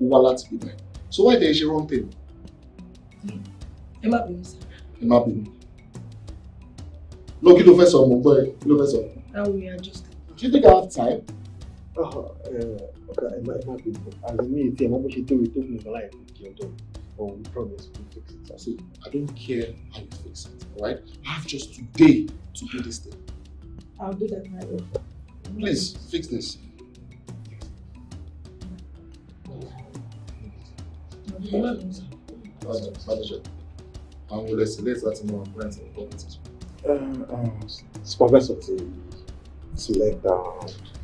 wá láti bí so why dey ṣe wrong thing. ẹ má bínú sá. ẹ má bínú. no kí ló fẹ́ sọ mo gbọ́ ẹ kí ló fẹ́ sọ. how we adjust. do you think I have time. ọkà uh-huh. uh, ẹ má ẹ má bínú àti mi ti ẹ mọ bó ṣe tóbi tó mi láì kí ọjọ́ but we promise we fix it. I say I don't care how you fix it alright I have just today to do this thing. I'll do that now. Please fix this. àwọn olùsílẹ̀ láti mọ àwọn brands and properties. supervisor ti sílẹ̀ gba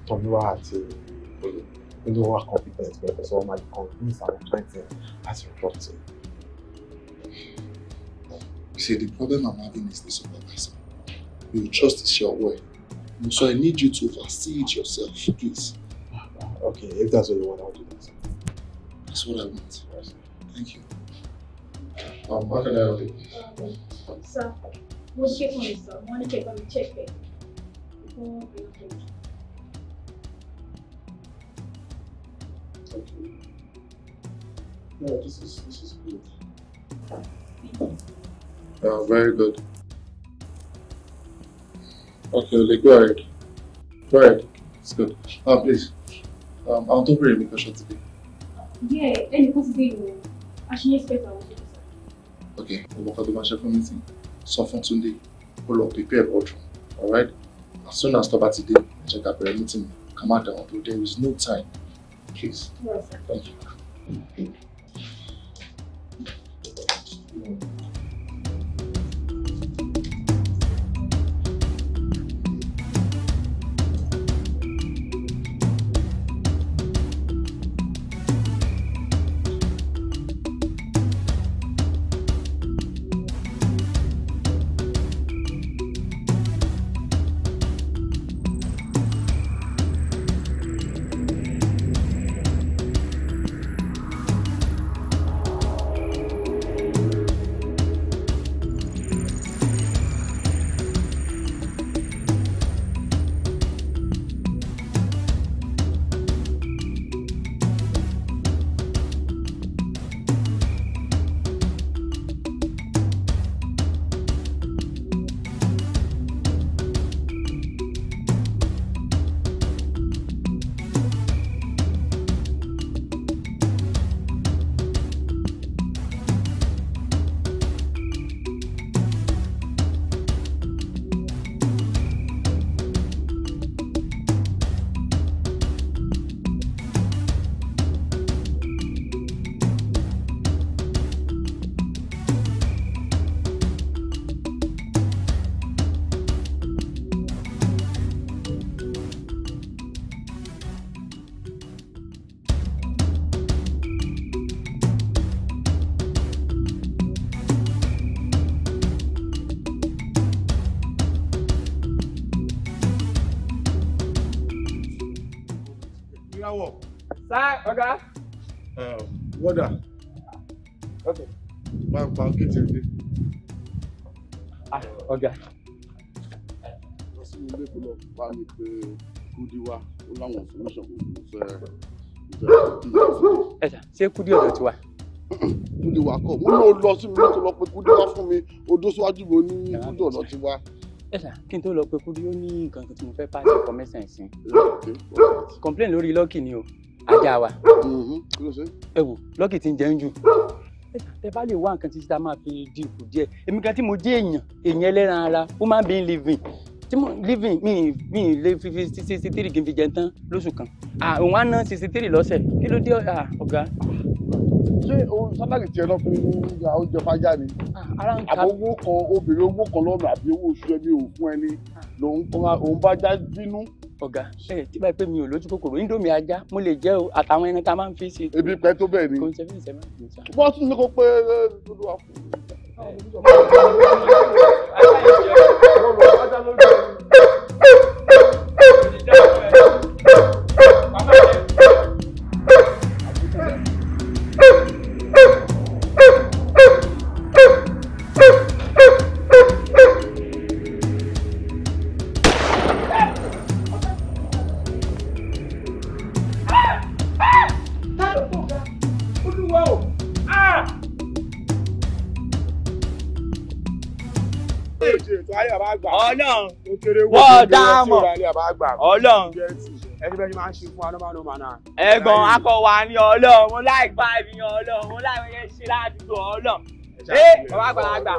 Tọ́míwá àti nínú wa competent pẹ̀lú sọ ma kan ní ìsàwọn twenty láti property. See, the problem I'm having is the supervisor. You trust is your way. So I need you to oversee it yourself, please. Ah, ah, okay, if that's what you want, I'll do that. That's what I want. Thank you. Um, how can I help you? Um, sir, we'll check on this. sir. We check on the check Okay. Eh. this is this is good. Thank you. Yeah, very good. Okay, Ole, go ahead. Go ahead. It's good. Ah, please, um, I'll do very really question Yeah, any question a ṣe ń expect àwọn ọmọ ìsìn. ok ọmọkà tó máa ṣe fún meeting sọ fún Túndé ó alright as soon as tó bá ti dé ẹ̀jẹ̀ ká meeting Come má dà there is no time please. Yes, thank you. kọ́dà bá ń pa gíjẹ dé. Ah, ọ̀gá. lọ́sùn ilé ìpínlẹ̀ bá mi pé kúdí wá ó láwọn information kò ní fẹ́ ẹ ṣe kúdí ọ̀dọ̀ tiwa. kúdí wa kọ wọn náà lọ sí mi lọ́tọ̀ lọ pé kúdí wá fún mi odó síwájú mi ó ní kúdí ọ̀dọ̀ tiwa. ẹ ṣá kí n tó lọ pé kúdí ó ní nǹkan tí fẹ́ pàṣẹ kọ mẹ́sàn sí. complain lórí lọ́ọ̀kì ni o ajá wa ẹ wò lọ́kì tí ń jẹun jù tẹ bá lè wá nǹkan títí tá a máa fi di ìkù díẹ̀ èmi kan tí mo jẹ́ èèyàn èèyàn ẹlẹ́ran ara human being living tí mo living mi mi lè fi fi sixty three kí n fi jẹ tán lóṣù kan òun á ná sixty three lọ́sẹ̀ kí ló dé ọ̀gá. ṣé ohun sálárì tiẹ̀ náà fún oúnjẹ fájá ni àbí owó kan obìnrin owó kan lọ́nà àbí owó oṣù ẹni òun fún ẹni lòun bá já bínú ọ̀gá ẹ tí báyìí pé mi ò lójú kòkòrò indomie ajá mo lè jẹ́ o àtàwọn ẹni tá a máa ń fi ṣe. ebi pẹ́ tó bẹ́ẹ̀ ni wọ́n tún ní kó pé lórí wa wọ́n dáàmọ̀ ọlọ́run ẹ̀gbọ́n akọ̀wà ni ọlọ́run mo láì bá ibi yan ọlọ́run mo láì yẹn ṣe ládùúgbò ọlọ́run. ẹ bàbá àgbàlagbà.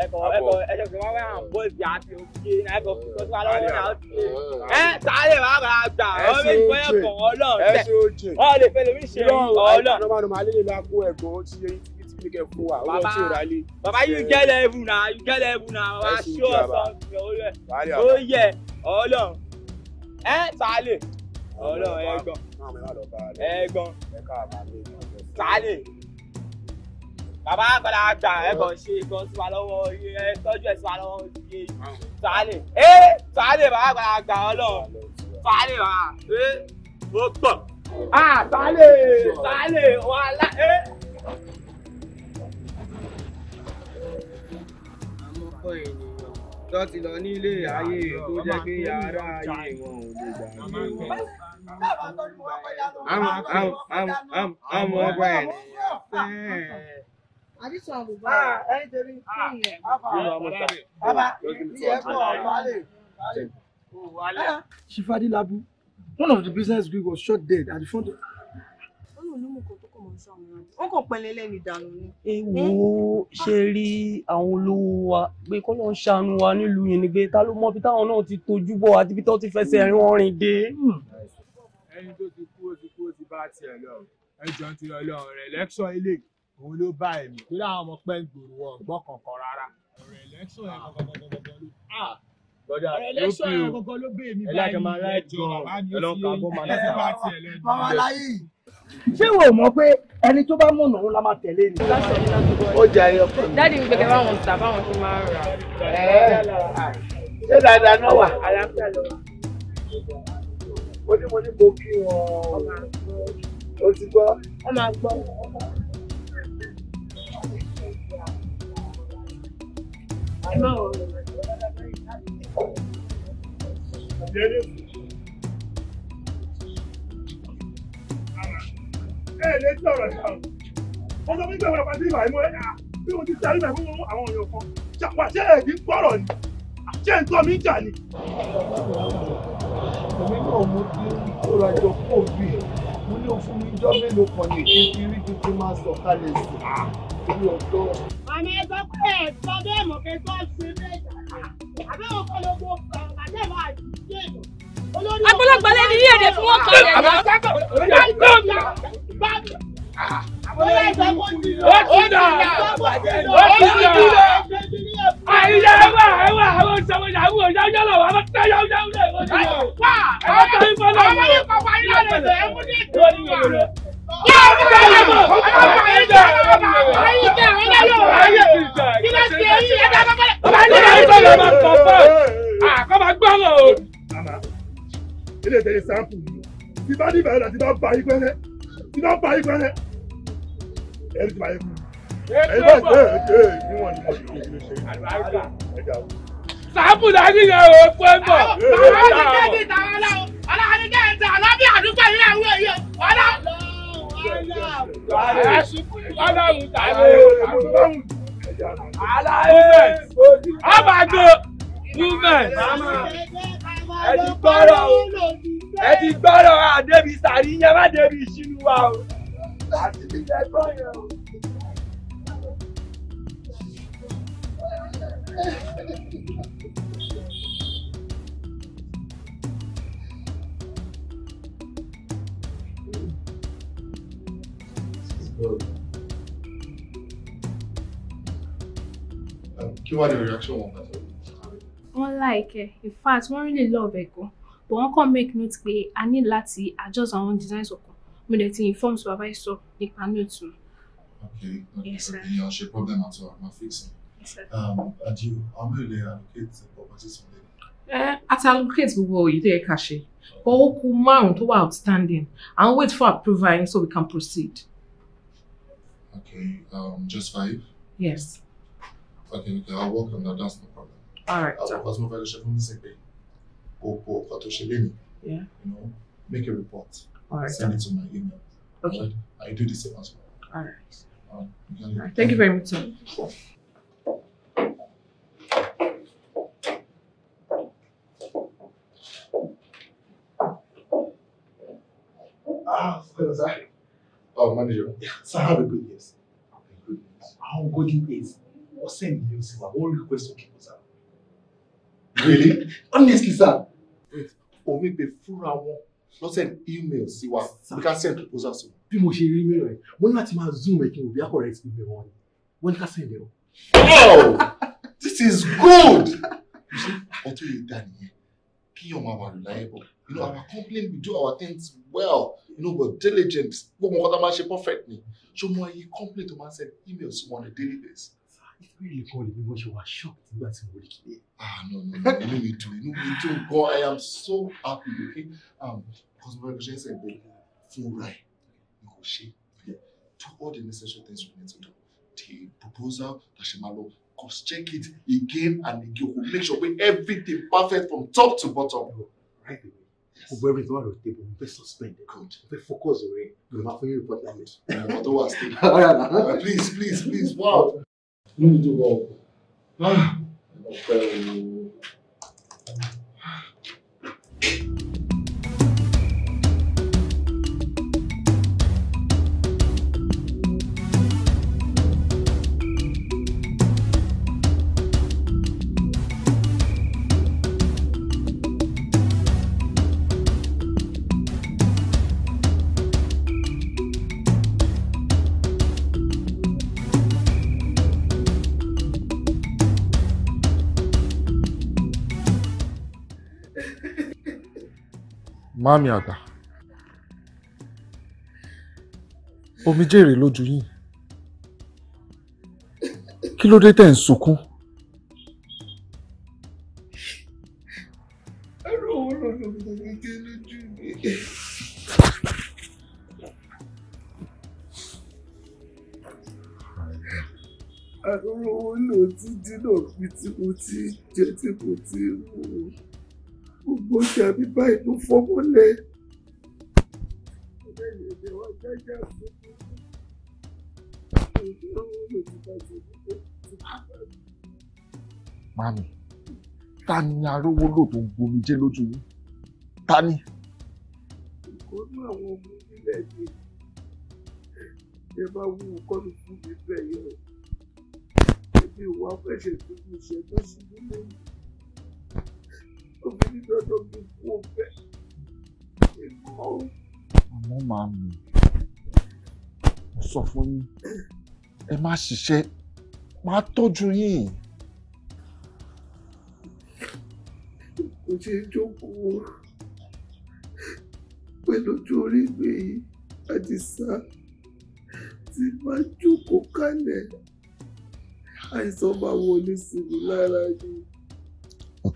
ẹ̀kọ́ ẹ̀kọ́ ẹ̀jẹ̀ kò wá wá hàn bóyìí àti òkè ẹ̀kọ́ kò tó wà lọ́wọ́ náà ó ti ẹ̀ sáré bàbá àgbà ọ̀rẹ́ ìgbọ́ ẹ̀kọ́ ọlọ́run tẹ̀ ọ̀ lè fẹ́ lómi ṣe ọlọ́run. ọlọ́run máa lè lè lọ akó ẹ̀gbọ́n ó ti yẹ make it full wa owó tí o ra lé. baba you get level na you get level na baba show us something o yẹ ọlọ ẹ sàlẹ ọlọ ẹ̀gbọ́n ẹ̀gbọ́n sàlẹ baba agbada gba ẹ̀gbọ́n ṣe ẹ̀gbọ́n sí wa lọ́wọ́ ẹ tọ́jú ẹ sí wa lọ́wọ́ ẹ sàlẹ ẹ sàlẹ baba agbada gba ọlọ sàlẹ wa ẹ mo gbọ́. Ah, sale, sale, wàhálà, eh. ọ̀pọ̀ ènìyàn tó ti lọ nílé ayé tó jẹ́ pé ará ayé wọn ò lè gbà mí. àmọ́ ọgbà ẹ̀ Shifadi Labu, one of the business group was shot dead at the front of wọn kàn pẹ́lẹ́ lẹ́ni dànù ni. èwo ṣe ah. rí àwọn olówó wa pé kọ́ ló ń ṣàánú wa nílùú yẹn ni pé ta ló mọ ibi táwọn náà ti tojú bọ̀ àti ibi tó ti fẹsẹ̀ rin wọn rìn dé. Hmm. ẹni tó ti kú ó ti kú ó ti bá tiẹ̀ lọ ẹjọ́ ti ọlọ́run rẹ̀ lẹ́kṣọ̀ ilé òun ló bá ẹ̀mí tó dáhùn ọmọ pẹ́ ń gbòòrò wọn gbọ́ kankan rárá. ọ̀rẹ́ lẹ́kṣọ̀ yẹn ah. gọ́gọ́gọ́gọ́ ló ah, bọ́dà ló fi o ẹlẹ́kẹ̀mọ́ aláìjọ ọlọ́kàbọ̀ máa ń sà ṣé wò mọ̀ pé ẹni tó bá mọ̀nà òun la máa tẹ̀lé ni. ó jẹ ayé ọkọ mi. dáàdi gbẹgẹ báwọn ń tà báwọn tó máa rà. ṣé dáadáa náà wà. mo ní mo ní mo kí wọn o ti gbọ́. wọ́n máa gbọ́. ẹ má wọ. ẹ lè tí ọ̀rọ̀ ṣá o wọ́n sọ fún ìgbàgbọ́ pàṣẹ ìbàyí mo ẹ̀yà ah, bí mo ti ti àríwá fún àwọn èèyàn kan ṣàpà ṣé ẹ̀ ní ni ṣé ń tọ́ mi jà ni. èmi náà mo ti ń kóra jọ mo ní òfin mi jọ mélòó kan ní ah, kí rí tuntun máa sọ kalẹ̀ sí orí ọ̀dọ́. àmì ẹ̀sọ́ pé ẹ̀sọ́ bẹ́ẹ̀ mọ̀ kẹ́ tó ṣe bẹ́ẹ̀ àbẹ́wò kọ́ ló gbó àbẹ́ máa ṣe é. àgbàlagbà lẹ́ni ní èdè fún wọn kan lẹ́nu bá bẹ̀rẹ̀? láti bá ba yí pẹ́rẹ́ kí ló ń bá yín gbẹ́rẹ́ ẹ̀rí ti bá yín kú ẹ̀rí bá yín ẹ̀ ẹ̀ níwọ̀n ni mo ṣe kí ló ṣe ẹ̀dá o. sàbù dání yẹn o kó ẹ bọ̀. àwọn ọmọ ti tẹ́tí tàwọn ọlọ́wọ́ ọlọ́wọ́ ti tẹ́tí àlọ́ bí àdúgbò yìí àwọn èèyàn ọlọ́. ọlọ́run tàbí alaye ọbàgò movement ẹ ti gbọ́rọ̀ o ẹ ti gbọ́rọ̀ àdébí sàrí yẹn má débí ìṣínú wa o àti ilẹ̀ gbọ́ yẹn o. Kí wá ni reaction wọn Wọ́n like ẹ̀, in fact, wọ́n really love ẹ̀ gan but wọ́n kàn make note pé a ní láti adjust àwọn designs ọ̀kan mo dẹ̀ ti inform supervisor nípa note mi. okay okay yes, okay ìyẹn ṣe problem àti ọ̀rọ̀ máa fix it. Um, àdìo àwọn èlé allocate properties for them. ẹ àti allocate gbogbo òyìn tó yẹ ká ṣe but ó kù márùn tó wà outstanding and wait for approval so we can proceed. okay um, just five. yes. okay okay I'll work on that that's no problem. all right. I'll ọkọ̀ tí mo fẹ́ lè ṣe fún mi Opo Fatosheleni. Yeah. You know, make a report. All right. Send it to my email. Okay. Right? I do the same as well. All right. All right. All right. Thank you very much, sir. Ah, hello, sir. Oh, manager. Yeah, sir, have a good news. good news. How good it is. What's in the news? All requests to keep us up really honestly sir omi pe fúnra wọn lọ send email sí wa we can send proposal sí wa. bí mo ṣe rí email rẹ mo ní láti máa zoom ẹ kí n ò bí akọrẹ ti gbé wọn ni wọn ká send ẹ wow this is good. ọtún yìí dá nìyẹn kíyàn máa wà reliable you know our company we do our things well you know we're diligent gbogbo nǹkan tá a máa ṣe perfect ni ṣùgbọ́n ẹyin company tó máa send email sí wọn on a daily basis nítorí nìkan lèmi mo ṣe wà shocked nígbà tí mo rí kìlẹ̀. ah no no no inú mi dùn inú mi dùn gan i am so happy okay um cosmo ṣe ń sẹ́yìn bẹ́ẹ̀ fúnra ẹ̀ ni kò ṣe do all the necessary things we need to do the proposal that she ma lọ cross check it again and again we make sure pé everything perfect from top to bottom. right away gbogbo ẹ̀rí tó wà lórí table mo fẹ́ suspend mo fẹ́ focus rẹ̀ mo máa fún report like this. ọ̀rọ̀ tó wà sí. please please please wow lórí tó bọ̀ ọ̀pọ̀ ah! ọ̀pẹ́ òun. Màámi àgbà. Omi jèrè lójú yín. Kí ló dé tẹ̀ ń sunkún? Àrùn owó lò fi tí mo ti jẹ tí mo ti mú gbóúnjẹ mi báyìí tó fọ́mọ́ lé mami ta ni arówó lò tó gbomi jẹ lójú yín ta ni. ìkọ́nú àwọn ọmọ orílẹ̀ èdè ẹ bá wú kọ́nù fún mi bẹ́ẹ̀ yọ ẹbí wa fẹ́ ṣètò ìṣẹ́jọ́ sí nílé yìí mi ní lọ́dọ̀ mi kú ọ̀fẹ́ ìgbọ́. àmọ́ màá mi mo sọ fún yín ẹ má ṣiṣẹ́ máa tọ́jú yín. kò ṣe é jókòó pẹ̀lú ojú orí mi àti sá tí máa jókòó kalẹ̀ àìsàn máa wọlé sí mi lára ni. ó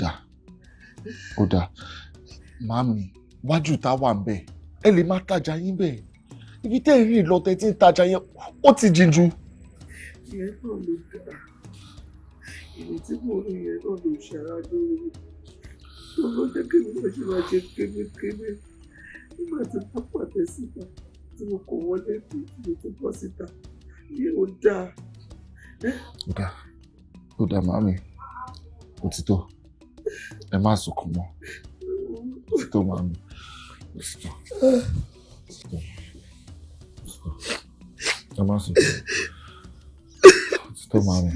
ó dáa màámi wájú tá a wà ń bẹ̀ ẹ lè má tajà yín bẹ́ẹ̀ ibi tẹ́ ẹ rí ìlọtẹ tí ń tajà yẹn ó ti jinjú. ìyẹn náà ló dáa ìyẹn tí mo rí yẹn náà ló ṣe ara lóore tó ló jẹ́ kí mi ṣe máa ṣe kébékébé nígbà tí wọ́n pàtẹ síta tí mo kò wọlé tí mo ti bọ́ síta ìyẹn ò dáa. ó dáa ó dáa màámi òtítọ́ ẹ má sunkún mọ́ tó máa ń ẹ má sunkún tó máa ń.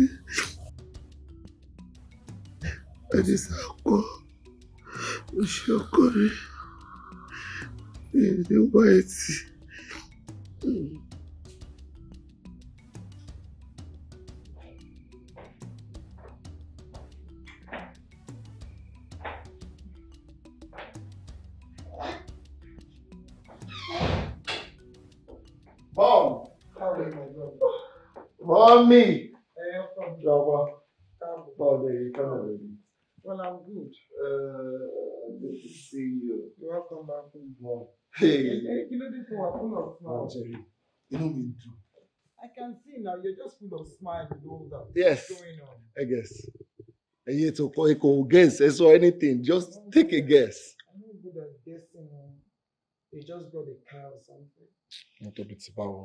Adisa ọkọ, mo ṣe ọkọ rẹ̀, mi ní wá ẹtì. Mommy, Lọ́wọ́. How èyí kan náà Well, I'm good. Uh, good to see you. You're welcome back home. Wow. Hey, you know this one? Full of smiles. You know me too. I can see now you're just full of smiles. with all that. Yes. going on? I guess. Ẹyin ètò kọ ikọ̀ guess or anything just take a guess. I'm not good at guessing. Um, they just got a car or something. Not bíi ti báwo?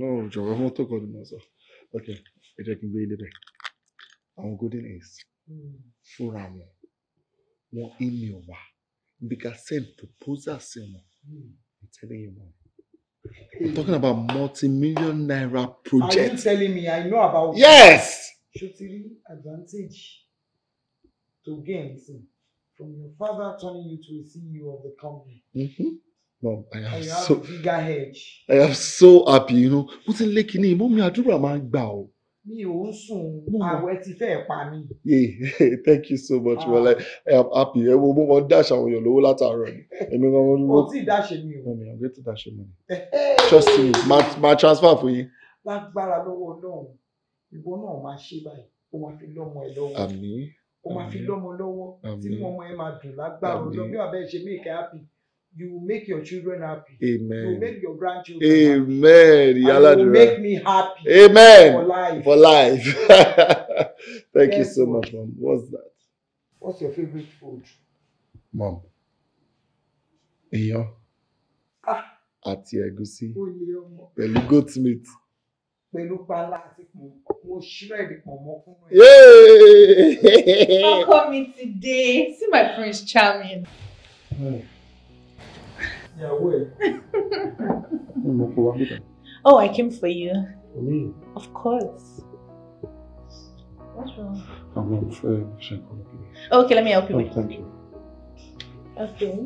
No, jọ̀wọ́ mọ́tò kan ni mo sọ okay ẹ jẹ́ kí n gbé ilé bẹ̀ àwọn golden eggs hmm. fúnra wọn wọn email wa bí send proposal sí wọn hmm. i'm telling you man. We're talking about multi-million naira project. Are you telling me I know about? Yes. Shotiri advantage to gain from your father turning you to a CEO of the company. Mm-hmm. Mom, I am so I am so happy, you know. Mo ti lé kinní, mọ́mí àdúrà máa ń gbà o. Mi ò ń sùn, àwẹ̀ ti fẹ́ pa mi. Yeah, thank you so much. Ah. Well, I, am happy. Ẹ wo mo mọ dash àwọn èèyàn lówó látàárọ̀ ni. Èmi kan mo. Mo ti dash mi o. Mọ̀mí, I'm ready to dash mi. Trust me, ma ma transfer for yín. Lágbára lọ́wọ́ Ọlọ́run, ìwọ náà máa ṣe báyìí, ó máa fi lọ́mọ ẹ lọ́wọ́. Àmín. Ó máa fi lọ́mọ lọ́wọ́, tí mo ọmọ ẹ máa dùn lágbára Ọlọ́run, bí wàá bẹ́ẹ̀ ṣe mí ìkẹ́ happy you will make your children happy. Amen. You will make your grandchildren Amen. happy. Amen. You will make me happy. Amen. For life. For life. Thank Therefore, you so much, Mom. What's that? What's your favorite food? Mom. Eyo. Ah. Ati ẹ̀gúsí. Pẹ̀lú goat meat. Pẹ̀lú pala àti pọ̀npọ̀. Mo shred pọ̀nmọ́ fún Yay! Welcome me today. See my friends charming. Hmm. Yeah, wait. oh, I came for you. For me? Of course. What's wrong? I'm not uh, Okay, let me help you. Oh, thank you. Okay.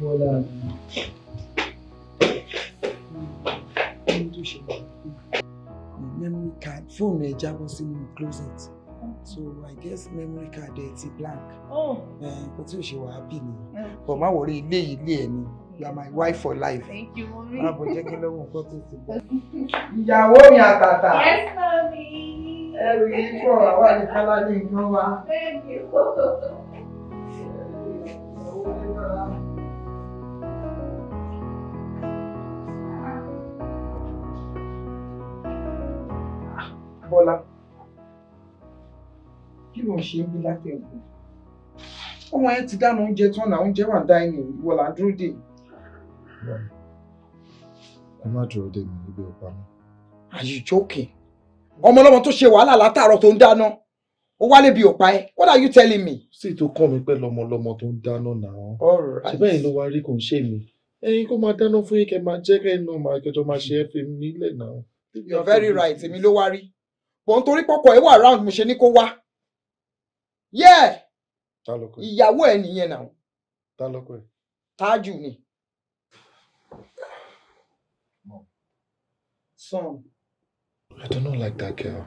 Voilà. Memory card, phone a ẹ jábọ́ sínú closet. so i guess memory card ẹ ti blank oh. eh, nǹkan tí ò ṣe wàá bì mí but má wọrí ilé ilé ẹ ni you are my wife for life thank you mami ààbò jẹ́ kí lọ́wọ́ nǹkan tó ti bọ̀. ìyàwó mi àtàtà yes mami ẹrù yìí pọ̀ àwa ní kálá ní ìgbọ́n wa. thank you. Bọ́lá kí ló ṣe é bí látẹ̀kùn ọmọ yẹn ti dáná oúnjẹ tán náà oúnjẹ wà dáìnì ìwọ là ń dúró dè. ẹ má dúró dè mí níbi ọ̀pá mi. Are you joking? ọmọ ọlọ́mọ tó ṣe wàhálà látàárọ̀ tó ń dáná ó wálé bí òpá ẹ what are you telling me. sí tó kàn mí pẹ́ lọmọlọmọ tó ń dáná náà ṣe bẹ́ẹ̀ ló wá rí kò ń ṣe mí ẹyin kó máa dáná fún yín kẹ máa jẹ́ kẹ́ máa kẹjọ máa ṣe é fi mí nílẹ̀ náà. you're very right èmi ló wá rí bọ̀ nítorí pọ̀pọ̀ ẹ wà round mo ṣe ní kó wá yẹ ìyàwó ẹ nìyẹn náà tájù ni. Son. I do not like that girl.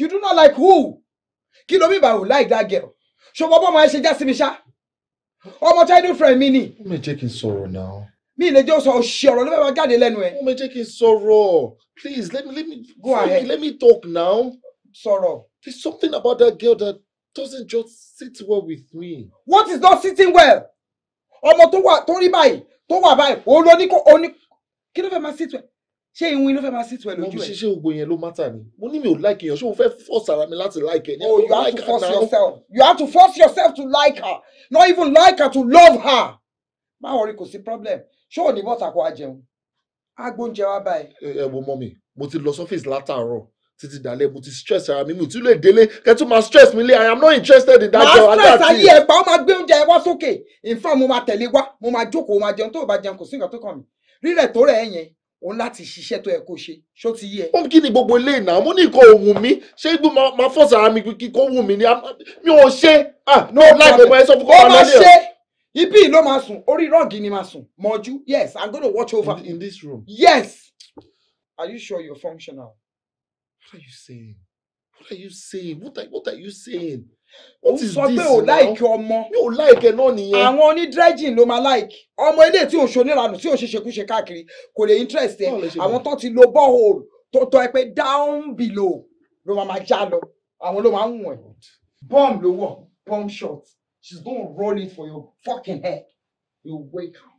You do not like who? Kí ló mi bá wò like that girl? Ṣọwọ́ bọ́ ọmọ ẹ ṣe já sí mi ṣá. Ọmọ childhood friend mi ni. Ó mi jẹ́ kí n sọ̀rọ̀ náà. Mi lè sọ òṣì ọ̀rọ̀ ló fẹ́ jáde lẹ́nu ẹ̀. Ó mi jẹ́ kí n sọ̀rọ̀. Please let me let me go ahead. Let me talk now. Sọ̀rọ̀. There's something about that girl that doesn't just sit well with me. What is not sitting well? Ọmọ tó wà tó rí báyìí tó wà báyìí òun ló ní kó òun ní kí ló fẹ́ máa sit well? Ṣé ìwìn ló fẹ́ máa sit well lójú ẹ̀? Mo ṣe ṣe gbogbo yẹn ló matter ni. Mo ní mi ò like èèyàn ṣé mo fẹ́ force ara mi láti like ẹ̀ Oh you have to force yourself. You have to force yourself to like her. Not even like her to love her. Má wọrí kò sí problem. Ṣé òní bọ́ta kó a jẹun? Agbóúnjẹ wa báyìí. Ẹ ẹ wo mọ mi, mo ti lọ sọ́fíìsì látàárọ̀ títí dalẹ̀ mo ti stress ara mi mi ò tún lè délé kẹ́ tún máa stress mi lé I am not interested in that job. màá stress ayé ẹ̀gbá ó máa gbé oúnjẹ wá sókè in fact mo máa tẹ̀lé wá mo máa jókòó máa jẹun tó o bá jẹun kò sí nǹkan tó kàn mí rírẹ̀ tó rẹ̀ yẹn o láti ṣiṣẹ́ tó yẹ kó ṣe ṣó ti yẹ. ó kí ni gbogbo ilé ìná mo ní nǹkan òwùn mi ṣé igbó máa fọ́ sára mi kíkó wù mí ni mi ò ṣe ah, no like ọmọ ẹ sọ fún kọ́ńtà lẹ́yìn. ibi ló máa sùn orí rọ́ọ̀gì ni máa sùn mọ́jú yes I'm gonna watch over. in this room. yes are you sure you're functional. What are you saying? What are you saying? What are, what are you saying? What is this now? Ó sọ pé like láìkì ọmọ. Mi ò láìkì náà nìyẹn. Àwọn onídírẹ́jìn ló máa láìkì. Ọmọ ilé tí òun ṣoníranù tí òun ṣe ṣekúṣe káàkiri kò lè interest ẹ. Àwọn tó ti lo borehole tó tọ́ ẹ pé down below ló máa máa já lọ. Àwọn ló máa ń wọ̀n. Bomb ló wọ̀ bomb shot. She's gonna roll it for your fucking head. You wake up.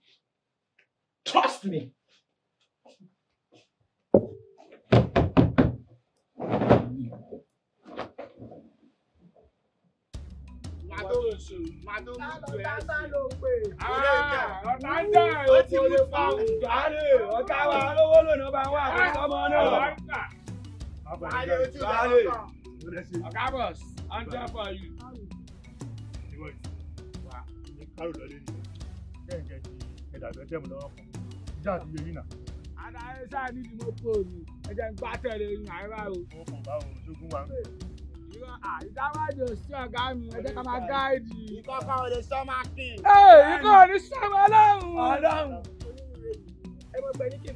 Trust me. ó ti mú pa ògbárè ọ̀gá wa lówó lónìí bá wà ní sọmọ náà. ọ̀gá bọ̀s ọ̀njẹ́ fọ yìí. kárò lọlé ni kẹ́hìnkẹ́ ti ẹ̀dàgbẹ́ tẹ̀mù lọ́wọ́ kan jáde yẹn yìí nà. àdáyé sáà ní ni mo kó o ní ẹ jẹ́ ń gbá tẹ̀lé yín àríwá o. mo kàn bá òun wa. ìdáwájú ní sọ ọmọ ọlọ́run. ọlọ́run. ẹ mọ̀ tẹ̀lé ní kò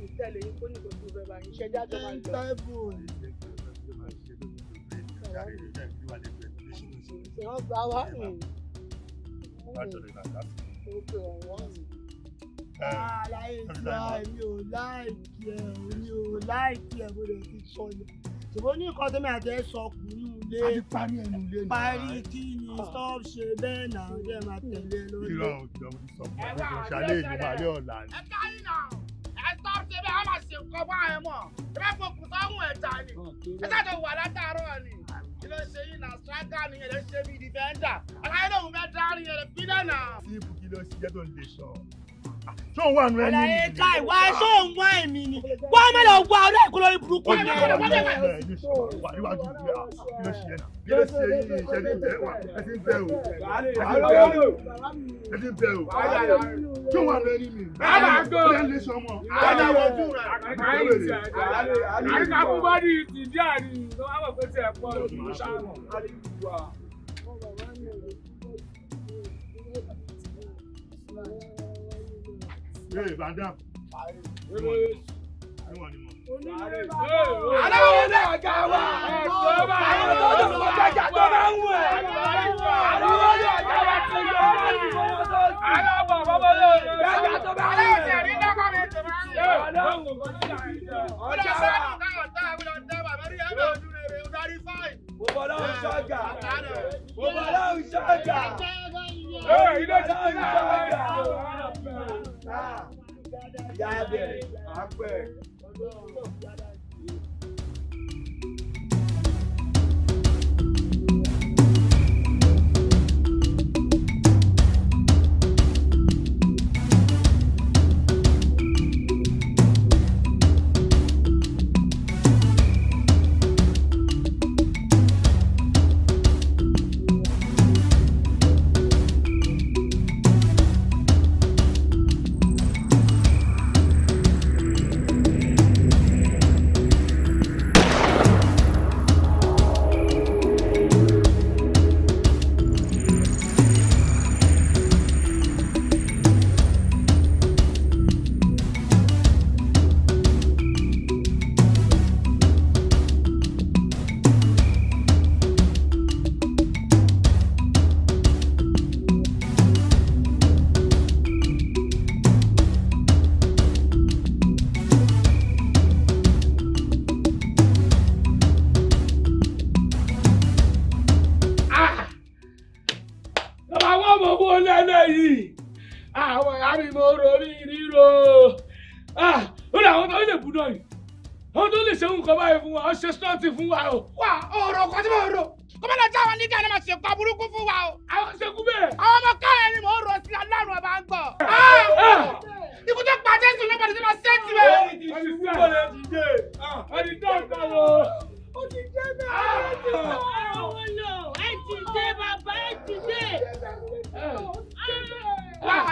bẹ́ẹ̀ bá yín ṣẹ́jà tó máa jọ. ìwọ́n gba wá mi. ó pè ọ̀wọ́n láìpẹ́ mi ò láìpẹ́ mi ò láìpẹ́ mo lè fi sọ yẹn ṣùgbọ́n ní nǹkan tó máa jẹ́ sọ kùnú ilé parí ẹnu ilé náà parí kí ni stop ṣe bẹ́ẹ̀ náà ṣe máa tẹ̀lé ẹ lórí. irọ́ òjò mo ti sọ fún ẹ kò ṣàlẹ́ èdè màálé ọ̀la ni. ẹ káyìí náà ẹ stop ṣe bẹ́ẹ̀ ọ̀la ṣe nǹkan bá ẹ mọ̀ rẹ́pọ̀ kù sọ́hún ẹ̀ta ni ẹ ṣàtọ̀ wà látàárọ̀ ni kí ló ṣe yín náà striker ni ẹ̀rẹ́ ṣe bíi defender aláyé lòun fẹ́ dárí ẹ̀rẹ́ pínlẹ̀ náà. síìpù kí ló ṣe jẹ́ tó ń lè sọ ṣó ń wá nu ẹni. ọ̀rẹ́ ẹja ìwà ṣó ń wá èmi ni wọ́n á mẹ́lẹ̀ wá ọ̀rẹ́ ìkọlọ́ ìburúkú ni. ọ̀rẹ́ ìwà ìwà ìwà ìwà Thank you ee madam. aláwọ̀ náà ọ̀gá wa àwọn tó dùn fún jẹjẹ tó bá ń wẹ̀ aláwọ̀ náà ọ̀gá wa ti yọ ọ́ ní aláwọ̀ bọ́bọ́lọ́ jẹjẹ tó bá ń wẹ̀ ọjà wa bọ̀bọ̀lá òṣàgà bọ̀bọ̀lá òṣàgà ilé ìṣàgà yeah, bẹ̀rẹ̀ àgbẹ̀.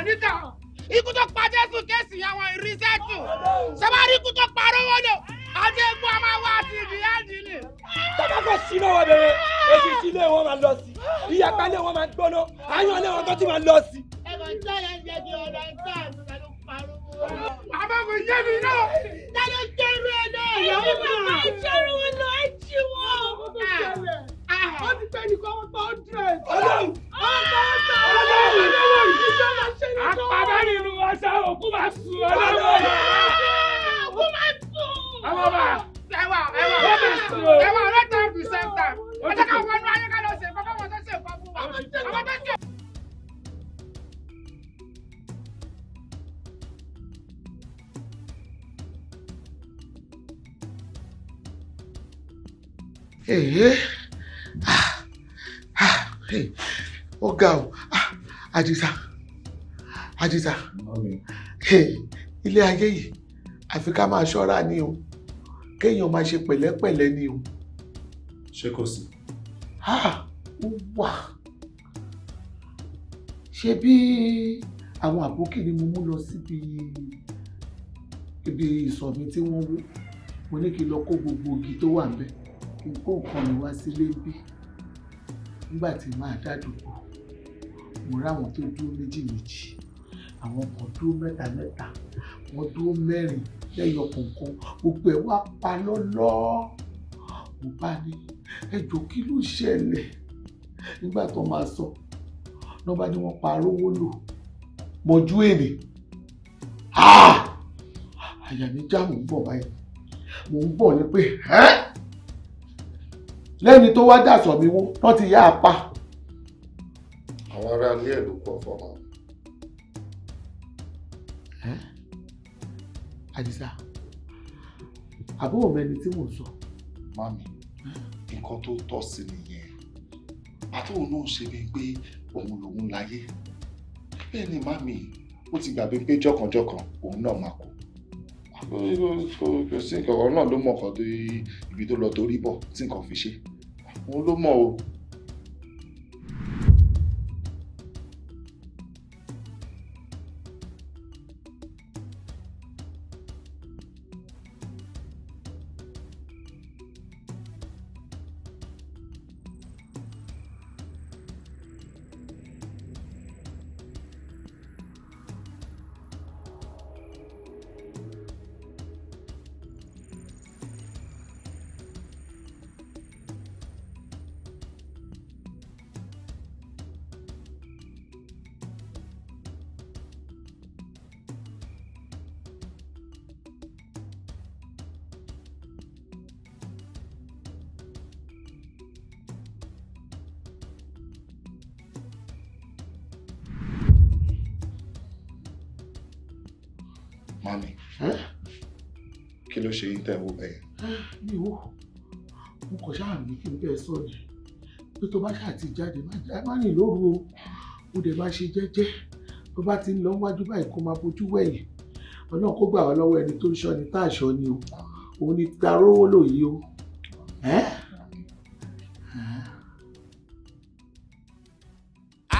níkà ikú tó pa jésù kéèsì àwọn ìrísẹ́ tù sábàrí ikú tó pa rówódò àti egbò a máa wá àti ìdíyà nílé. tọ́ba kò sí lọ́wọ́ bẹ̀rẹ̀ èsì sí wọn máa lọ sí ìyàpá ilé wọn máa gbóná àyàn ilé wọn tó ti máa lọ sí. ẹ̀rọ ìjọ yẹn ń jẹ́ kí ọ̀dọ̀ ń tà ní pẹ̀lú pariwo. àbẹ̀wò yẹ́ mi náà. dájọ́ jẹ́rú ẹ̀ náà. ẹ̀yin bàbá ìjẹ́rú wọn lọ ẹ̀ jí wọn. ó ti pẹ́ nìkan wọ́n pa apàdé nínú ọ̀sẹ̀ òkú máa sùn ọlọ́wọ́ yẹn. òkú máa sùn. àwọn ọba ẹwà ẹwà ẹwà ọlọ́tà ọ̀dùn sẹ́ńtà ọjọ́ ká wọnú ayé ká lọ sèǹkọ́ fún ọmọ tó sèǹkọ́ fún wa ọmọ tó sèǹkọ́. Eh? Ah, ah, ó ga ọ ah, àdìsá. Ajita, ilé ayé yìí àfi ká máa ṣọ́ra ni o kéèyàn máa ṣe pẹ̀lẹ́pẹ̀lẹ́ ni o. ṣé kò sí. ó wà ṣe bí àwọn àbókì ni mo mú lọ síbi ibi ìsọ̀ tí wọ́n wú mo ní kí n lọ kó gbogbo igi tó wà ńbẹ̀ kí n kó nǹkan mi wá sílé bí nígbà tí màá dádùgbò mo ráwọn tó dúró méjì méjì àwọn kan dúró mẹ́ta mẹ́ta wọ́n dúró mẹ́rin lẹ́yọ kọ̀ọ̀kan gbogbo ẹ̀ wá pa lọ́lọ́ mo bá ní ẹjọ́ kí ló ṣẹlẹ̀ nígbà tó máa sọ náà bá ní wọ́n pa arówó lò mọ̀jú èrè ah! àyà mi já mò ń bọ̀ báyìí mò ń bọ̀ ni pé lẹ́ni tó wá dàsọ̀ mi wó wọ́n ti yá apá. àwọn aráalé ẹ̀ ló pọ̀ fọmọ. àdìsá àbúrò mẹni tí mò ń sọ. mami nǹkan tó tọ́ sí nìyẹn àtòun náà ṣe bíi pé òun lòun láyé bẹ́ẹ̀ ni mami ó ti gbàgbé pé jọ̀kànjọ̀kàn òun náà máa kú kò sí nǹkan náà ló mọ̀ kan ibi tó lọ torí bọ̀ tí nǹkan fi ṣe òun ló mọ̀ o. àti jáde má rìn lóru o ó dẹ̀ máa ṣe jẹ́jẹ́ tó bá ti ń lọ wájú báyìí kó máa bójú wẹ̀yìn ọlọ́run kó gbà wá lọ́wọ́ ẹni tó ń ṣọ́ ni tá àṣọ ni o òun ni tarówó lòyí o.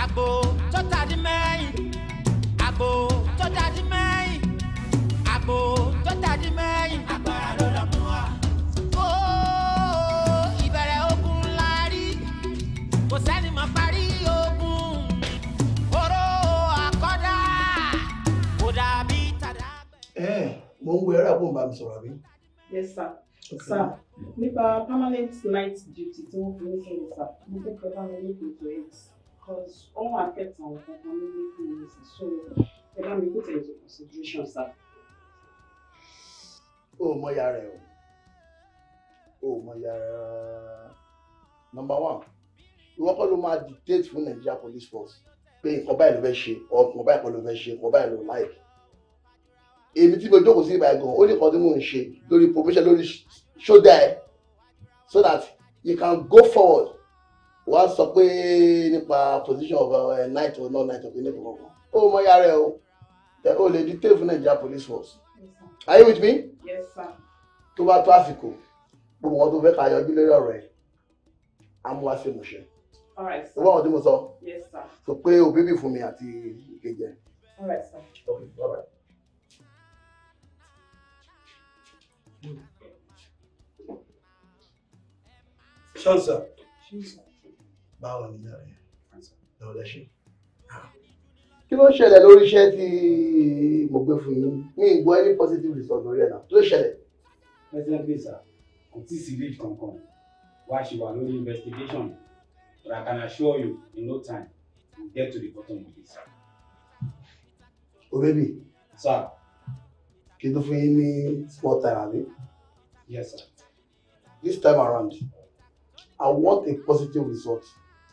àgbo tó tàdí mẹ́yìn àgbo tó tàdí mẹ́yìn àgbo tó tàdí mẹ́yìn. mo ń wo ẹ̀rọ àbúrò bá mi sọ̀rọ̀ àbí. yes sir sir nípa permanent night duty tí wọ́n fi ní kí n sà mo fẹ́ kẹ́ bá mi ní kò tó eight cause ó ń àwọn kankan nínú kí n sà so ẹ bá mi put it into consideration sir. o ò mọ ya rẹ o ò mọ ya number one ìwọ kọ́ ló máa dictate fún Nigeria police force pé nǹkan báyìí ló fẹ́ ṣe ọ̀ nǹkan báyìí kọ́ ló fẹ́ ṣe nǹkan báyìí ló láìkì èmi tí mo jókòó sí ìgbà ẹ̀gàn ó ní kan tí mò ń ṣe lórí promotion lórí ṣódà ẹ̀ so that you can go forward wàá sọ pé nípa position of uh, night or not night of the neighbor kankan ó mọ yàrá ẹ o o lè di tèèfù Nigeria police force are you with me. yes sir. tó bá tó àsìkò gbogbo wọn tó fẹ́ ká yọjú lórí ọ̀rọ̀ ẹ̀ amúwáṣe mọ̀ṣẹ́. alright sir. ìwọ́n ọdún mo sọ. yes sir. sọ pé òbí bì fún mi àti ìkejì All right, sir. okay bye bye. ṣọ́nsà báwo ni jàre lọ lẹ́ṣẹ̀. Ah. kí ló ṣẹlẹ̀ lórí iṣẹ́ tí mo gbé fún yín ní ìgbọ́ any positive result lórí ẹ̀ náà kí ló ṣẹlẹ̀. president gbèsà kò tí ì sí lead kankan wá ṣe wà lórí investigation but I can assure you in no time we get to the bottom of this. o oh, baby. sir kí n tó fún yín yes sir. this time around i want a positive result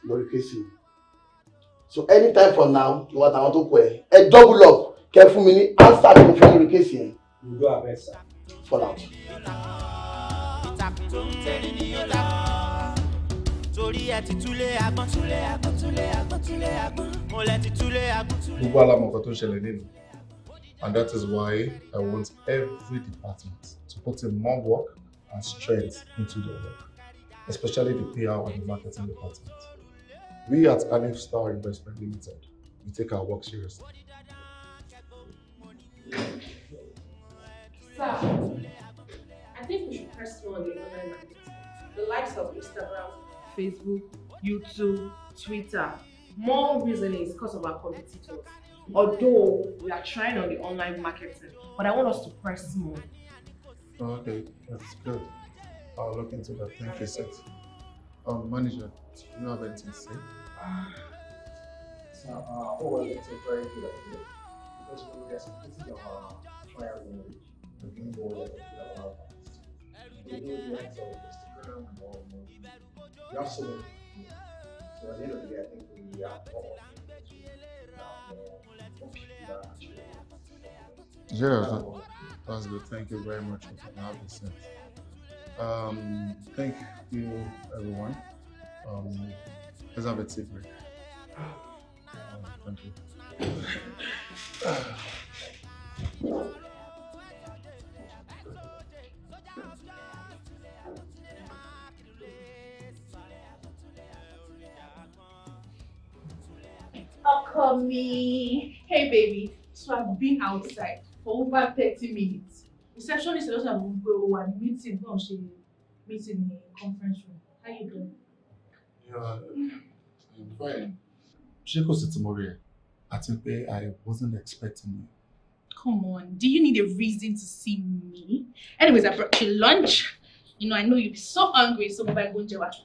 lórí kéésì mi so anytime from now ìwà àtàwọn tó kọ ẹ ẹ double up careful fún mi ní answer tó fún lórí you do our best sir. fall out. gbogbo alamọ̀kọ tó ṣẹlẹ̀ nínú. And that is why I want every department to put in more work and strength into the work, especially the PR and the marketing department. We at Anif Star Investment Limited, we take our work seriously. Sir, I think we should press more on the online market. The likes of Instagram, Facebook, YouTube, Twitter. More reason is because of our competitors. although we are trying on the online marketing, but I want us to press more. Okay, that's good. I'll look into that. Thank you, sir. Um, manager, do you have anything to say? So, uh, overall, it's a very good idea because we will get some pretty of our trial in which we can go with our We do the ads on Instagram and all of We have so many. So, at the end of the day, I think we are all. Yeah, that, that's good. Thank you very much for having us. Um, thank you, everyone. Um, let's have a tea break. Oh, thank you. Me, Hey, baby. So I've been outside for over 30 minutes. Receptionist also have been meeting, on meeting. No, she meeting in the conference room. How you doing? Yeah, I'm fine. Ṣé kò sí tomorrow yẹn? Àti pé I am fine She ko to tomorrow I think i was not expecting you. Come on, do you need a reason to see me? Anyways, I brought you lunch. You know, I know you'll be so hungry, so mobile go going to watch.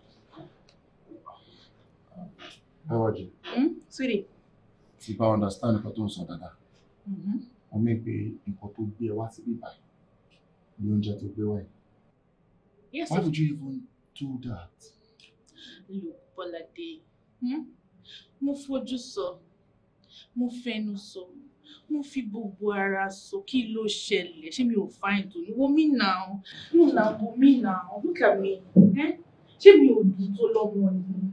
How are you? Hmm? Sweetie. ti bá understand nǹkan tó ń sọ dáadáa mm-hmm. mo mẹ́ pé nǹkan tó gbé ẹ wá sí bíbá ni oúnjẹ tó gbé wá why would you even do that. look Bọ́ládé hmm? mo fojú sọ mo fẹnu sọ mo fi gbogbo ara sọ kí ló ṣẹlẹ̀ ṣé mi ò fáìn tó ní wo mí nà án wo nà án wo mí nà án look at me hmm? ṣé mi ò dùn tó lọ́mọ ni hmm?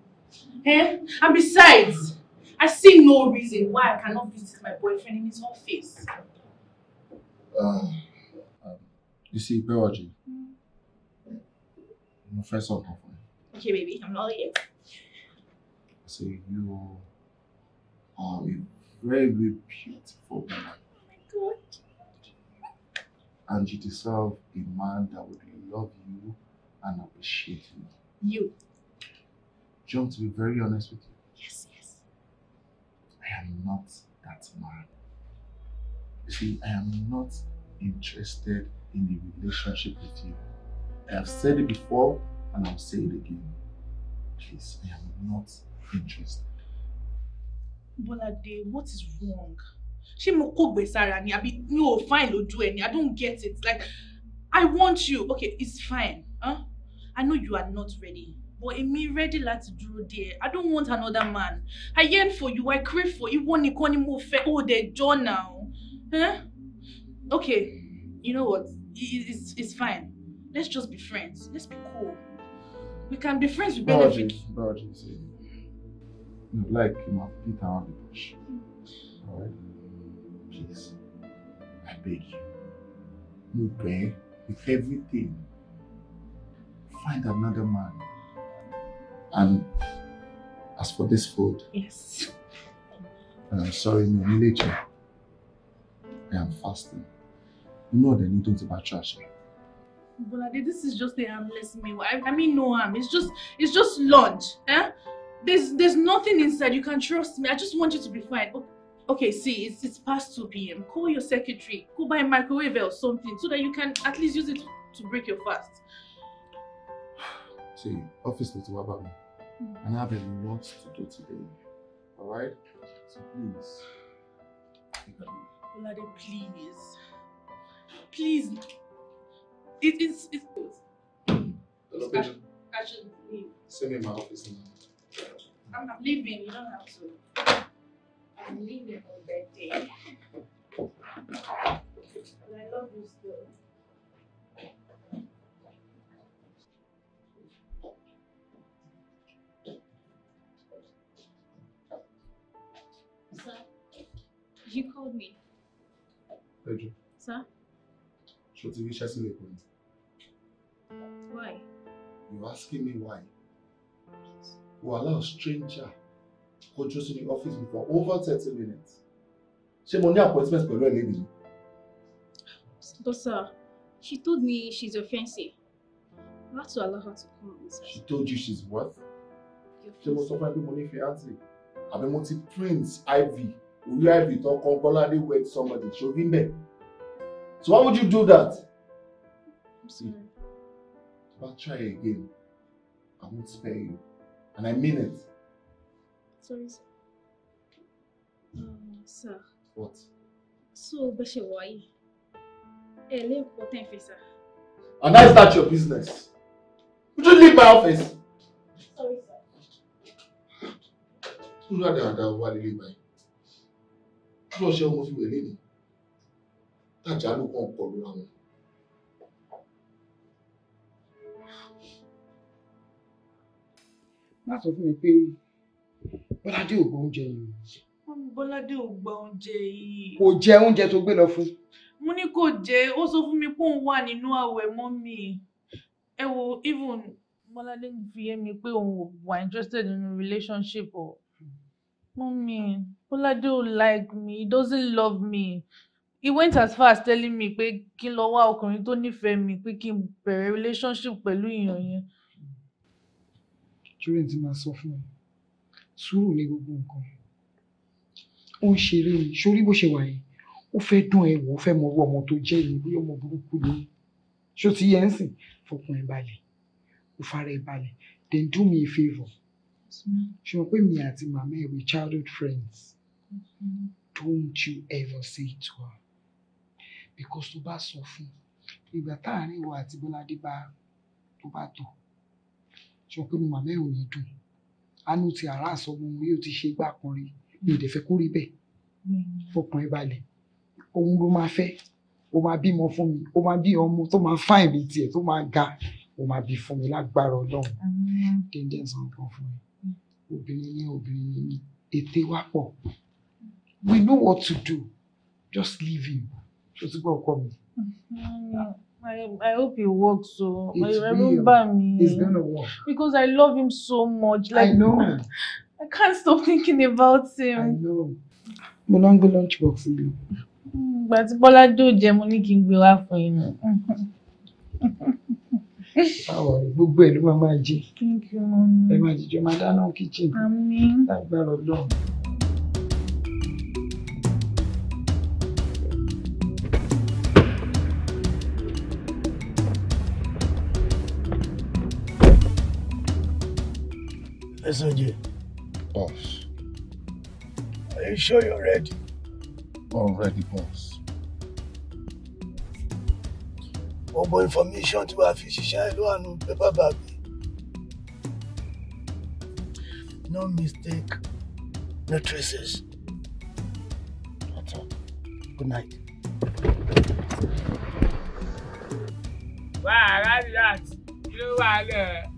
and besides. I see no reason why I cannot visit my boyfriend in his office. Uh, um, you see, Bewaji, mm. my first one. Okay, baby, I'm not I So you are a very, beautiful woman. Oh my god. And you deserve a man that would love you and appreciate you. You. John, to be very honest with you, I am not that man. You see, I am not interested in a relationship with you. I have said it before and I'll say it again. Please, I am not interested. Bolade, what is wrong? She mo kógbe sára ni àbí mi fine lójú ẹ ni? I don't get it. Like, I want you. Okay, it's fine. Huh? I know you are not ready. but me ready láti dúró díẹ̀ i don't want another man i yearn for you i crave for you ìwọ nìkan ni mo fẹ́ ó dẹ̀ jọ now huh? okay you know what it, it's, it's fine let's just be friends let's be cool we can be friends with benefit. bọ́ọ̀dì bọ́ọ̀dì like you ma beat on the bush alright please i beg you mo bẹ̀ with everything find another man. And as for this food, yes. And uh, I'm sorry, no, I'm I am fasting. You know they need to about trash. Bolade, this is just a harmless meal. I, I mean no harm. It's just it's just lunch. Eh? There's there's nothing inside. You can trust me. I just want you to be fine. Okay okay, see, it's, it's past 2 p.m. Call your secretary, go buy a microwave or something so that you can at least use it to break your fast. See, office ló to wá bá mi hmm. and I have a lot to do today all right so please take please please it is it is. I should leave. Send me my office now. I'm not leaving, you don't have to. I'm leaving on that day. And I love you still. You called me. Pedro. Sir? Should we chasing the point? Why? You're asking me why? Yes. allow a stranger to just in the office for over 30 minutes. She mo ní appointment pẹ̀lú ẹ̀ lẹ́yìn? But sir, she told me she's your fiancé. You have to allow her to come inside. She told you she's what? She mo sọ fún ẹ pé mo ní fiancé? Àbí multi Prince Ivy. You have àìbì tán kan Bọ́ládé wed somebody ṣòfin bẹ̀ so why would you do that? see if I try again I won't spare you and I mean it. sorry sir. Um, sir. what? so bẹ́ ṣe wáyé ẹ lè pọ̀ tẹ́ sir. and now is your business? would you leave my office? sorry sir. kúrò dáadáa wà lè lè báyìí kí ló ṣe ọmọ fi wèrè ni tájàlú kan pọ̀ lóra wọn. má sọ fún mi pé bọ́ládé ò gbọ́ oúnjẹ yìí. bọ́ládé ò gbọ́ oúnjẹ yìí. kò jẹ oúnjẹ tó gbé lọ fún. mo ní kò jẹ ó sọ fún mi pé òun wà nínú àwẹ̀ mọ́ mi ẹ wo even bọ́ládé fi yé mi pé òun wà interested nínú relationship o mọ́ mi. Mm. Bolade like me, he doesn't love me. He went as far as telling me pé kí n lọ wá ọkùnrin tó mi pé kí n relationship pẹ̀lú èèyàn yẹn. Júrẹ̀ ti máa sọ fún ẹ, sùúrù ní gbogbo nǹkan. Ó ń ṣeré ni, sórí bó ṣe wà yẹn, ó fẹ́ dùn ẹ wò, ó fẹ́ mọ irú ọmọ tó jẹ́ yìí, bóyá ọmọ ni. Ṣó ti yẹ ń sìn? Fọkàn ẹ balẹ̀, fara ẹ balẹ̀, then do me a favour. Ṣùgbọ́n pé mi àti màmá ẹ̀ childhood friends don't you ever say it to her because tó bá sọ fún ìgbà táàrin ìwà àti Bọ́ládé bá tó bá tó sọ pé mo màmá ẹ̀ ò ní dùn àánú ti àrà àsọmọ òun yóò ti ṣe gbà kan rí mi ò dẹ̀ fẹ́ kó rí bẹ́ẹ̀ fọkàn ẹ balẹ̀ òun ló máa fẹ́ o máa bímọ fún mi ó máa bí ọmọ tó máa fáìn mi tiẹ̀ tó máa ga ó máa bí fún mi lágbára Ọlọ́run déndé sàn kan fún mi obìnrin ní obìnrin ní ète wá pọ̀ we know what to do just leave him Just ṣòtúgbọ́ ọkọ mi. Mm-hmm. I, I hope it works so. It's I remember me. It's gonna work. Because I love him so much. Like, I know. I can't stop thinking about him. I know. We don't go gbé lunch box mi. Ìgbà tí Bọ́lá jó jẹ, mo ní kí n gbé wá fún yín. Báwo ni gbogbo ẹ̀ ló máa máa jẹ? Ẹ máa jíjọ máa dáná kitchen. Àmín. Lágbára Ọlọ́run. Messenger. Boss. Are you sure you're ready? I'm ready, boss. Gbogbo information tí wàá fi ṣiṣẹ́ ló wà pépà bàbí. No mistake, no traces. Good night. Wàá rárá àti kí ló wà lẹ́ẹ̀.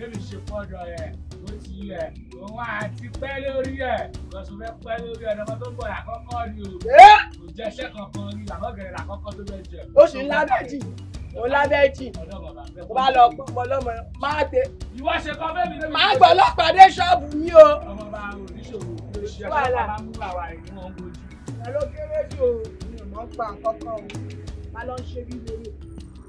bẹ́ẹ̀ni ṣe fọ́dọ̀ ẹ̀ ó ti ẹ̀ òun àti pẹ́ lórí ẹ̀ lọ́sùn fẹ́ pẹ́ lórí ẹ̀ lọ́mọ tó ń bọ̀ làkọ́kọ́ ni o kò jẹ́ iṣẹ́ kankan ni làmọ́gẹ̀rẹ̀ làkọ́kọ́ tó fẹ́ jẹ. oṣù ńlá méjì olábẹ́jì kó bá lọ pọ́n pọ́n máa tẹ. ìwọ ṣe kọ fẹ́mi lórí. máa gbọ́ ọlọ́pàá dé ṣọ́ọ̀bù mi o. ọmọ bá oníṣòwò ló ṣe ọlọ́pàá máa mú àwa ìlú wọn gbójú. ẹ kéré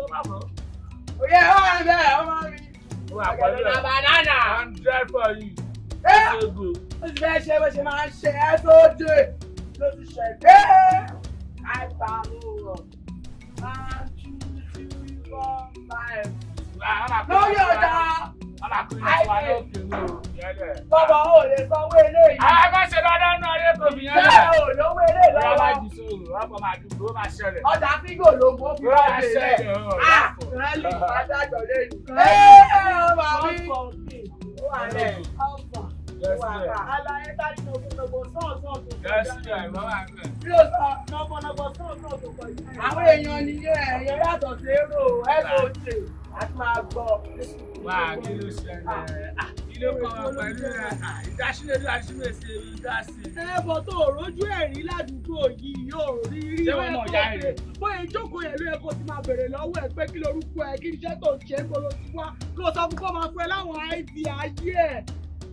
ló bá mọ̀. Oyè ó wà bẹ́ẹ̀ ọmọ mi. Àgbàdo banana. I'm dry for you. Ẹ ó sì fẹ́ ṣe bó ṣe máa ń ṣe ẹ́ tó dé ló ti ṣe dé. Àìsàn ló rọ̀. Máa ń tú tú bọ́ báyìí. Lórí ọ̀dà. Bàbá ò lè sanwó eléyìí. Àwọn bá ṣe lọ́dọ̀ náà lè kò fi yẹn lẹ̀. Ṣé ò lówó eléyìí lọ́wọ́? Yọ̀ọ́ bá jù sóòrò, wọ́n kọ́ máa dùn, ó máa ṣẹlẹ̀. Ọjà fígò ló mú òkú rẹ̀ ṣẹlẹ̀. À rẹ́lì adájọ́ lẹ́yìn. Ẹ ẹ ọmọ mi. Alaye tani nọ̀bọ̀nọ̀bọ̀ sọ̀ọ̀sọ̀ tó kọjá. Bí o sọ nọ̀bọ̀nọ̀bọ̀ sọ̀ọ̀sọ̀ tó kọjá. Àwọn èèyàn nìyẹn ẹ̀yẹ yàtọ̀ sí èrò ẹ̀ ló ṣe a ti máa gbọ́. wà á kí ló ṣẹlẹ̀ kí ló kọ́ wa pẹ̀lú ẹ̀ ìdásílẹ̀ ló àṣìwé sí ewu dásì. ẹbọ tó rojú ẹ̀rí ládùúgbò yìí yóò rí rí ẹ̀kọ́ pé bóyá ìjókòó yẹn ló yẹ kó ti máa bèrè lọ́wọ́ ẹ̀ pé kí lorúkọ ẹ̀ kí iṣẹ́ tó ń ṣe é kó ló ti wá kó sọ fún kó máa fẹ́ láwọn àìdí ayé ẹ̀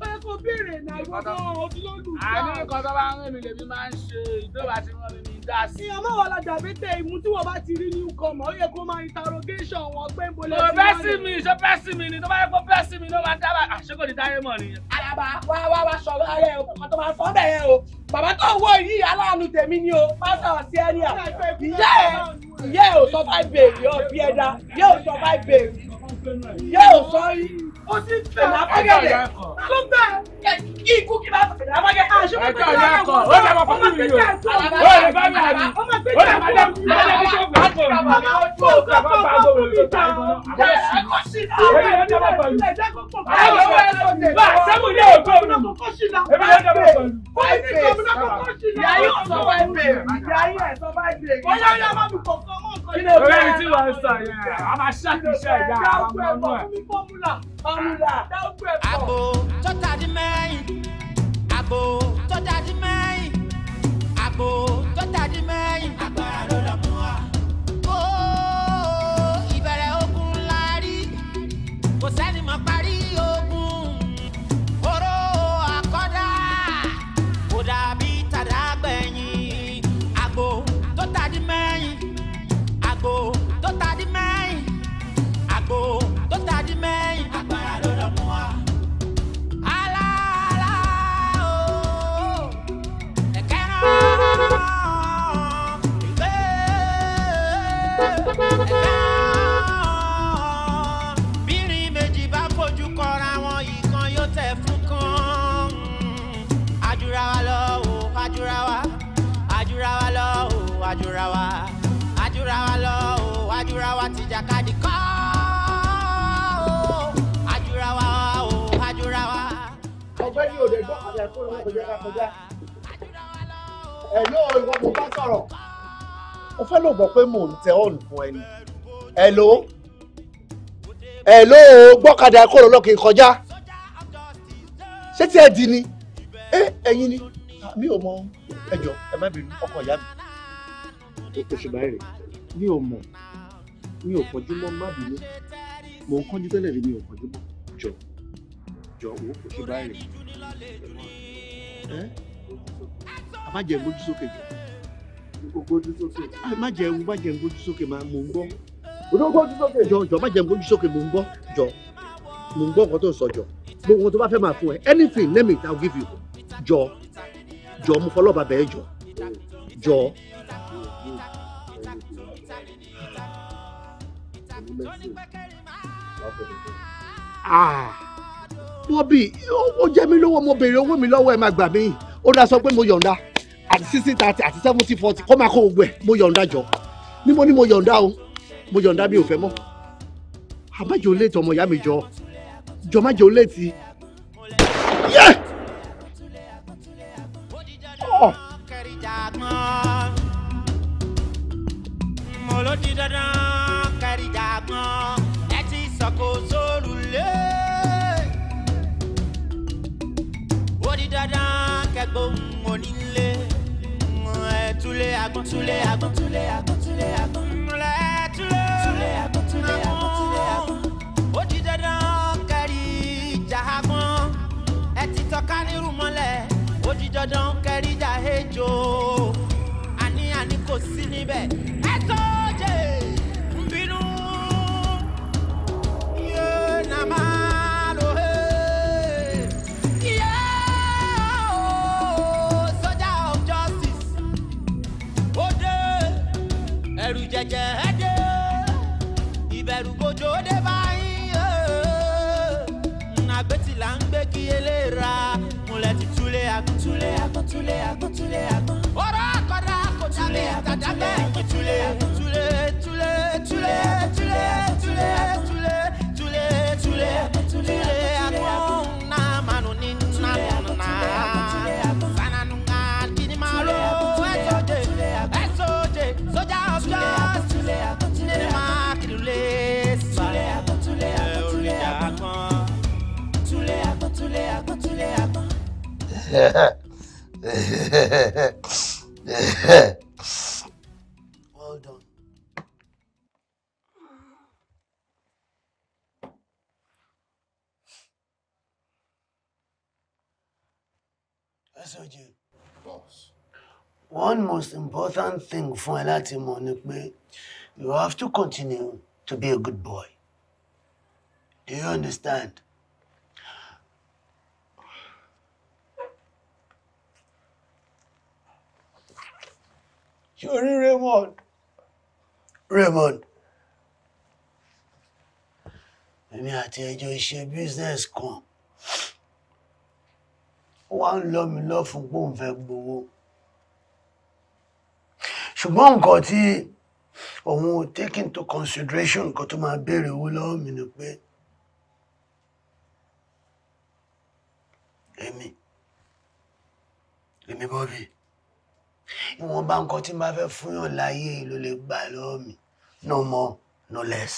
ó yẹ kó béèrè náà gbogbo òbí ló lù ú. àní nǹkan tó bá ń rìn mí lèmi máa ń ṣe ìdóba tí wọ́n mi dá sí. ìyá máa wà lájà bí tẹ ìmú tí wọ́n bá ti rí new comer ó yẹ kó máa interrogation wọn pé nbọ lẹ́sìn. kò bẹ́ sí mi ṣé bẹ́ sí mi ni tó bá yẹ kó bẹ́ mi ló máa dábàá àṣekò ah, ní táyé mọ̀ nìyẹn. àyàbá wá wá wá sọ ayẹ ọkọ tó máa sọ bẹ́ẹ̀ yẹn o bàbá tó wọ yìí aláàánú tèmi ni o pásítọ̀ sí ẹni ìyá ẹ ìyá ẹ ò sọ fáì bèèrè ọ bí ẹ sọ fáì yóò sọ yìí ó ti fẹ́ abágẹ́dẹ̀ ló bẹ́ẹ̀ kí ikú kí bá fẹ́ abágẹ́dẹ̀. àṣìwọ́n tó ń bá wọn ó lè máa fọ́nmù yìí o ó lè bá mi àbí ó lè máa dẹ́kun mi lọ́dẹ bí sọ́kùn àpò mi ó kà bá bá gbogbo mi tó tà ìbọn náà. àwọn èèyàn dábàá pẹ̀lú àwọn èèyàn dábàá pẹ̀lú bá sẹ́mu ní òkú mi èmi yẹn dábàá pẹ̀lú. yàyí ọ̀sán bá dé yàyí ọ̀sán bá dé. wọ́n yá yá má mi kọ̀ọ̀kan mọ́ nǹkan yìí. kí ni o bẹ́ẹ̀ tí wọ́n sọ yẹn a máa ṣàkíṣe ẹ̀dá dáwọ́ ẹ̀bọ̀ fún mi fọ́múlà fọ́múlà dáwọ́ ẹ̀bọ̀. àgbo tó tàdí mẹ́yìn àgbo tó tàdí mẹ́yìn àgbo tó tàdí mẹ́yìn ajura wa ajura wa lọ o ajura wa ti jàkadì kọ́ o ajura wa o ajura wa. ọgbẹ́ ní òde gbọ́ àbẹ̀ kó ló ń kọjá ká kọjá ẹ̀ yóò ìwọ mo bá sọ̀rọ̀ mo fẹ́ ló gbọ́ pé mò ń tẹ ọ̀nù fún ẹni ẹ̀ ló ẹ̀ ló gbọ́kadà kó ló lọ́kì kọjá ṣé tí ẹ di ni ẹ ẹ̀yin ni ah, mi ò mọ ẹjọ́ ẹ má bínú ọkọ ìyá mi tó ṣe báyìí rè mi ò mọ̀ mi ò kọjú mọ́ má bínú mò ń kánjú tẹ́lẹ̀ rí mi ò kọjú mọ́ jọ jọ owó kò ṣe báyìí rè ẹ́ àbájẹ́ gbójú sókè jọ gbójú sókè má jẹ́ ewu má jẹ́ gbójú sókè máa mò ń gbọ́ òdò gbójú sókè jọ jọ má jẹ́ gbójú sókè mò ń gbọ́ jọ mò ń gbọ́ nǹkan tó ń sọ jọ gbogbo ohun tó bá fẹ́ máa fún ẹ anything let me. i will give you jọ jọ mo fọlọ́ọ̀bà bẹ́ẹ̀ jọ jọ. bọ́bí ah. ó jẹ́ mi lówó mo béèrè owó mi lọ́wọ́ ẹ̀ máa gbà mí ó dá sọ pé mo yọ̀ǹda àti sixty thirty àti seventy forty kó máa kó gbogbo ẹ̀ mo yọ̀ǹda jọ ni mo ní mo yọ̀ǹda o mo yọ̀ǹda mi ò fẹ́ mọ́ àbájọ olè tí ọmọ ìyá mi jọ jọ má jẹ olè tí. Yeah! mo ló di dandan. dandan kẹgbóhùn onílé ẹtúlé agbọn túlé agbọn túlé agbọn túlé agbọn múlẹ túlé túlé agbọn túlé agbọn túlé agbọn ó di dandan kẹrí ìjà agbọn ẹ ti tọ́ka nírú mọ́lẹ̀ ó di dandan kẹrí ìjà ejò àní àní kò sí níbẹ̀ ẹ tó. ẹ̀rù jẹjẹ ẹ dé ìbẹ̀rù kojo dé báyìí nàgbẹ́tìlá ń gbé kí eléra múlẹ̀ ti túlé agùn túlé agùn túlé agùn túlé agùn. ọ̀rọ̀ akọ̀dá kò dábẹ́ àtàdábẹ́ túlé túlé túlé túlé túlé túlé túlé túlé túlé túlé túlé. well done. SOG. Boss. One most important thing for ẹ láti you have to continue to be a good boy. Do you understand? sórí Raymond Raymond èmi àti ẹjọ́ ṣe business kan wá ń lọ mi lọ fún pé òun fẹ́ gbowó ṣùgbọ́n nǹkan tí òun take into consideration nǹkan tó máa béèrè owó lọ́wọ́ mi ni pé èmi èmi Bobby ìwọ̀nba nǹkan tí bá fẹ́ fún yàn láyé ló lè gbà lọ́wọ́ no more no less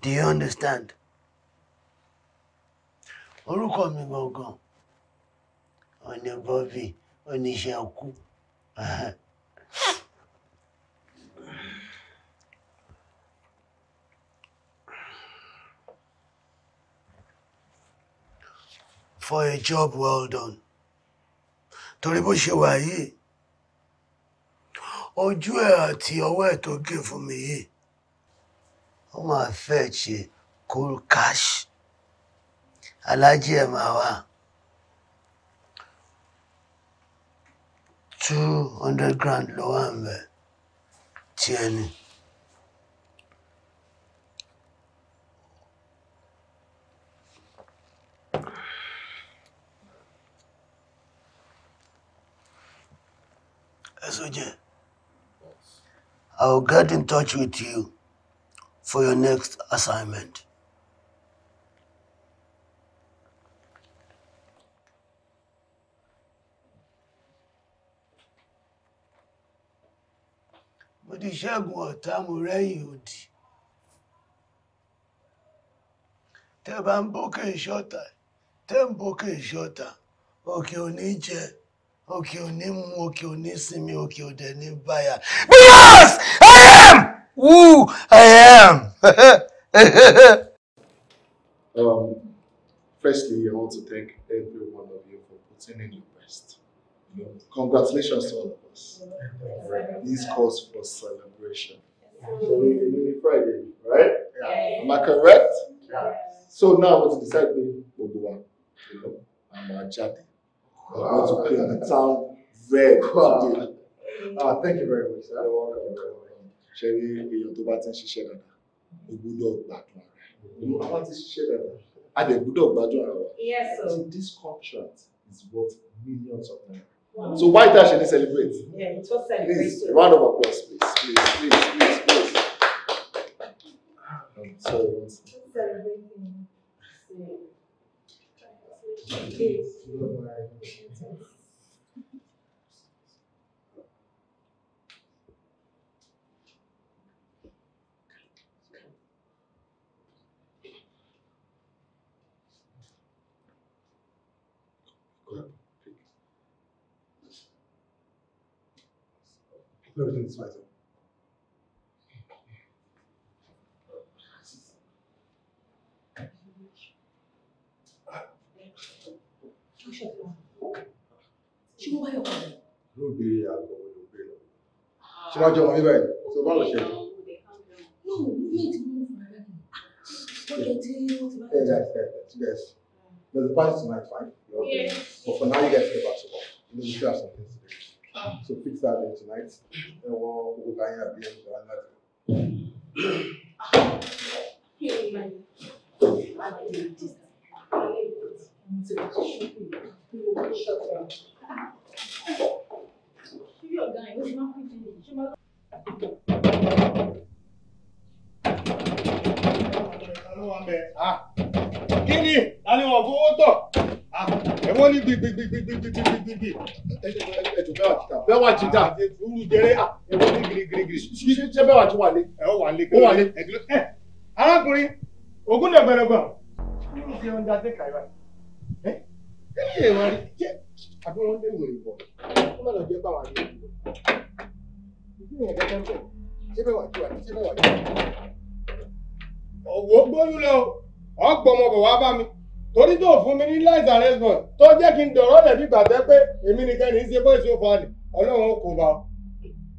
do you understand orúkọ mi gangan ọ̀nì bọ́bí oníṣẹ́ ọkú for a job well done torí bó ṣe wà yìí ojú ẹ̀ àti ọwọ́ ẹ̀ tó gé fún mi yìí ó máa fẹ́ ṣe cool cash alájí ẹ̀ máa wà two hundred grand ló wà ń bẹ̀ tí ẹni. Esoje, I'll get in touch with you for your next assignment. mo ti ṣẹ́gun ọ̀tá mo rẹ́yìn òdì tẹ́ bá ń tẹ́ ń bókè ìṣọ́ta òkè ò òkè òní mu òkè òní sinmi òkè òdẹ ní báyà because I am who I am. um, firstly, I want to thank every one of you for putting in your best. congratulations to all of us. This calls for celebration. Every Friday, right? Yeah. Am I correct? Yeah. So now I want to decide with Bobo. You know, I'm a chatting. I want to clear the town red today. Ah, thank you very much. You're welcome. Ṣé rí èèyàn tó bá ti ń ṣiṣẹ́ dáadáa, o You know rẹ̀. Àwọn ti ṣiṣẹ́ dáadáa, a dẹ̀ gbúdọ̀ gbàdúrà rẹ̀ wá. Yes sir. So this contract is worth millions of naira. So why that should they celebrate? Yeah, it was celebrated. Please, round of applause, please, please, please, please, please. I'm sorry. Celebrating. Everything's right. wọ́n jọ wọ́n níbẹ̀ tó bá lọ ṣe. Ah, yes, yes, yes, yes. There's a party tonight, right? Yes. But for now, you guys get back to work. You have something to So fix that in tonight. Then we'll go back and be able to run that. Ah, hey, man. bí bí bí bí bí bí bí bí bí ẹjọ bẹ́ẹ̀ wà ti ta bẹ́ẹ̀ wà ti ta olú jẹrẹ ẹwọ ní girigirigiri ṣe bẹ́ẹ̀ wà ti wà lé. ẹ ó wà lé kí ó wà lé. ẹ arákùnrin ogun lè gbẹrẹgbà kí ló ṣe ọjà tẹ kàìwá ẹ kí ló ṣe wọn rí jẹ àbí wọn lè wèrè bọ kó má lọ jẹ bá wà lé ìdílé yẹn gẹ́gẹ́ bọ ṣe bẹ́ẹ̀ wà ti wà ṣe bẹ́ẹ̀ wà ti wà. ọ̀wọ́ gbóyún lọ ọgbọmọbọ wá bá mi torí tó fún mi ní light and tó jẹ́ kí n dọ̀rọ̀ lẹ̀ bí gbàtẹ́ pé èmi nìkan ní í ṣe bóyá ìṣòfò àlè ọlọ́run kò bá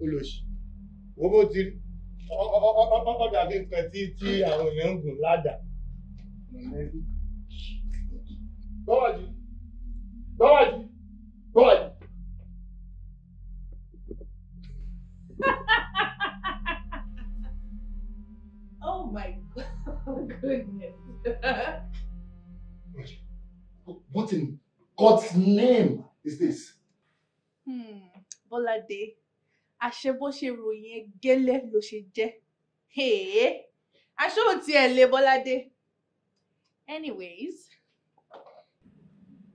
olóṣì wo bó ti ọjà bí nǹkan tí tí àwọn èèyàn ń gùn ládàá. gbọ́wọ́jì gbọ́wọ́jì gbọ́wọ́jì. Oh my God, goodness. What in God's name is this? Hmm, Bọ́ládé, àṣẹ bó ṣe gẹ́lẹ́ ló ṣe Hey, Anyways,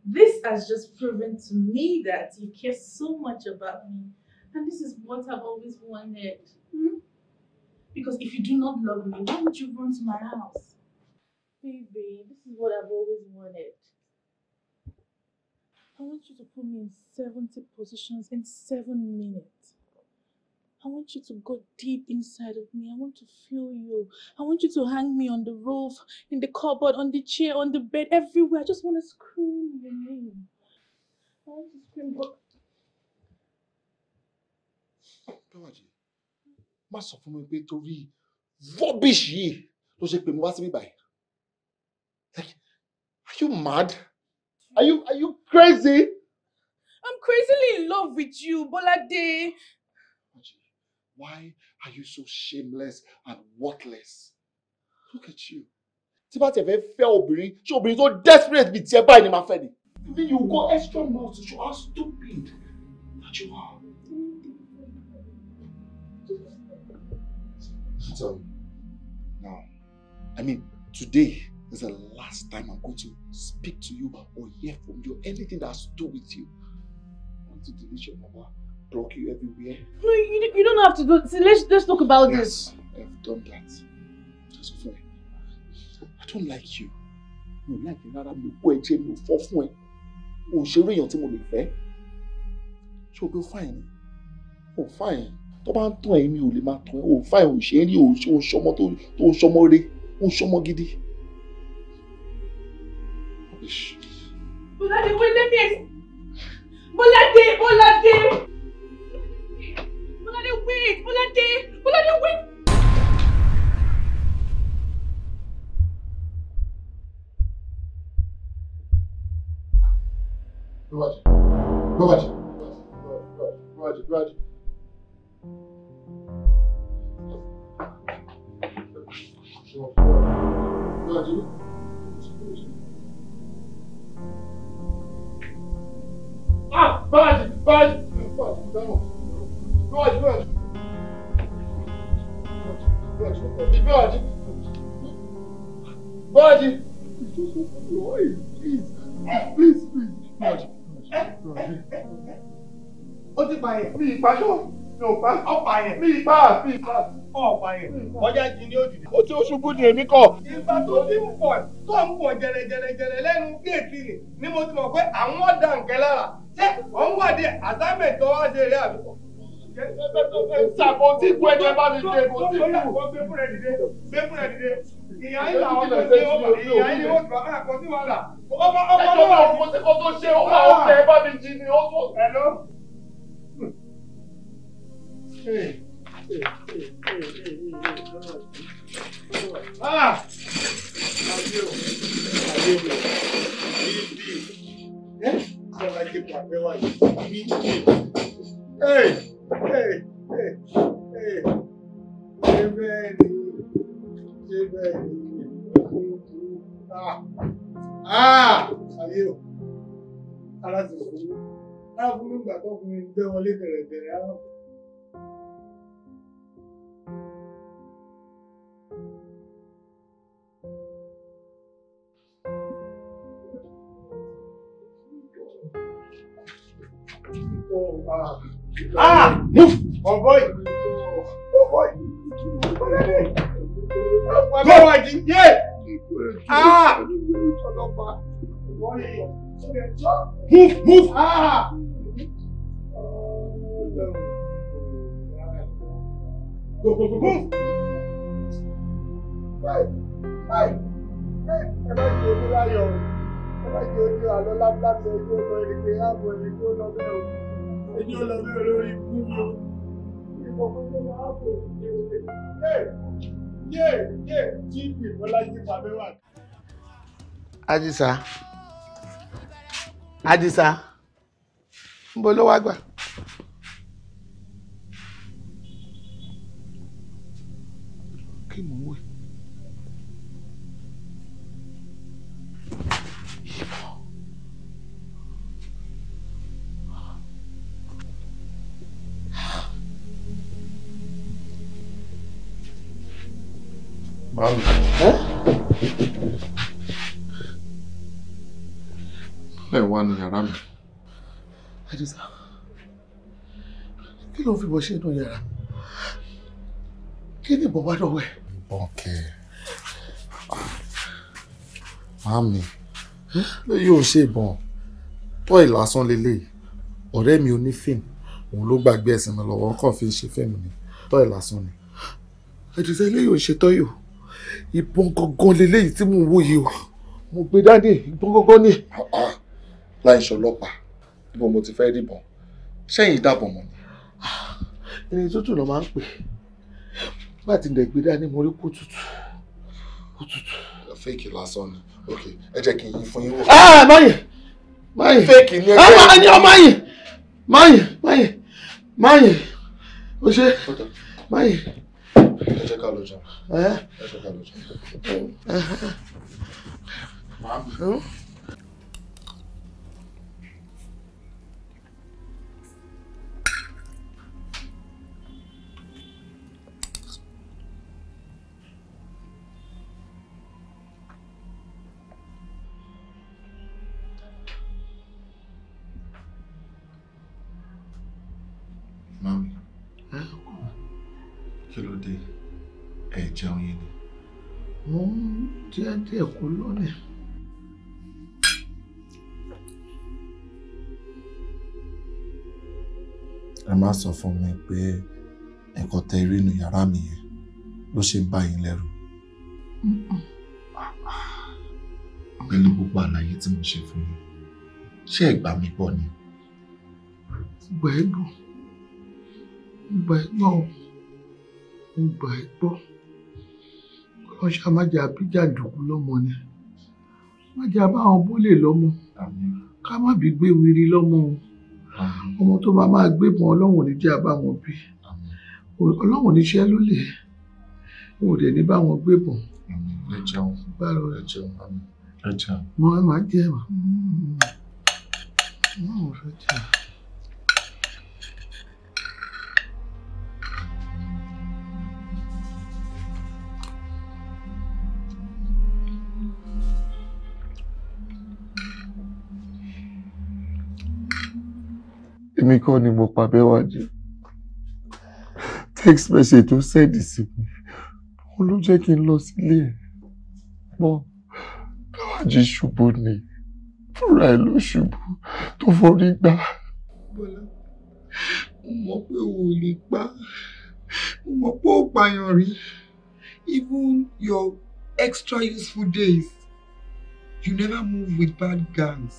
this has just proven to me that you care so much about me. And this is what I've always wanted. Hmm? Because if you do not love me, why would you run to my house? Baby, this is what I've always wanted. I want you to put me in 70 positions in seven minutes. I want you to go deep inside of me. I want to feel you. I want you to hang me on the roof, in the cupboard, on the chair, on the bed, everywhere. I just want to scream your name. I want to scream, but. Bẹ́wàjì, má sọ fún to be rubbish yìí ló ṣe pè mí wá Like, are you mad? Are you are you crazy? I'm crazily in love with you, Bolade. Why are you so shameless and worthless? Look at you. Tí bá a fẹ́ fẹ́ obìnrin, ṣé obìnrin tó desperate bíi tiẹ̀ báyìí ni màá fẹ́ Then you go extra miles. to show how stupid that you are. Tell me, now, I mean, today, This is the last time I'm going to speak to you or hear from you, anything that has to do with you. I want to delete your number, block you everywhere. No, you, you don't have to do See, let's, let's talk about yes, this. Yes, have done that. That's fine. I don't like you. Mi ò láìpẹ́ rárá mi ò kó ẹ̀jẹ̀ mi ò fọ́ fún ẹ. Òṣèré èèyàn tí mo lè fẹ́. Ṣé o pé ó fáìn ni? Ò fáìn. Tó bá ń tàn ẹ́ mi ò lè máa tàn ẹ́. Ò fáìn òṣèré re. Ó ń gidi. Bọ́ládé wọ́n lé mi ẹ̀sìn. Bọ́ládé Bọ́ládé. Bọ́ládé wait Bọ́ládé Bọ́ládé wait. Bọ́ládé Bọ́ládé Bọ́ládé Bọ́ládé. ìpá yóò mi ò pa ọ̀pá yẹn mi ìpá mi ìpá ọ̀pá yẹn ọjà jì ní òdìdí. ó ti ṣubú ni èmi kọ. ìgbà tó ti ń pọ̀ tó ń pọ̀ jẹ̀rẹ̀jẹ̀rẹ̀jẹ̀rẹ̀ lẹ́nu géètì rẹ̀ ni mo ti mọ̀ pé àwọn ọ̀dà nǹkan lára ṣé òun wà dé àtàmẹ̀tọ́ wá ṣe eré àbíkọ. Sàkóńtì kú ẹgbẹ́ bá mi dé kó sí kú. Gbé fúnra dìde, Ìyá yìí làwọn tó ṣe ó ìyá yìí ó bà máa kọ sí wàhálà. Ọmọ ọmọ náà. Ẹjọ́ bá wọn tó ṣe ó máa ń tẹ bá mi jí ni ó tó ara fún mi gbà tó fún mi gbé wọlé gẹ̀rẹ́gẹ̀rẹ́ arákùnrin. Ah! Move! Oh boy! Oh boy! Go wájú yé! Ah! Move! Move! Ah! Go, go, go, move! Hey! Hey! Hey! Ẹ bá ti ojú láyọ̀ o. Ẹ bá ti ojú àlọ́ lábúlábú ojú ọmọ ẹni pé ààbò ẹni tó lọ bẹ́ẹ̀ o èyí ò lọ bẹ́ẹ̀ ló wá gbà. kí mò ń wẹ̀. Mami. Bẹ́ẹ̀ wá ní yàrá mi. Àdìsá, kí ló ń fìbọn ṣe inú yàrá? Kí ni ìbọn wá lọ́wọ́ ẹ̀? Bọ́ǹkẹ́. Mami, ló yóò ṣe ìbọn. Tọ́ì lásán leléyìí. Ọ̀rẹ́ mi onífíìmù, òun ló gbàgbé ẹ̀sìn mi lọ́wọ́, ọkàn fi ń ṣe fíìmù ni. Tọ́ì lásán ni. Àdìsá, ilé yóò ìbọn gangan leléyìí tí mò ń wò yìí o mo gbé dání ìbọn gangan ni. Ah, ah. láì ṣọlọ́pàá ibo mo ti fẹ́ ríbọn sẹ́yìn dábọ̀ mọ́ ni. Ah, ẹni tútù ló máa ń pè bá ti dẹ̀ gbé dání mo rí kó tútù kó tútù. fẹ́ẹ̀kì lásán ni ok ẹ jẹ́ kí n yí fún yín wò. máyì máyì fẹ́ẹ̀kì ni ẹgbẹ́ mi. máyì máyì máyì máyì o ṣe máyì ẹ jẹ́ ká lọ jẹun ẹ jẹ́ ká lọ jẹun. màámi. Mami, kí ló dé? ẹ̀jẹun yẹn ni mo ń díẹ̀ díẹ̀ kó lọ́nà. ẹ má sọ fún mi pé nǹkan tẹ rí inú yàrá mi yẹn ló ṣe ń bá yín lẹ́rù. pẹ̀lú gbogbo àlàyé tí mo ṣe fún yín ṣé ẹ gbà mí gbọ́ ni. gbẹ̀ẹ́dùn gbẹ̀ẹ́dùn kọ́ ṣá má jẹ́ àbí jàǹdùkú lọ́mọ ni má jẹ́ àbáwọn bólè lọ́mọ ká má bí gbé wiri lọ́mọ o ọmọ tó máa máa gbébọn ọlọ́run ní jẹ́ àbáwọn bí ọlọ́run níṣẹ́ ló lè ò dẹ̀ ní báwọn gbébọn. ẹ jẹun ẹ jẹun ẹ jẹun. mo máa jẹ ẹ mọ. mo máa fẹ́ èmi kọ́ ni mo pa Bẹ́wàjí text message tó sẹ́ẹ̀dì sí mi ó ló jẹ́ kí n lọ sílé ẹ̀ mọ́ Bẹ́wàjí ṣubú ni fúnra ẹ̀ ló ṣubú tó forí gbá. mo mọ̀ pé o lè pa mo mọ̀ pé ó pààyàn rí even your extra useful days you never move with bad gangs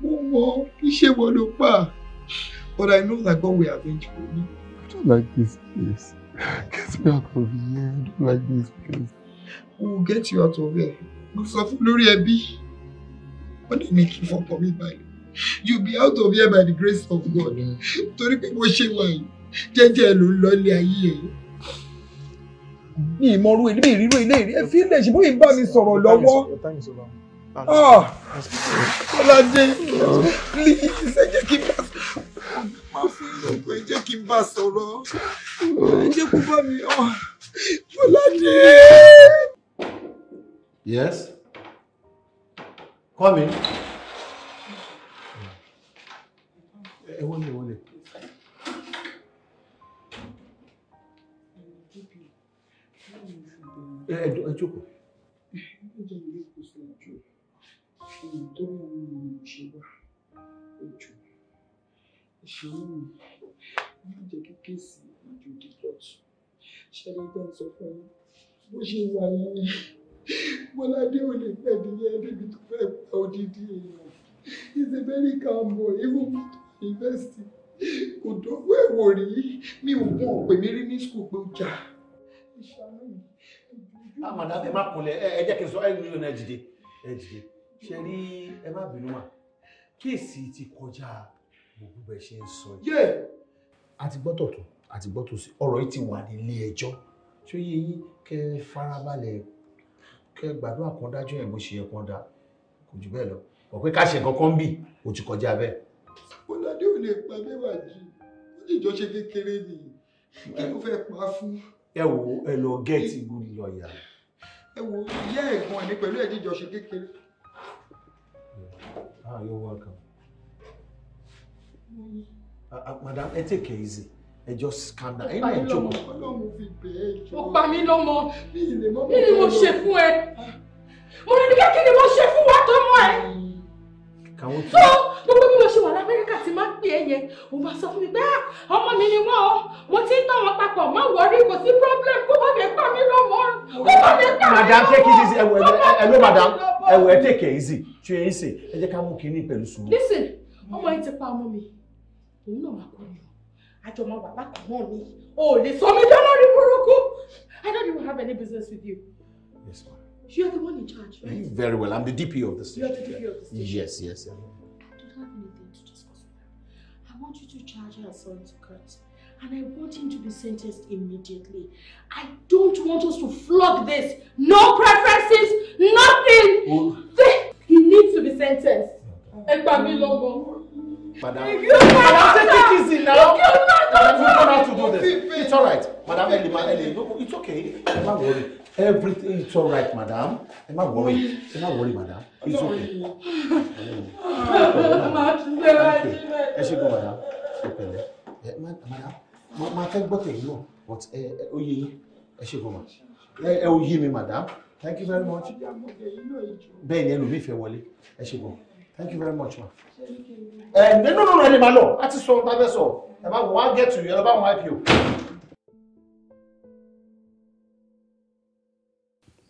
mo mọ̀ iṣẹ́ wọn ló pa. But I know that God will avenge for me. I don't like this place. Get me out of here. I don't like this place. We will get you out of here. Mo sọ fún lórí ẹbí. Wọ́n lè ní kí n fọkàn mi You'll be out of here by the grace of God. Torí pé mo ṣe wà yìí, jẹ́jẹ́ ló ń lọ́lé ayé ẹ̀. Ní ìmọ̀rú ilé ìrírò ilé ìrí, ẹ fi ilé ìṣìbó yìí bá mi sọ̀rọ̀ lọ́wọ́. Ah! Ọládé, please, ẹ jẹ́ máa fún un lọ́gbọ́ ẹ jẹ́ kí n bá sọ̀rọ̀ jẹ́ kó bá mi ọ̀ oh, Fọládé. Yes. Come in. Ẹ wọlé wọlé. Ẹ ẹ jókòó. Ẹ jókòó ìṣòro mi yóò jẹ́ kí kéèsì ìjọ di kóòtù ṣẹlẹ̀ bẹ́ẹ̀ sọ fún yín bó ṣe wà yẹn bọ́ládé ò lè pẹ̀lú yẹn níbi tó fẹ́ gba odidi he's a very calm boy even invest kò dọ́wọ́ ẹ̀wọ̀ rí mi ò mọ̀ pé mi school pé ó jà ìṣàánú mi. àmàdá ah, ẹ má kunlẹ̀ ẹ jẹ́ kí n sọ ẹ nílò náà jìde ẹ jìde ti kọjá mo bú bẹ ṣe ń sọ yé àti gbọ́tọ̀ tó àti gbọ́tọ̀ sí ọ̀rọ̀ yìí ti wà nílé ẹjọ́ ṣó yé yín kẹ́ farabalẹ̀ kẹ́ gbàdúrà kan dájọ́ yẹn bó ṣe yẹ kán dá kò jù bẹ́ẹ̀ lọ kò pé ká ṣe nǹkan kan bì ó ti kọjá bẹ́ẹ̀. ọ̀làdé ò lè pa mẹ́wàá jù ó lè jọ ṣe kékeré ni kí ló fẹ́ pa fún. ẹ wo ẹ lọ gẹ́ẹ̀tì good lawyer. ẹ wo ìyá ẹ̀gbọ́n ẹni pẹ̀lú ẹ̀jíjọ ṣe kékeré. ah you're welcome madam ẹ take it easy ẹ just scandal. down ẹ náà jókòó. ọlọ́run fi bẹ́ẹ̀ jọ. ó pa mí lọ́mọ kí ni mo ṣe fún ẹ mo rí nígbà kí ni mo ṣe fún wa tó mọ ẹ. tó gbogbo bí mo ṣe wà lamẹ́ríkà ti máa ń pè é yẹn òun máa sọ fún mi pé ah, ọmọ mi ni wọ́n o mo ti ń tọ́ wọn papọ̀ má wọrí kò sí problem kó má lè pa mí lọ́mọ kó má lè pa mí lọ́mọ. madam take it easy ẹwọ ẹló madam ẹwọ ẹ take it easy ṣe é ṣe ẹ jẹ́ ká mú kinní pẹ̀lú sùúrù. listen ọmọ yìí ti pa ọmọ mi òun náà máa kú ni o àjọ máa wà bákan náà ni o ò lè sọ mi dáná rí burúkú I don't even have any business with you. Yes, ma'am. You're the one in charge, right? Very well. I'm the DP of the station. are the DP yeah. of the station. Yes, yes. Yeah. I don't have anything to discuss with her. I want you to charge her son to court. And I want him to be sentenced immediately. I don't want us to flog this. No preferences, nothing. Well, he needs to be sentenced. Ẹ gbà mí lọ́gbọ́n. Madam, you Madam, take it easy now. You don't know how to do this. It's all right. Madam Elima, Elima, it's okay. Ẹ má worry. Everything is all right, madam. Ẹ má worry. Ẹ má worry, madam. It's okay. Oh. Ẹ ṣe gbọ́, madam. Ẹ pẹ̀lẹ́. Ẹ madam, mo máa fẹ́ gbọ́ tèmi náà, but ẹ ó yé Oh Ẹ ṣe gbọ́, ma. Ẹ ó yé madam. Thank you very much. Bẹ́ẹ̀ ni ẹlòmíì fẹ́ wọlé. Ẹ ṣe gbọ́ thank you very much ma. Eh, ẹ nínú nínú ẹni máa lọ a ti sọ ohun tá a fẹ́ sọ ẹ bá wọn á get to you ẹ bá wọn ipo.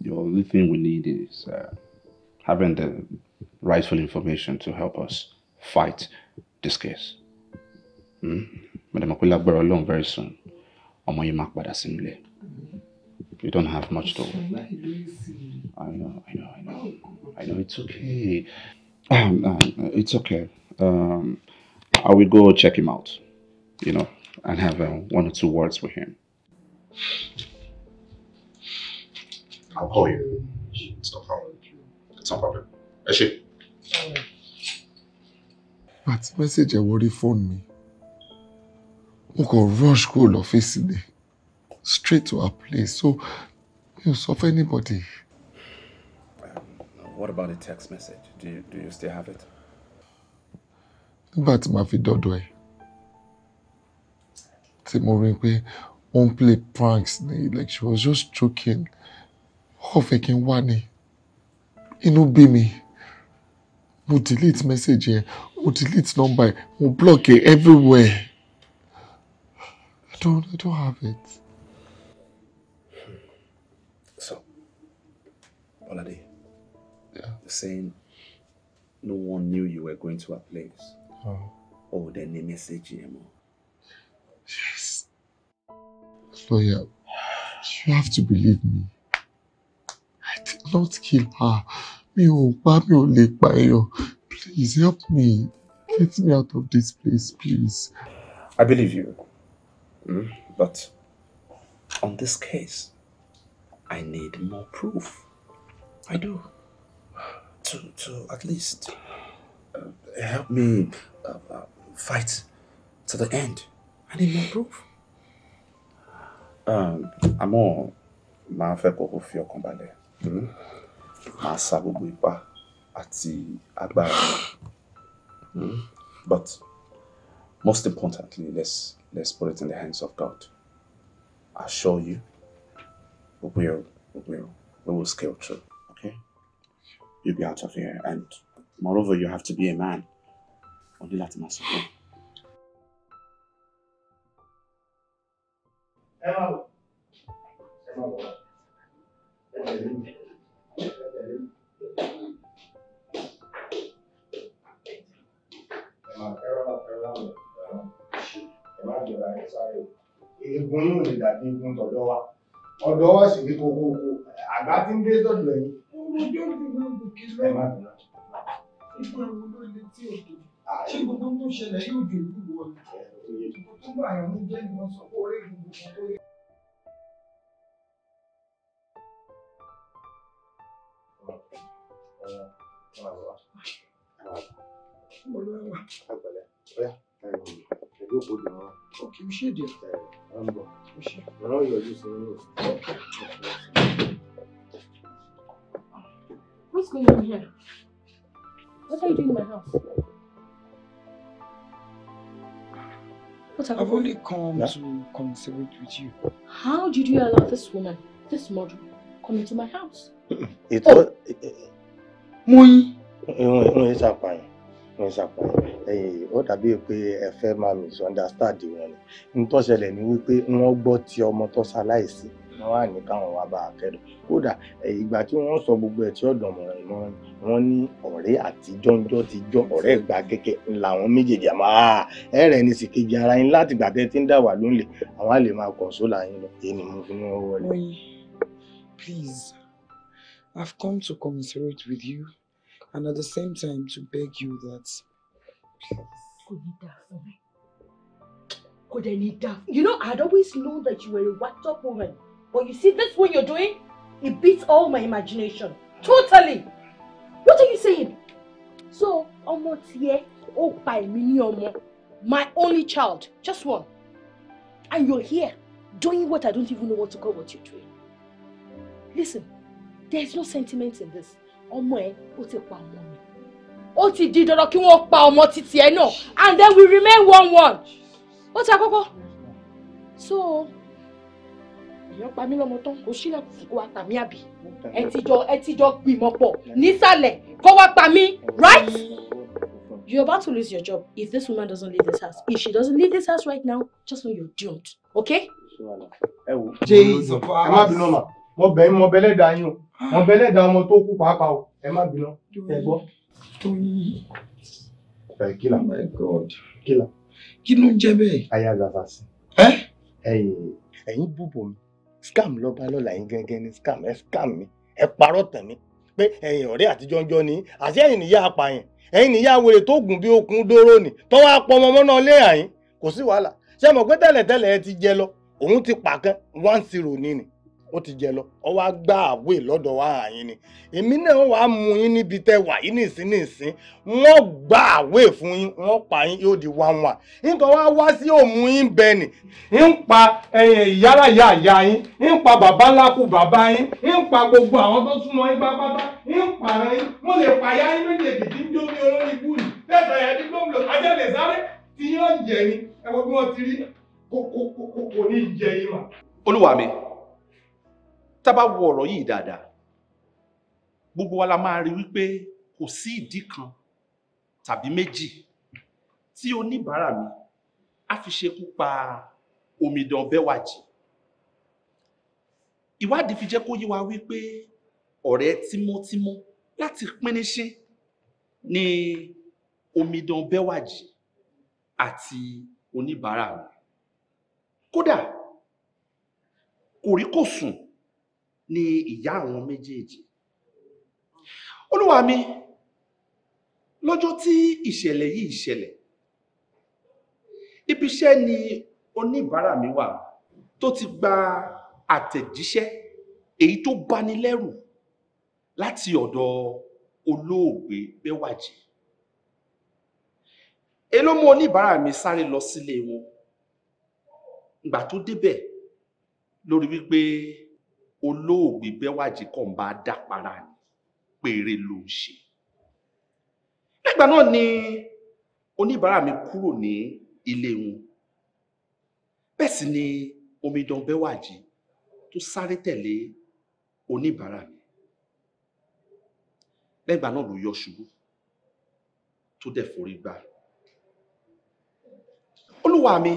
The only thing we need is uh, having the rightful information to help us fight this case. Madam mm? Akwila Gbero alone very soon. Ọmọ yìí máa padà sí nílé. We don't have much to worry. I know, I know, I know. I know it's okay. Um, um, it's okay. Um, I will go check him out, you know, and have uh, one or two words with him. I'll call you. It's no problem. It's no problem. Actually. But message ẹ already phone me. We kàn rush kúrò office today, straight to her place so you suffer anybody. What about the text message? Do you, do you still have it? Nígbà tí màá fi dọ́dọ̀ ẹ̀, tí mo rí pé ó ń play pranks ní like she was just joking, ọ̀fẹ́ kí n wá ni, inú bí mi, mo delete message yẹn, mo delete number yẹn, mo block ẹ everywhere. I don't, I don't have it. So, Bolade. Yeah. Saying, no one knew you were going to a place. Oh. Oh, then they message more. Yes. Lawyer, you have to believe me. I did not kill her. Mi ò my mi ò lè pa Please help me. Get me out of this place, please. I believe you. Mm, but on this case, I need more proof. I do. to, to at least uh, help me uh, uh, fight to the end and improve. Um, àmọ́ màá fẹ́ kó o fi ọkàn balẹ̀ hmm? màá sa gbogbo ipá àti agbára hmm? but most importantly let's let's put it in the hands of God I assure you we will we will we will scale through you'll be out of here. And moreover, you have to be a man. Only that must Hello. Hello. Hello. egun yóò lè sì ní kókókó àgbà tí ń dé sọ́dọ̀ ẹ̀yìn ọmọdé òbí náà gòkè lọ́wọ́ ìgbà wo ló lè tí òkè ṣé gbogbo tó going on here? What are you doing in my house? What I've only come yeah? to consult with you. How did you allow this woman, this model, come into my house? It oh. was. Moyin. Irun yìí ṣàpàyàn. Irun yìí ṣàpàyàn. Ó dàbí pé ẹ fẹ́ máa misunderstand wọn ni. N tó ṣẹlẹ̀ ni wípé wọ́n gbọ́ ti ọmọ wọ́n wà ní káwọn wá bá a kẹ́dùn kódà ìgbà tí wọ́n sọ gbogbo ẹ̀ tí ọ̀dọ̀ mọ̀ràn ìmọ̀ràn wọn ní ọ̀rẹ́ àtijọ́njọ́ ti jọ ọ̀rẹ́ ìgbà kékeré làwọn méjèèjì àmọ́ ẹ rẹ̀ ní sì kejì ara yín láti gbà tí ń dà wà lónìí àwọn á máa kàn sólà yín lọ èyí ni mo fi ní ọwọ́ Please, I've come to commiserate with you and at the same time to beg you that. Kò ní dáa fún mi. Kò dẹ̀ ní dáa. You know, I'd always known that you were a whacked up woman. But you see, this one you're doing, it beats all my imagination. Totally. What are you saying? So, ọmọ tiẹ̀, ó pa èmi ní My only child, just one. And you're here doing what I don't even know what to call what you're doing. Listen, there's no sentiment in this. Ọmọ ẹ, ó ti pa ọmọ mi. Ó ti di And then we remain one one. Ó So, èèyàn pa mí lọ́mọ tán kò sílẹ̀kùn fún kó wá pa mí àbí ẹ ti jọ ẹ ti jọ gbìmọ̀ pọ̀ nísàlẹ̀ kó wá pa mí right. You're about to lose your job if this woman doesn't leave this house. If she doesn't leave this house right now, just know you're doomed. Okay? Jesus. Ẹ má bínú mà. Mo bẹ̀ mo bẹ̀lẹ̀ da yín o. Mo bẹ̀lẹ̀ da ọmọ tó kú pàápàá o. Ẹ má bínú. Ẹ gbọ́. Ẹ kílà. Oh my God. Kílà. Kí ló ń jẹ bẹ́ẹ̀? Aya Zazasi. Ẹ. Ẹyin ẹyin búbo mi scam lọ́ba lọ́la yín gẹ́gẹ́ ni scam ẹ scam mi ẹ parọ́ tàn mí pé ẹ̀yin ọ̀rẹ́ àtijọ́ ń jọ ní àti ẹ̀yin níyà apààyàn ẹ̀yin níyà wèrè tó gùn bí okùn dóró ni tọ́wọ́ apọmọ ọmọ náà lé àyín kò sí wàhálà ṣé mọ̀ pé tẹ́lẹ̀tẹ́lẹ̀ ẹ ti jẹ lọ òun ti pàkan one zero ní ni ó ti jẹ lọ ọ wá gbá àwé lọ́dọ̀ wa àyín ni èmi náà wà á mú yín níbi tẹ́ wà yín nìsín nìsín wọ́n gbá àwé fún yín wọ́n pa yín yóò di wánwà nǹkan wá wá sí òmù yín bẹ nì ń pa ìyára ìyá ìyá yín ń pa bàbá ńlá kù bàbá yín ń pa gbogbo àwọn tó súnmọ́ yín pátápátá ń pa ara yín wọ́n lè pa yá yín méjèèjì tí ń jó ní olórí ibú ni tẹ̀sán yẹn ní gbòǹgbò ajá lè sáré tí yóò jẹ ni ẹ̀wọ̀n bí wọ́n ti rí kókókókó ní ìjẹ yín mà. olúwa mi tá a bá wo ọ̀rọ̀ yìí dáadáa gbogbo wa la máa rí wípé kò sí ìdí kan tàbí méjì tí oníbàárà mi á fi ṣekú pa omidan Bẹ́wàjí ìwádìí fi jẹ́ kó yé wa wípé ọ̀rẹ́ tímọ́tímọ́ láti pínníṣín ni omidan Bẹ́wàjí àti oníbàárà mi kódà kò rí kò sùn ni ìyá àwọn méjèèjì olúwa mi lọ́jọ́ tí ìṣẹ̀lẹ̀ yìí ṣẹlẹ̀ ibiṣẹ́ ni oníbàárà mi wà tó ti gba àtẹ̀jíṣẹ́ èyí tó bani lẹ́rù láti ọ̀dọ̀ olóògbé Bẹ́wàjì èló mú oníbàárà mi sáré lọ sílé wọn ìgbà tó débẹ̀ lórí wípé olóògbé Bẹ́wàjí kàn bá dà para ni péré ló ń ṣe nígbà náà ni oníbàárà mi kúrò ní ilé wọn bẹ́ẹ̀ sì ni omidan Bẹ́wàjí tó sáré tẹ̀lé oníbàárà mi lẹ́gbàá náà ló yọ ṣubú tó dẹ̀ forí gbá olúwa mi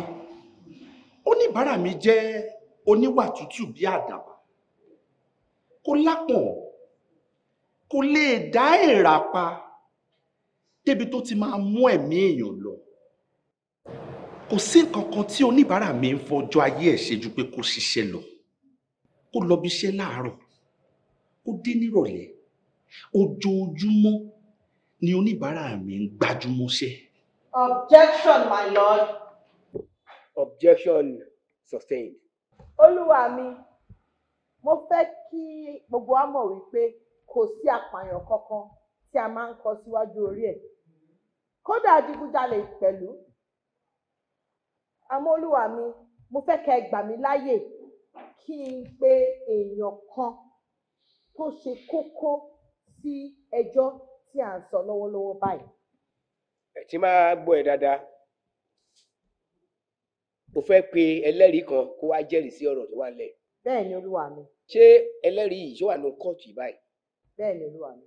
oníbàárà mi jẹ́ oníwà tútù bí àdàbà kó lápọ̀n kó lè dá èrà pa débi tó ti máa mú ẹ̀mí èèyàn lọ kò sí nǹkan kan tí oníbàárà mi ń fọjọ́ ayé ẹ̀ ṣe ju pé kó ṣiṣẹ́ lọ kó lọ iṣẹ́ láàárọ̀ kó dé nírọ̀lẹ́ ojoojúmọ́ ni oníbàárà mi ń gbájúmọ́ṣẹ́. objection my lord. objection sustained. olúwa mi mo fẹ́ kí gbogbo wa mọ̀ wípé kò sí apààyàn kankan tí a máa ń kọ síwájú orí ẹ̀ kódà adigunjalè pẹ̀lú amóluwa mi mo fẹ́ kẹ́ ẹ gbà mí láàyè kí n pe èèyàn kan tó ṣe kókó sí ẹjọ́ tí à ń sọ lọ́wọ́lọ́wọ́ báyìí. ẹ ti máa gbọ́ ẹ dáadáa mo fẹ́ pe ẹlẹ́rìí kan kó wá jẹ́rìí sí ọ̀rọ̀ tó wà lẹ́yìn bẹ́ẹ̀ ni olúwa mi. ṣé ẹlẹ́rìí yìí ṣó wà ní kóòtù yìí báyìí. bẹ́ẹ̀ ni olúwa mi.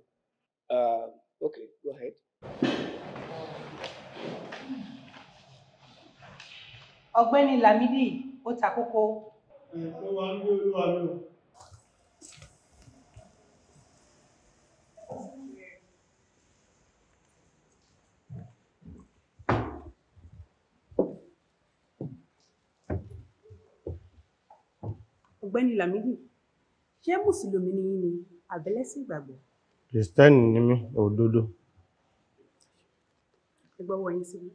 Um, okay go ahead. ọ̀gbẹ́ni Lamidi ó ta kókó. ẹ̀ ẹ̀ wá ní olúwa mi o. ọ̀gbẹ́ni Lámídì ṣé mùsùlùmí ni yín ni àbẹ́lẹ́sìn ìgbàgbọ́. kìrìsìtẹ́nì ni mí òdodo. ẹ gbọ́wọ́ yín síbí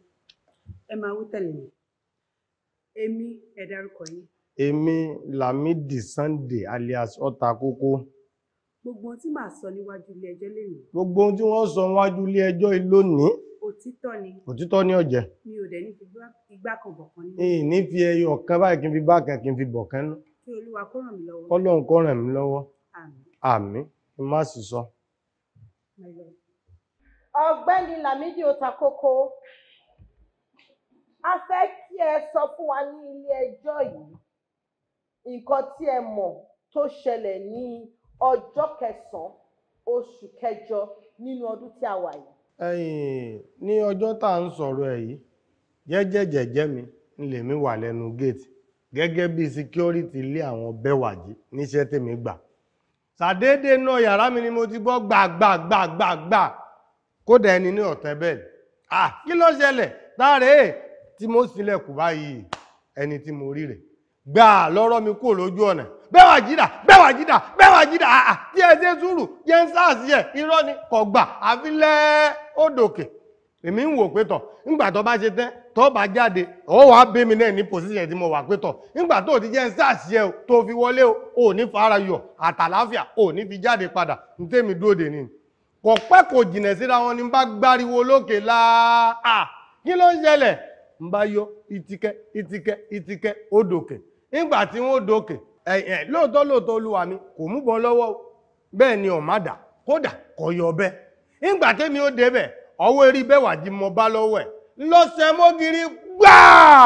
ẹ máa wí tẹ̀lé mi èmi ẹ dárúkọ yín. èmi Lámídì Sunday alias ọ̀tà kókó. gbogbo ohun tí màá sọ níwájú ilé ẹjọ́ lónìí. gbogbo ohun tí wọ́n sọ níwájú ilé lónìí. òtítọ́ ni. òtítọ́ ni ó jẹ́. mi ò dẹ̀ ní fi igbá kan bọ̀ nínú. ìní fi ẹyọ kan báyìí kí n fi bá kan kí n fi bọ̀ kan náà kí olúwa kó ràn mí lọ́wọ́. ọlọ́run kó ràn mí lọ́wọ́ àmín má sì sọ. ọ̀gbẹ́ni Lámídì Ọ̀tàkókó a fẹ́ kí ẹ sọ fún wa ní ilé ẹjọ́ yìí nǹkan tí ẹ mọ̀ tó ṣẹlẹ̀ ní ọjọ́ kẹsàn-án oṣù kẹjọ nínú ọdún tí a wà yìí. ní ọjọ́ tá à ń sọ̀rọ̀ ẹ̀ yìí jẹ́jẹ́jẹ́jẹ́ mi ń lèmi wà lẹ́nu géètì gẹ́gẹ́ bí security ilé àwọn bẹ́wàjì níṣẹ́ tèmi gbà ṣàdédé náà yàrá mi ni mo ti gbọ́ gbàgbàgbàgbà kódà ẹni ní ọ̀tẹ́ bẹ́ẹ̀ ah kí ló ṣẹlẹ̀ dáre tí mo sílẹ̀kùn báyìí ẹni tí mo rí rẹ̀ gbà lọ́rọ́ mi kúrò lójú ọ̀nà bẹ́wàjìdà bẹ́wàjìdà bẹ́wàjìdà àà tí ẹ ṣe sùúrù jẹ́ ń sáàsì ẹ̀ irọ́ ni kò gbà àfi lẹ́ ó dòkè èmi ń wò pé tọ̀ ńgbà tó bá ṣe tẹ́ tó bá jáde ó wàá bí mi náà ní pòsíṣẹ̀ tí mo wà pé tọ nígbà tó ti ń ẹ tó fi wọlé ò ní fara yọ àtàláfíà ò ní fi jáde padà ní tèmi dúró dè ní. kò pẹ́ kò jìnà síra wọn ni n bá lókè láà kí ló ń ṣẹlẹ̀ n bá yọ itikẹ́ itikẹ́ itikẹ́ ó dòkè nígbà tí wọ́n dòkè ẹ lóòótọ́ olúwa mi kò mú lọ́sẹ̀ mọ́giri gbáà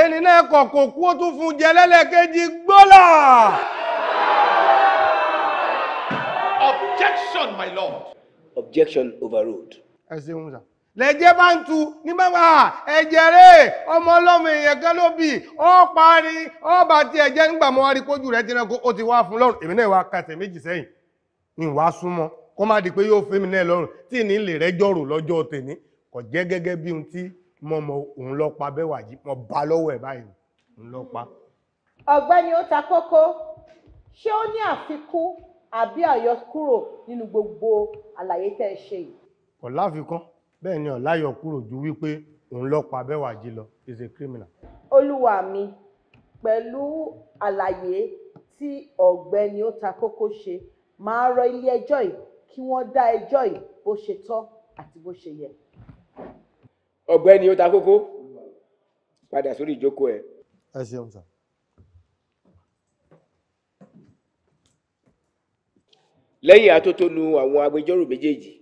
ẹni náà kọ̀kọ̀ kú ó tún fún jẹ lẹ́lẹ́kejì gbọ́là objection my lord objection overruled lẹ́jẹ́ bá ń tu ní bàbá ọmọ ọlọmọ èèyàn kan ló bì parí bá ti ẹjẹ nígbà mọ́ fún lọ́rùn èmi náà wá méjì sẹ́yìn kó má di pé yóò fẹ́ mi náà lọ́rùn tí ní lè rẹ́jọ́ rò lọ́jọ́ tèmi kò jẹ́ gẹ́gẹ́ bí ohun tí mo mọ òun lọ pa bẹ́wà yìí mo bá lọ́wọ́ ẹ̀ báyìí òun lọ pa. ọ̀gbẹ́ni ó ta kókó ṣé ó ní àfikún àbí àyọkúrò nínú gbogbo àlàyé tẹ́ ẹ ṣe yìí. ọ̀la àfikún bẹ́ẹ̀ ni ọ̀la àyọkúrò ju wípé òun lọ pa bẹ́wà yìí lọ is a criminal. olúwa mi pẹ̀lú àlàyé tí ọ̀gbẹ́ni ó ta kókó ṣe máa rọ ilé ẹjọ́ yìí kí wọ́n dá ẹjọ́ yìí bó ṣe tọ́ àti bó ṣe yẹ. ọ̀gbẹ́ni ó ta kókó padà sórí ìjókòó ẹ. ẹ ṣeun sir. lẹ́yìn atótónu àwọn agbẹjọ́rò méjèèjì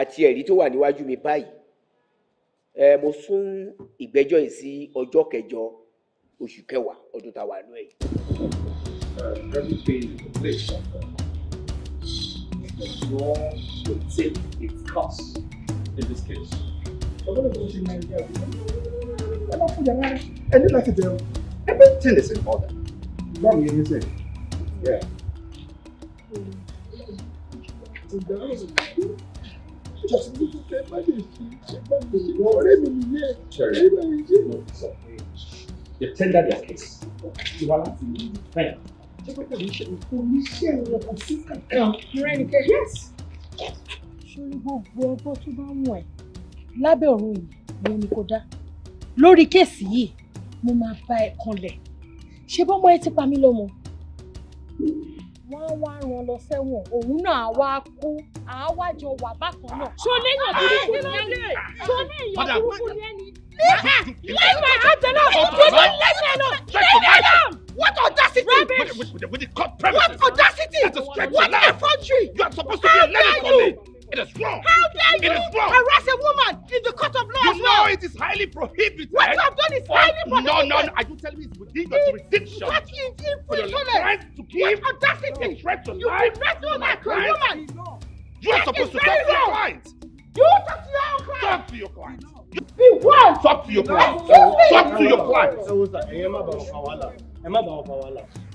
àti ẹ̀rí tó wà níwájú mi báyìí ẹ mo sún ìgbẹ́jọ́ yìí sí ọjọ́ kẹjọ oṣù kẹwàá ọdún tá a Uh, everything in the law should take its course in this case. And like them, everything is in order. Wrong, you say? Yeah. Just look at my They've tendered their case. You are not in yes. lábẹ́ ọ̀run yìí mo ní kó dá lórí kéèsì yìí mo máa bá ẹ kanlẹ̀ ṣé bọ́mọ ẹ ti pa mí lọ́mọ wọ́n wá ràn lọ sẹ́wọ̀n òun náà wá kú àáwájọ wà bákan náà. ṣo ní ni ẹni ṣo ní ni ẹni Leave my hand alone! You don't leave me alone! Leave me alone! What audacity! Rubbish! With, the court premises. What audacity? what effrontery! You are supposed to be a lady for me! It is wrong! How dare you it is wrong. harass a woman in the court of law you know it is highly prohibited. What you have done is highly prohibited. No, no, no. Are you telling me it's within your jurisdiction? What you did for trying to give what audacity? No. A threat to life. You did to a woman. You are supposed to get your testify. You talk to your own client. Talk to your client. Be what? Talk to your client. Excuse me. Talk to your client.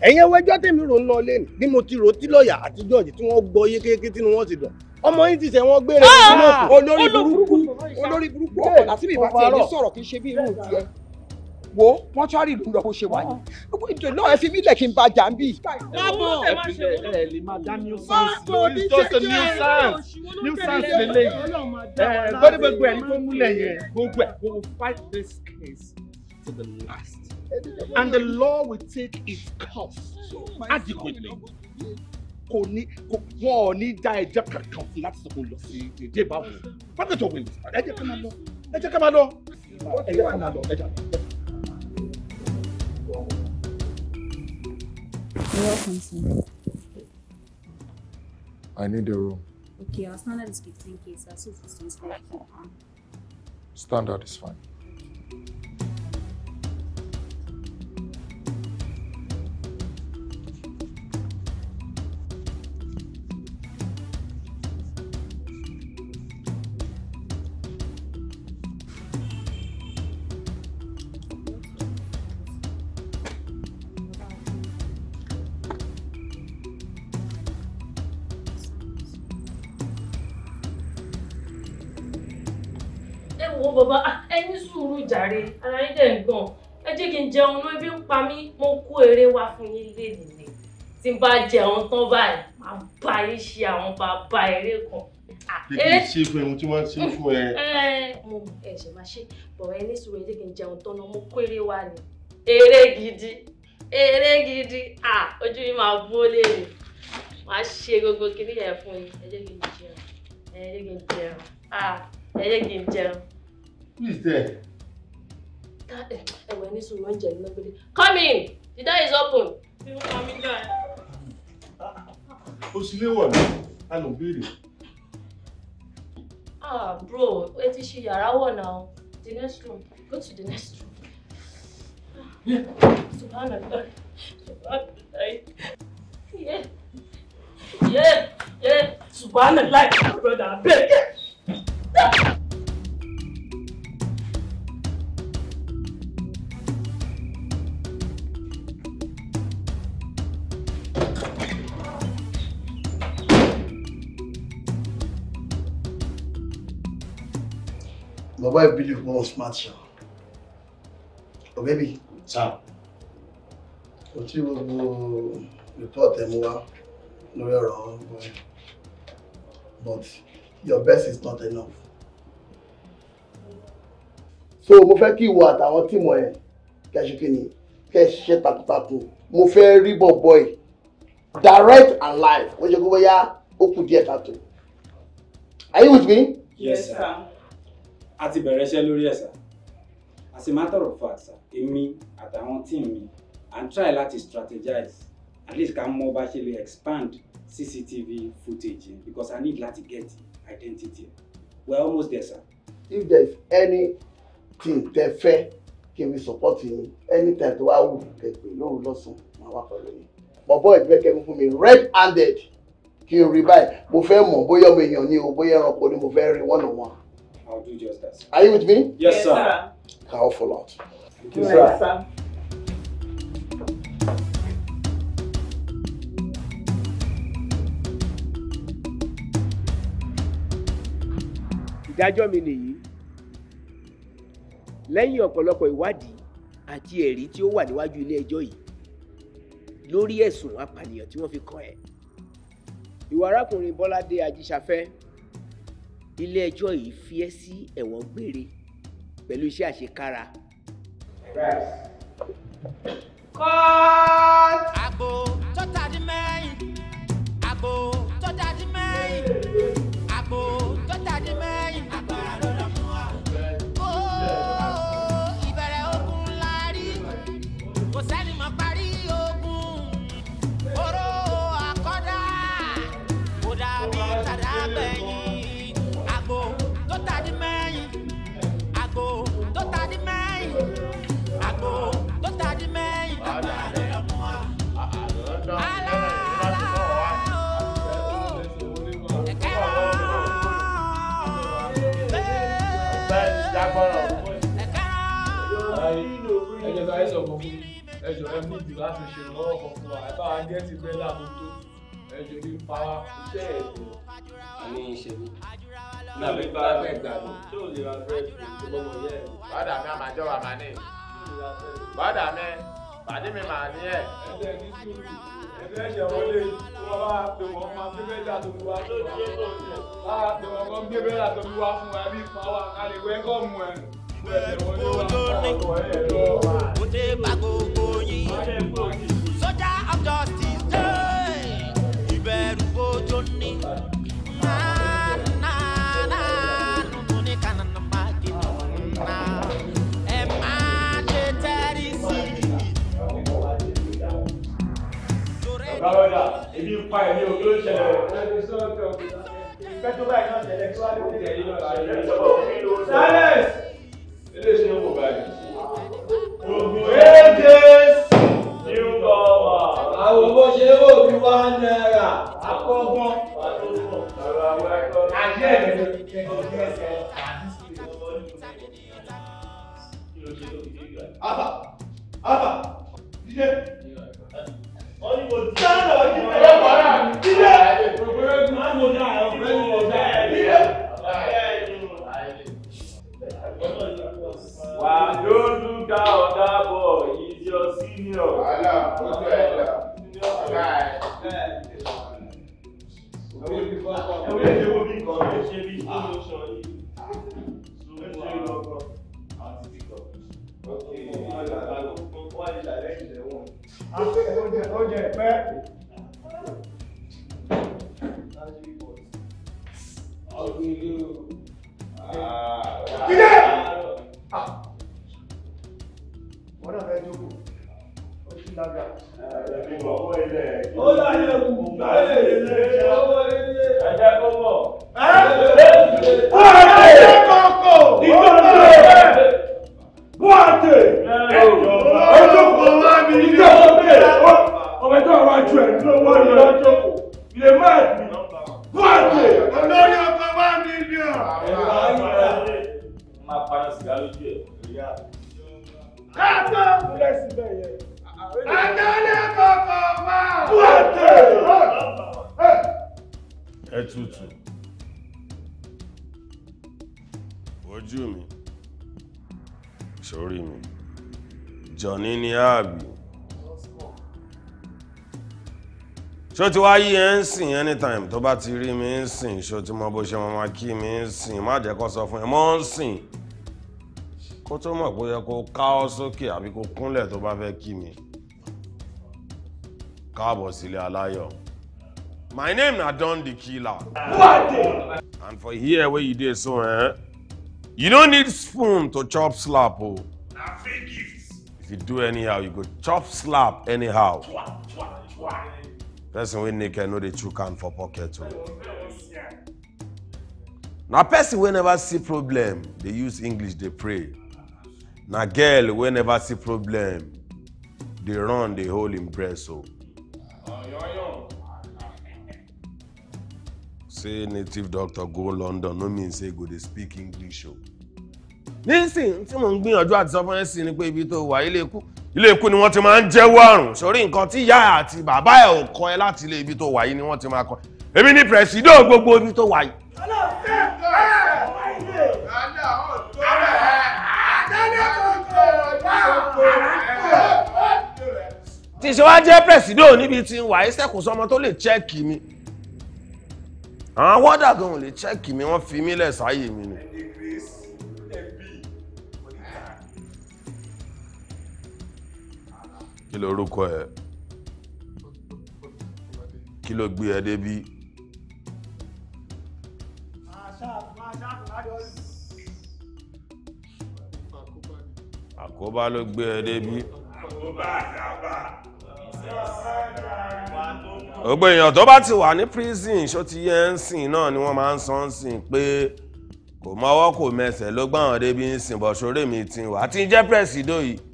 ẹ̀yin ẹwọ ẹjọ́ tèmi rò ń lọ bí mo ti rò tí lọ́ọ̀yà àti George tí wọ́n gbọ́ yé kéékèé tí wọ́n ti dọ̀ ọmọ yìí ti sẹ̀ wọ́n gbére ah! olórí burúkú olórí burúkú ọ̀pọ̀ láti bí ìbá tiẹ̀ ní sọ̀rọ̀ kì í ṣe bí irú tiẹ̀ wo wọ́n tún àrìlú lọ bó ṣe wà ní. ìjọ náà ẹ fi mí lẹ̀ bá jà ń bì. lábọ̀ ẹ ẹ lè máa dá new science ló ní tọ́sọ new science new science lélẹ̀ ẹ gbọ́dọ̀ gbogbo ẹ̀ ní kó múlẹ̀ yẹn gbogbo ẹ̀ we will fight this case to the last and the law will take its course adequately kò ní wọn ò ní dá ẹjẹ kankan láti sọ kò lọ sí ìdí ìbáwò fákẹ́tọ̀ wẹ̀ ẹ jẹ́ ká máa lọ ẹ jẹ́ máa lọ ẹ jẹ́ máa lọ ẹ jẹ́ máa lọ. welcome, sir. I need a room. Okay, our standard is 15k, so 6 is fine. Standard is fine. bàbá ah, ẹni sùúrù jàre ara yín dẹ̀ ń gbọ̀n ẹ jẹ́ kí n jẹun náà ebi ń pa mí mo kó eré wá fún yín lé nìyẹn tí n bá jẹun tán báyìí máa bá yín ṣe àwọn bàbá eré kan ah, kékeré eh? ṣe fún ẹ̀hún tí wọ́n ṣe fún ẹ. Eh, mo ẹ̀ṣẹ̀ máa ṣe bọ̀rọ̀ ẹni sùúrù ẹ jẹ́ kí n jẹun tán náà mo kó eré wá ni eré gidi eré gidi ah, ojú mi máa bó léèrè máa ṣe gbogbo kiri yẹn fún yín ẹ jẹ́ kí n jẹun ẹ jẹ́ kí n jẹun ẹ jẹ́ kí n jẹun. Please there. Eh, Ẹ̀wẹ̀ ní sùúrù oúnjẹ ní lọ́gbẹ́dẹ́. Come in! The door is open. O sì léwọ̀ ní alùbírì. Ah, bro, ẹ ti ṣe yàrá wọ̀ náà. The next room. Go to the next room. Yeah. Subhanallah. Subhanallah. Yeah. Yeah. Yeah. Subhanallah, brother. I beg. Ah! wife believe one smart ṣá o oh, baby. what you will gbogbo report them? mú wá lórí ọ̀rọ̀ ọ̀gbọ́n but your best is not enough. so mo fẹ́ kí ìwọ àtàwọn tíìmù ẹ̀ kẹ́sì kí kini, kẹ́sì ṣe takuntakun mo fẹ́ rí bọ̀bọ̀ boy direct and live wọ́n ṣe kó bóyá ó kù díẹ̀ káàtó. are you with me? yes sir a ti bẹ̀rẹ̀ iṣẹ́ lórí ẹ̀ as a matter of fact sà èmi àtàwọn team mi à ń try láti strategize at least ká mọ bá ṣe lè expand cctv footage because i need láti get identity we are almost there sir. if there is anything tẹ́ fẹ́ kí be support yín anytime tó wá wù kẹ́ pè lóru lọ́sàn máa wá pẹ̀lú yín bọ̀bọ̀ ìgbẹ́kẹ̀ mi fún mi red handed kí n rí báyìí mo fẹ́ mọ̀ bóyá ọmọ èèyàn ni o bóyá ẹranko ni mo fẹ́ rí one on one. I'll do just that. Are you with me? Yes, yes sir. sir. I'll follow out. Thank you, right, sir. sir. ìdájọ́ mi nìyí lẹ́yìn ọ̀pọ̀lọpọ̀ ìwádìí àti ẹ̀rí tí ó wà níwájú ilé ẹjọ́ yìí lórí ẹ̀sùn apànìyàn tí wọ́n fi kàn ẹ́ ìwà arákùnrin Bọ́ládé Ajíṣafẹ́ ilé-ẹjọ́ yìí fi ẹ́ sí ẹ̀wọ̀n gbére pẹ̀lú iṣẹ́ àṣekára. àgbo tó tàdí mẹ́yìn àgbo tó tàdí mẹ́yìn bàbá rẹ̀ ọmọ wa. alára o ẹ̀kẹ́ o ẹ̀kẹ́ o. ẹ jọ ẹ ní ìdí láti ṣèrànlọ́wọ́ kan fún wa ẹ bá wa gẹ́tì bẹ́ẹ̀ láàbò tó ẹjọ́ bí pa iṣẹ́ ẹ̀ tó àmì ìṣèlú nàbí bá bẹ́ẹ̀ gbàgbọ́ tí ò lè ra bẹ́ẹ̀ tó bọ́ mọ̀ bàdà mi àmàjọ wà máa ní bàdà mi bàdí mi màá ní ẹ̀. ẹsẹ̀ ní sùúrù ẹgbẹ́ ẹ̀jẹ̀ wọlé wọn bá pè wọ́n máa gbé bẹ́ẹ̀dà tó lu wa tó ní ètò ìjẹ́ bá pè wọ́n kọ́ gbé bẹ́ẹ̀dà tó lu wa fún wa bí pa wa wẹ́ kọ́ ẹ̀. Gbogbo ní, mo ti bá gbogbo bàbá ebi ń pa ẹ̀mí o kí ló ń ṣẹlẹ̀. pẹ́tù báyìí náà tẹ̀lé kí wàá lè tẹ̀lé yìí náà láàyè. silence. eléyìí ló ń wò báyìí. ages new power. àwọn bó ṣe wò bí one naira akọ́gbọ́n. àjẹ́ ẹ̀mí ló ti jẹ́ kí ẹ̀sẹ̀ àbá àbá dídé. Wà ló ń dúdà ọ̀dà bọ̀ yìí di ọ sínú ọ̀. ti wá yí ẹ ń sìn anytime tó bá ti rí mi ń sìn ṣó tí mo bó ṣe wọn máa kí mi ń sìn má jẹ́ kó sọ fún ẹ mọ́ ń sìn kó tó mọ̀ pé yẹ kó ká ọ sókè àbí kó kúnlẹ̀ tó bá fẹ́ kí mi káàbọ̀ sílé aláyọ̀ my name na Don the Killer and for here where you dey so eh, you no need spoon to chop slap o oh. if you do anyhow you go chop slap anyhow person wey naked no dey chook hand for pocket o oh. na person wey never see problem dey use english dey pray na girl wey never see problem dey run dey hold im breast o. Oh. say native doctor go london no mean say e go dey speak english o. nísìnyí tí mò ń gbìyànjú àti sọ fún ẹ sí ni pé ibi to wà ilé kú ilé ikú ni wọ́n ti máa ń jẹ́wọ́ àrùn sórí nǹkan tí ìyá àti bàbá ẹ̀ ò kọ́ ẹ láti ilé ibi tó wà yìí ni wọ́n ti máa kọ́ èmi ní pẹ̀sìdó gbogbo ibi tó wà yìí. tìṣe wá jẹ́ pẹ̀sìdó níbi tí ń wà yìí sẹ́kù sọmọ tó lè chẹ́ẹ̀kì mi àwọn wọ́dà gan ò lè chẹ́ẹ̀kì mi wọ́n fi mí lẹ̀ sáyè mi ni. kí ló orúkọ ẹ kí ló gbé ẹ débí. àkóbá ló gbé ẹ débí. àkóbá èèyàn tó bá ti wà ní prison ṣó ti yẹ ń sìn náà ni wọ́n máa ń sọ ń sìn pé kò mọ́wọ́ kò mẹsẹ̀ ló gbọ́n débi ń sìn bọ̀ mi ti wà á ti jẹ́ pẹ̀sìdó yìí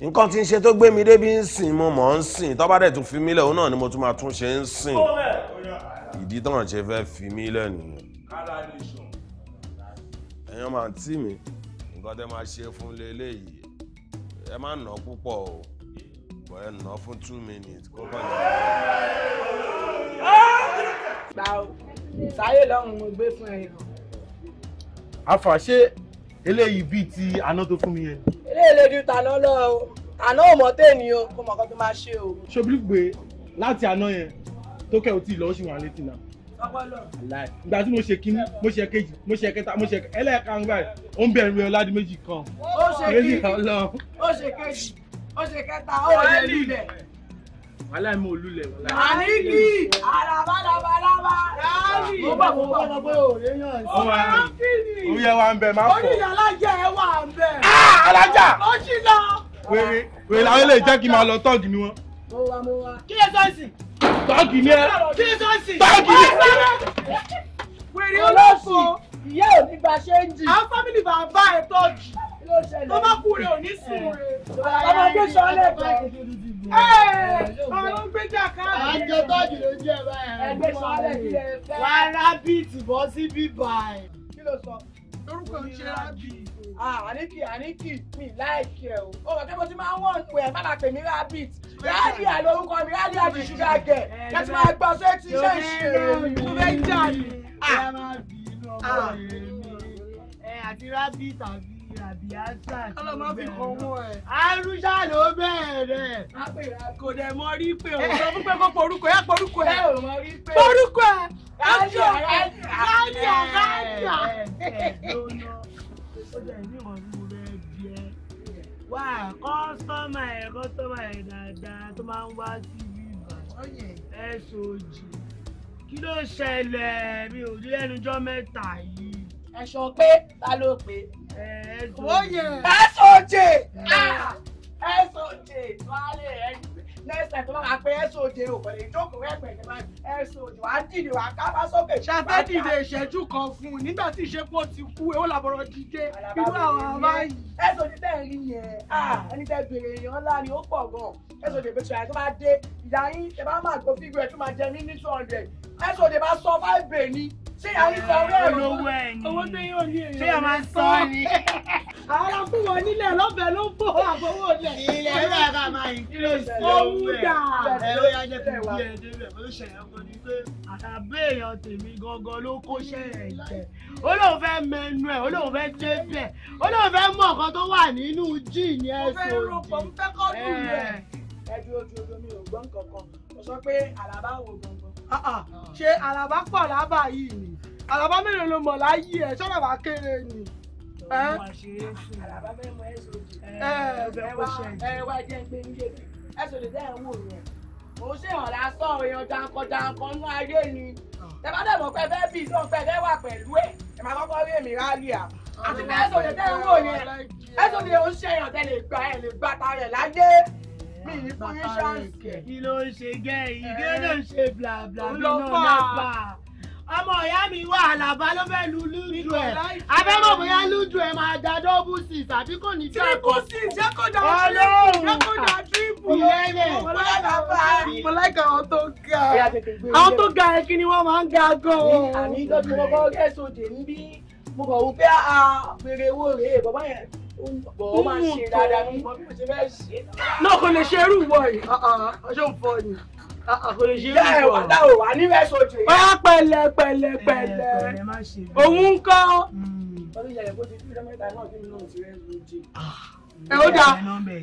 nǹkan tí ń ṣe tó gbé mi débi ń sìn mo mọ̀ ń sìn tọ́ba dẹ̀ tún fi mí lẹ̀ òun náà ni mo tún máa tún ṣe ń sìn ìdí tọ́nà ṣe fẹ́ fi mí lẹ̀ nìyẹn. ẹ̀yin máa tì mí nǹkan tẹ́ máa ṣe fún lélẹ́yìí ẹ má nà púpọ̀ o bọ̀ ẹ nà fún two minutes kó kàn yín. gbà ó sáyé lọ́hùn mo gbé fún ẹ àfàṣe eléyìí bíi ti aná tó fún mi yẹn eléyìí lè ju tàná lọ o tàná ò mọ̀ tẹ́ni o kó mọ̀ kó tó máa ṣe o. ṣobílù pé láti àná yẹn tó kẹ́ ò tí ì lọ́ọ́ ṣì wà létí náà ìgbà tí mo ṣe kíní mo ṣe kejì mo ṣe kẹta mo ṣe ẹlẹ́ẹ̀kan báyìí ó ń bẹ̀rù ẹ méjì kan. ó ṣe kíní ó ṣe kejì ó ṣe kẹta ó wọlé lulẹ̀ aláìmọ olúlẹ̀ wọlé. àníkì àràbàdàbàdàbà ráàlì. mo bá mo bá lọ pé òòrè yàn sí. ọwọ́ àrùn òye wa ń bẹ máa fọ. onílẹ̀ alájà ẹ wà ń bẹ. Ah, alájà. ó sì lọ. wèrè wèrè làwọn eléyìí jẹ́ kí n máa lọ tọ́ọ̀gì ni wọ́n. mo wá mo wá. kí lè sọ́ọ̀sì. tọ́ọ̀gì ni ẹ. kí lè sọ́ọ̀sì. tọ́ọ̀gì ni ẹ. wèrè olóòfò ìyá ò ní gba ṣéńjì. àwọn fámìlì bàbá ẹ̀ tọ́ọ̀gì tọ́mọkùnrin ò ní sùn rẹ̀ ọmọdé sọ lẹ́kọ̀ọ́ ọ̀rọ̀ gbẹ́jà káàdì. à ń jẹ tọ́jú lójú ẹ̀ báyìí. ẹgbẹ́ sọ lẹ́kọ̀ọ́ wà á rábìtì bọ́ sí bíbá ẹ̀. kí ló sọ lórúkọ ń ṣe rábìtì. àníkì àníkì mi láìkí ẹ o ó rọ pé mo ti máa ń wọ̀n pé ẹ má máa pè mí rábìtì ráàdì àlórúkọ mi ráàdì àti ṣúgà gẹ̀ kẹ́tì máa gbọ́ sẹ́tì iṣẹ́ ìṣèrè àti rábìtì àbí kọ́lọ́ má fi kàn wọ́n ẹ̀. arúgbó ló bẹ̀rẹ̀. kò dẹ̀ mọ rí pé o sọ fún pé kó porúkọ ẹ porúkọ ẹ porúkọ ẹ kájú ẹ kájú ẹ kájú ẹ. wà kọ́sọ́mà ẹ̀ kọ́sọ́mà ẹ̀ dáadáa tó máa ń wá sí bíbá ẹ̀ sojì kí ló ṣẹlẹ̀ mi ò rí lẹ́nu jọ́ mẹ́ta yìí ẹ̀ṣọ́ pé ta ló pé. ẹ̀ẹ́dùn ẹ̀ẹ́sọ̀jẹ̀ ẹ̀ẹ́sọ̀jẹ̀ wálé ẹ̀ẹ́dùn next time tó bá dìde ìṣẹ́jú kan fún un nígbà tí ìṣepọ̀ ti kú èwo làbọ̀rọ̀ dìde irú àwọn ọmọ yìí. soj tẹ̀ rí yẹn ẹni tẹ́ bèrè èèyàn ńlá ni ó pọ̀ gan soj èbètò àyè tó bá dé ìyá yín ẹ bá máa gbọ́ fígù tó máa jẹ mí ní two hundred soj bá sọ five bè ni ṣé àyè sọ ah, ọ̀rẹ́ olówó owó tó yóò ní èèyàn ṣé sọ ni. àwọn ará nílẹ̀ lọ́bẹ̀ẹ́ ló ń bọ̀ àbọ̀wọ̀ lẹ̀. ilẹ̀ ẹ̀ kúdà. ẹ ó yá jẹ́ kí n bí ẹ débẹ̀ bó ṣẹlẹ̀ ọkọ ni pé àtàbí èèyàn tèmi gangan ló kó ṣẹlẹ̀ jẹ ó lóun fẹ́ mẹnu ẹ̀ ó lóun fẹ́ débẹ̀ ó lóun fẹ́ mọ nǹkan tó wà nínú jíìnì ẹ̀ sòdì. mo fẹ́ rọpò mo fẹ́ kọ́ dùn rẹ̀. ẹ dúró dúró lómi ò gbọ́ nǹkan kan mo sọ pé àlàbá wo gangan. ṣé àlàbá pọ̀ lábà yìí ni àlàbá mélòó ló mọ̀ láyé ẹ̀ sọ́dọ̀ kéré ni àlàbá mẹ́mọ̀ ẹ̀ sòdì. ẹ ẹ wá jẹ́ gbé nílé ẹsùn lè dẹ́yẹ̀ wò yẹn mò ń ṣèyàn lásán èèyàn jankan-jankan nú ayé ni tẹ́fà dẹ̀ mọ̀ pé fẹ́ bí ìṣó fẹ́ fẹ́ wà pẹ̀lú ẹ̀ ẹ̀ máa kọ́kọ́ rí èmi rálì à àti pé ẹsùn lè dẹ́yẹ̀ wò yẹn ẹsùn lè ń ṣèyàn tẹ́ lè gbà ẹ̀ lè gbà ta rẹ̀ láyé mi ní fún yín ṣáàṣì kẹ̀. kí ló ń ṣe gẹ́ ìgbẹ́ náà ń ṣe blàblà bí ọmọ ìyá mi wà àlàbá ló fẹ́ lu lúdù ẹ̀ abẹ́mọ̀ bóyá lúdù ẹ̀ máa da double six àbí kò ní jẹ́ kó jẹ́ kó da triple jẹ́ kó da triple ìyẹ́lẹ̀ láìka àwọn tó ga àwọn tó ga ẹ kí ni wọ́n máa ń ga gan-an. àní ìtọ́jú wọn kọ́ kẹ́sọ̀ dé níbí mo kàn wò pé a fèrè wo rèé bàbá yẹn bọ̀ máa ṣe dáadáa bí mo ṣe fẹ́ ṣe. náà kò lè ṣe irú ìwọ yìí. ọṣọ́ fọ ni ọ̀rọ̀ pẹ̀lẹ́ pẹ̀lẹ́ pẹ̀lẹ́ òun ń kọ́. Hmm. Ah. ẹ ó dáa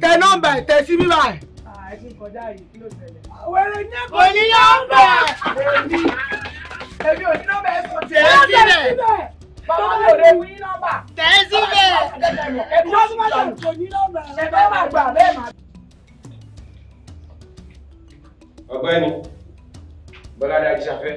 tẹ nọ́mbà ẹ tẹ sí bíbá ah, ẹ. òní nọ́mbà èmi òní nọ́mbà ẹ sọ tiẹ̀ ẹ sílẹ̀ bàbá mi ò lè wí nọ́mbà. tẹ sílẹ̀ ẹ bí wọ́n tún bá lọ sí òní nọ́mbà ẹ bẹ́ẹ̀ máa gbà bẹ́ẹ̀ máa. ọ̀gbẹ́ni bọ́ládé ajíṣafẹ́.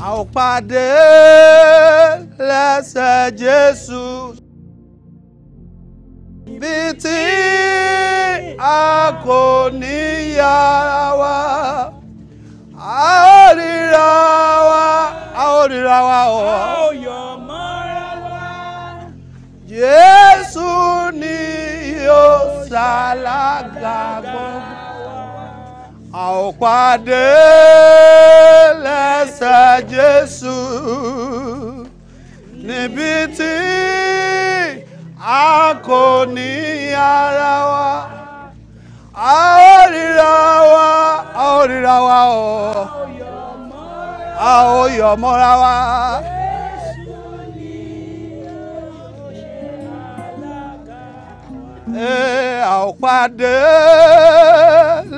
a ó pàdé lẹ́sẹ̀ Jésù ibi tí a kò ní yà a ó ríra wa a ó ríra wa o. a ó yọ̀ mọ́ra wa. Jésù ni yóò ṣàlágàgbọ́. a ó pàdé lẹ́sẹ̀ Jésù níbi tí a kò ní ara wa a ó ríra wa a wa o a ó wa. Yeah. a ó pàdé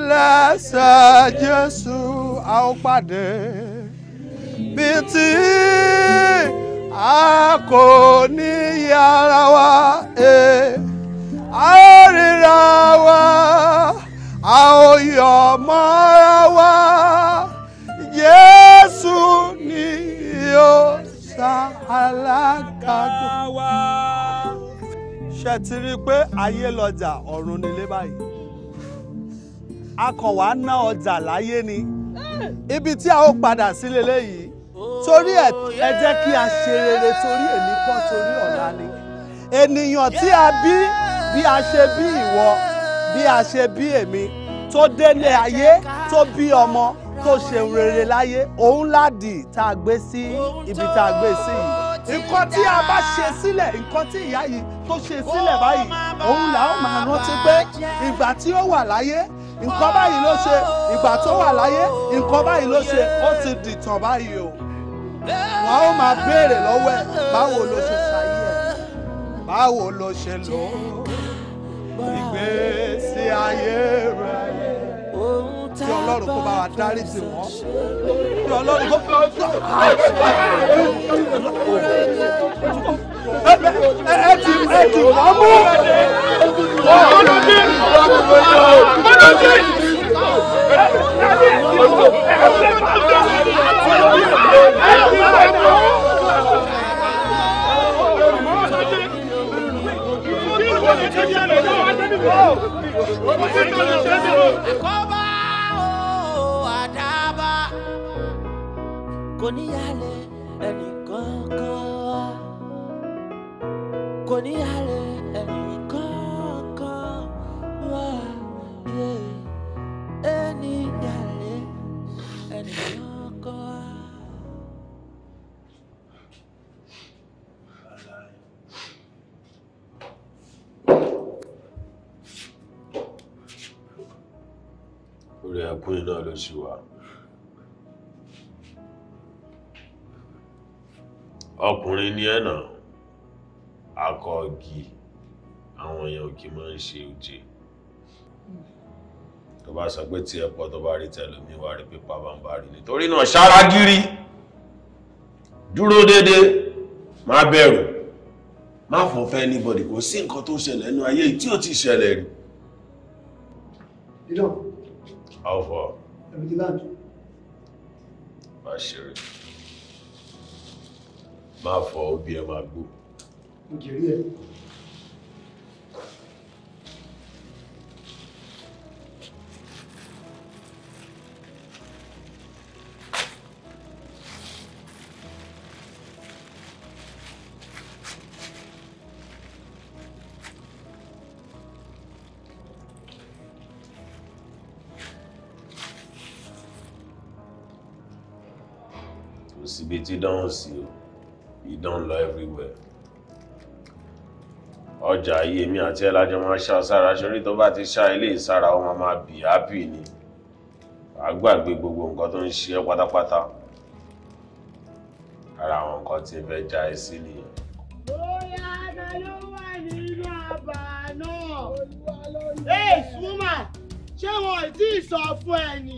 lẹ́sẹ̀ Jésù a ó pàdé bí tí a kò ní yára wa e, a ó ríra wa a ó mọ́ra wa Jésù ni yóò sa alága ṣe ti rí i pé ayé lọjà ọ̀run nílé báyìí akọ̀wá ná ọjà láyé ni ibi tí a ó padà sí leléyìí torí oh, ẹ jẹ́ kí a ṣe rere torí èmi kọ́ torí ọ̀la ni ènìyàn tí a bí bí a ṣe bí ìwọ bí a ṣe bí èmi tó délé ayé tó bí ọmọ tó ṣe rere láyé òun ládìí tá a gbé sí ibi tá a gbé sí yìí nǹkan tí a bá ṣe sílẹ̀ nǹkan tí ìyá yìí tó ṣe sílẹ̀ báyìí òun là ó máa rántí pé ìgbà tí ó wà láyé nǹkan báyìí ló ṣe ìgbà tó wà láyé nǹkan báyìí ló ṣe ó ti dìtàn báyìí o wọn ó máa béèrè lọ́wọ́ ẹ̀ báwo ló ṣe ṣayé ẹ̀ báwo ló ṣe lò ó ìgbésí ayé rẹ̀ kí ọlọ́run kó bá wa dárí sí wọn kí ọlọ́run kó bá wa dárí ẹ ti ẹ ti wọ́n mú. ọlọ́dún ọlọ́dún Come on! kò ní yálẹ̀ ẹnì kankan kò ní yálẹ̀ ẹnì kankan wá yẹ ẹnì yálẹ̀ ẹnì kankan. orí ẹkún iná ló sì wà. ọkùnrin ní ẹ̀nà akọ́gi àwọn èèyàn òkè máa ń ṣe oje tó bá sọ pé tí ẹ̀pọ̀ tó bá rí tẹ̀lómi wá rí pípa bá ń bá rí nítorí náà ṣára gírí dúró dédé má bẹ̀rù má fún fẹ́ anybody kò sí nǹkan tó ṣẹlẹ̀ nínú ayé tí ò ti ṣẹlẹ̀ rí. dídọ̀. how far. everything land. má ṣeré má fọ obì ẹ máa gbó. mo jèrè ẹ. síbi tí dáhùn sí o ìdánlọ everywhere ọjà yìí èmi àti ẹlájọ máa ṣá sára ṣorí tó bá ti ṣá ilé ìsára ó máa máa bì happy ni wàá gbàgbé gbogbo nǹkan tó ń ṣe ẹ́ pátápátá ara àwọn nǹkan tí ẹ fẹ́ já ẹ nìyẹn. bóyá ara ló wà nínú àbá náà. ee suma ṣé wọn ò tí ì sọ fún ẹ ni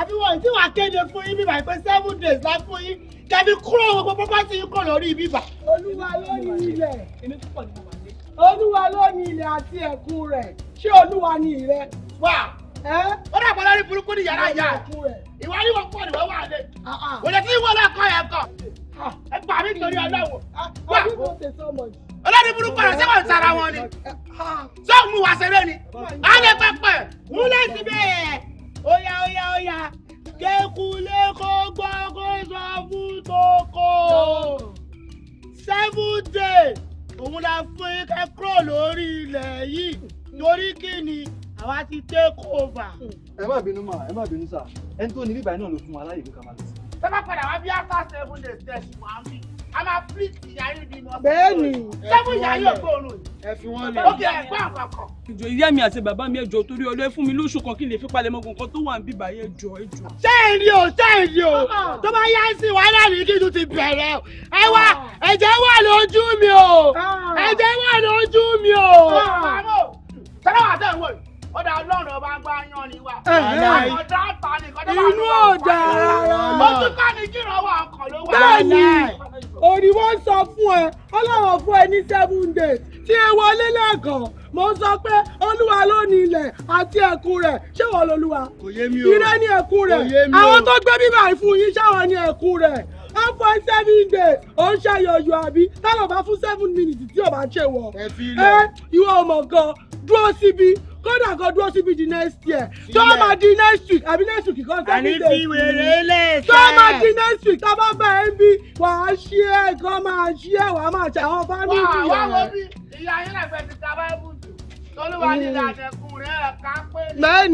àbí wọn ò tí wàá kéde fún yín bí bàbá seven days lá fún yín tẹ̀mí kúrò gbogbo pọ́pátì kọ̀ lórí bíbà. olúwa ló ní ilẹ̀ olúwa ló ní ilẹ̀ àti ẹ̀kún rẹ̀ ṣé olúwa ni ìrẹ. wà ó dàgbà lórí burúkú ní yàrá ìyá ìwà ni wọn pọ̀ ní wọn wà lé òjò tí wọn lọ kọ yẹn kọ ẹ gbà mí torí ọlọ́wọ́ wà olórí burúkú ọ̀rọ̀ sẹ́wọ̀n sara wọn ni sọ́ọ̀mù ah, ah. wàṣẹ́rẹ́ ni á lè pẹ́pẹ́ wúlẹ̀ síbẹ̀ ó yá ó yá ó yá kékulé kó gbọ́ kó seven days, òun la fún yín kúrò lórí ilẹ̀ yìí torí kí ni àwa ti take over. Hmm. ẹ má bínú mà ẹ má bínú sà ẹni tó ní bíbáyìí náà ló fún wa láyè pé ká máa lọ sí. ẹ padà wá bí after seven days tẹ̀sí wàá mi a máa píríkì ìyá yín bímọ. bẹ́ẹ̀ni sẹ́fún ìyá yóò gbóòórùn ẹ fi wọ́n lẹ̀. ókè ẹ̀gbọ́n àpapọ̀. ìjọ ìyá mi àti bàbá mi ẹjọ torí ọlọ́ ẹ fún mi lóṣù kan kí n lè fi palẹ̀ mọ́gun kan tó wà ń bí bàyẹ̀ ẹjọ ẹjọ. ṣé ẹ o ṣé ẹ rí o tó bá yá sí wàhálà ní kí n tún ti bẹ̀rẹ̀ ẹ wá ẹ̀jẹ̀ wà lójú mi o ah. ẹ̀jẹ̀ wà lójú mi o. sọ́dọ̀ ah. wà tẹ̀ ń ọ̀dà ọlọ́run ọba gba yan ni wa ọ̀dà àtà nìkan tó bá lọ́wọ́ inú ọ̀dà rárá ojú ká ní kí ìrànwọ́ ọkàn ló wà. bẹ́ẹ̀ni òní sọ fún ẹ ọlọ́run fún ẹ ní seven days tí ẹ wọlé lẹ́ẹ̀kan mo sọ pé olúwa ló ní ilẹ̀ àti ẹ̀kún rẹ̀ ṣé wọ́n lolúwa ìrẹ́ ní ẹ̀kún rẹ̀ àwọn tó gbé bíbá ìfún yín ṣáwọn ní ẹ̀kún rẹ̀ one point seven days ó ń ṣàyọyọ àbí táwọn bá fún seven minutes tí o bá ṣe wọ ẹ ìwọ ọmọ gan dúró síbi kódà kan dúró síbi di next year tó o máa di next week àbí next week kan tẹ́lẹ̀ dé sí i tó o máa di next week tó o bá bá ẹ ń bí wà á ṣí ẹ kan máa ṣí ẹ wà á máa ṣe àwọn fámìlì rẹ. wà á wọ bí ìyá yín náà fẹ́ ti ta báíbù jù tolúwa ní mm. ìdàdẹ̀kùn rẹ̀ ká pé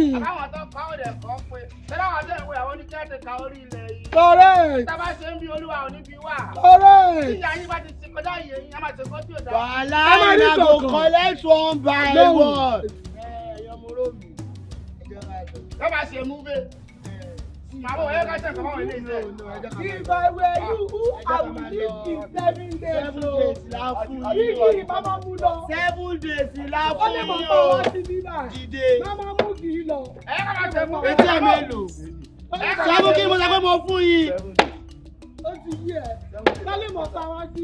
ní àbáwọn tó kọ́ òdẹ̀ kọ́ pé tẹ́lẹ̀ wà bẹ́ẹ̀ wẹ̀ àwọn oníkẹ́tẹ̀ ká orí ilẹ̀ yìí. kọ́rẹ́. tábà ṣe ń bí olúwa ò ní bí wà. kọ́rẹ́. tí ìyá yín bá ti ti kọjá ìyẹn yín a máa ṣe kó tí ò dá. wàhálà ìlànà kọ́lẹ́tù ọ̀nbà ẹ̀wọ̀n kúrò mí ìjọba ṣe mú bẹ́ẹ̀. Màmá ọ̀yẹ́ ká tẹ̀kọ̀ báwọn ilé iṣẹ́. If I were you, I would live in seven days. Seven days la fún yín. Yíyí màmá mú lọ. Seven days la fún yín o. Ó lè mọ̀ pé wọ́n ti bí náà. Dìde. Màmá mú kì í lọ. Ẹ ká máa tẹ̀ mú. Etí ẹ̀ mélòó. Sọ́mú kí mo sọ pé mo fún yín. Ó ti yí ẹ̀. Lọ́lẹ̀ mọ̀ pé àwọn ti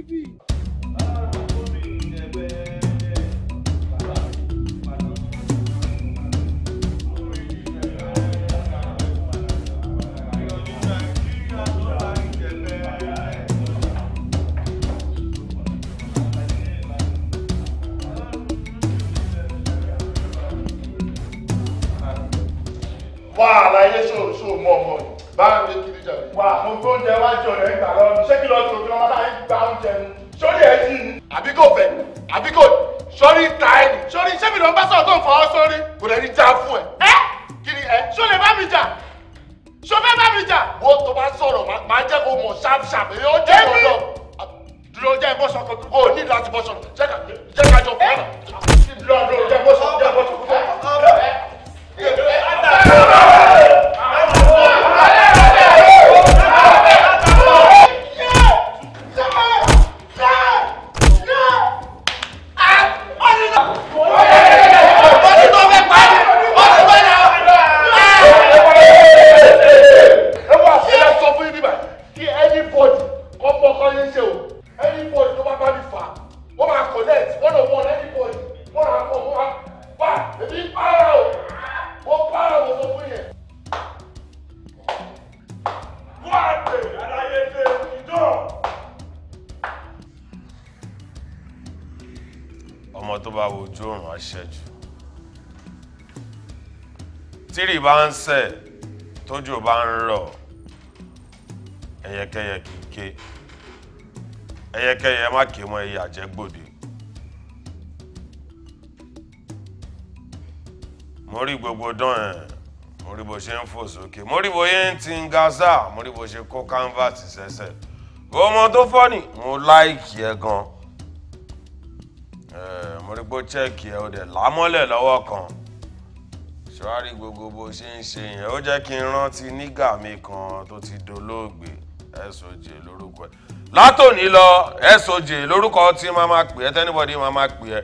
wà àlàyé ṣòṣò mọ̀ ọmọ yìí bá ń lé kiri jàre. wà mo tó ń jẹ wá jọ rẹ gbà lọ ṣé kí lọ tòun kí wọn bá yín gba oúnjẹ mi sórí ẹ yìí ni. àbí kò fẹ́ àbí kò sórí ta ẹ ni sórí ṣé mi ló ń bá sọ̀rọ̀ tó ń fọwọ́ sórí kò lè rí já fún ẹ. ẹ kí ni ẹ ṣó lè bá mi jà ṣó fẹ́ bá mi jà. wo tó bá sọ̀rọ̀ máa jẹ́ kó mọ̀ ṣáfṣáf èyí ó jẹ́ jẹ́ bọ́sọ̀ kan dúró jẹ́ bọ́sọ̀ Thank you. ọmọ tó bá wojú òrùn aṣẹ́jú tírì bá ń sẹ̀ tójò bá ń rọ̀ ẹyẹkẹyẹ kì í ké ẹyẹkẹyẹ má ké mọ ẹyẹ àjẹgbòde mo rí gbogbo dán ẹ mo rí bó ṣe ń fò sókè mo rí bó ṣe ń ti gaza mo rí bó ṣe kó canvas sẹ́sẹ̀ ọmọ tó fọ́ ni mo láìkì ẹ gan-an gbó chẹ́ẹ̀kì ẹ̀ ó dẹ̀ lámọ́lẹ̀ lọ́wọ́ kan ṣọ́árí gbogbo bó ṣe ń ṣe yẹn ó jẹ́ kí n rántí nígà mi kan tó ti dolóògbé SOJ lórúkọ ẹ̀ látòní lọ SOJ lórúkọ tí máa máa pè ẹ́ tẹ́nibọ́dí máa máa pè ẹ́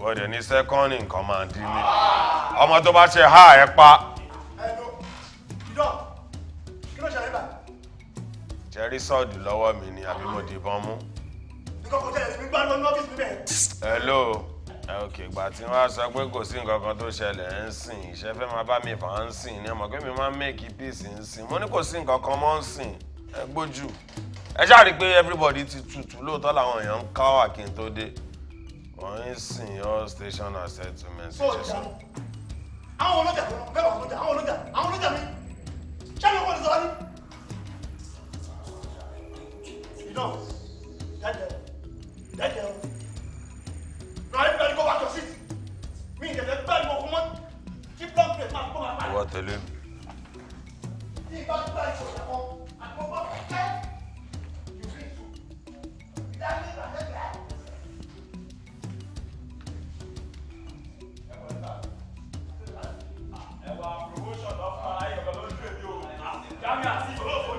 wọ́n ní sẹ́kọ́ndì nǹkan máa dín ní ọmọ tó bá ṣe há ẹ pa. jẹ́rí sọ́ọ̀dì lọ́wọ́ mi ni àbí mo dìbọn mú hello ok ìgbà tí wọ́n á sọ pé kò sí nǹkan kan tó ṣẹlẹ̀ ń sìn iṣẹ́ fẹ́ máa bá mi fà ń sìn ni ọmọ pé mi máa ń mẹ́kì píìsì ń sìn mo ní kò sí nǹkan kan mọ́ ń sìn ẹ gbójú ẹ ṣáà rí i pé everybody ti tutù lóòótọ́ làwọn èèyàn ń káwà kí n tó dé wọ́n ń sìn all station and settlement situation. àwọn ọlọ́jà bẹ́ẹ̀ wà lọ́jà àwọn ọlọ́jà àwọn ọlọ́jà mi ṣé àwọn ọlọ́jà sọ wá ní. ìdán jáde ìdájẹ́ o Ibrahim bẹ́ẹ̀ ni kò bá jọ sí mi ìdẹ̀fẹ́ bẹ́ẹ̀ ni mo kún mọ́ tí blood plate máa kó máa bá. wà á tẹ̀lé mi. tí ìbá gba ìṣòro kan àgbọ̀gbọ̀ kẹ́kẹ́ yìí fi sùn ìdájẹ́ ìgbàlẹ́ bẹ́ẹ̀. ẹ̀wà promotion lọ́fà ayọ̀ lọ́dún èmi o. Jami àti ìbọn lọ́fà.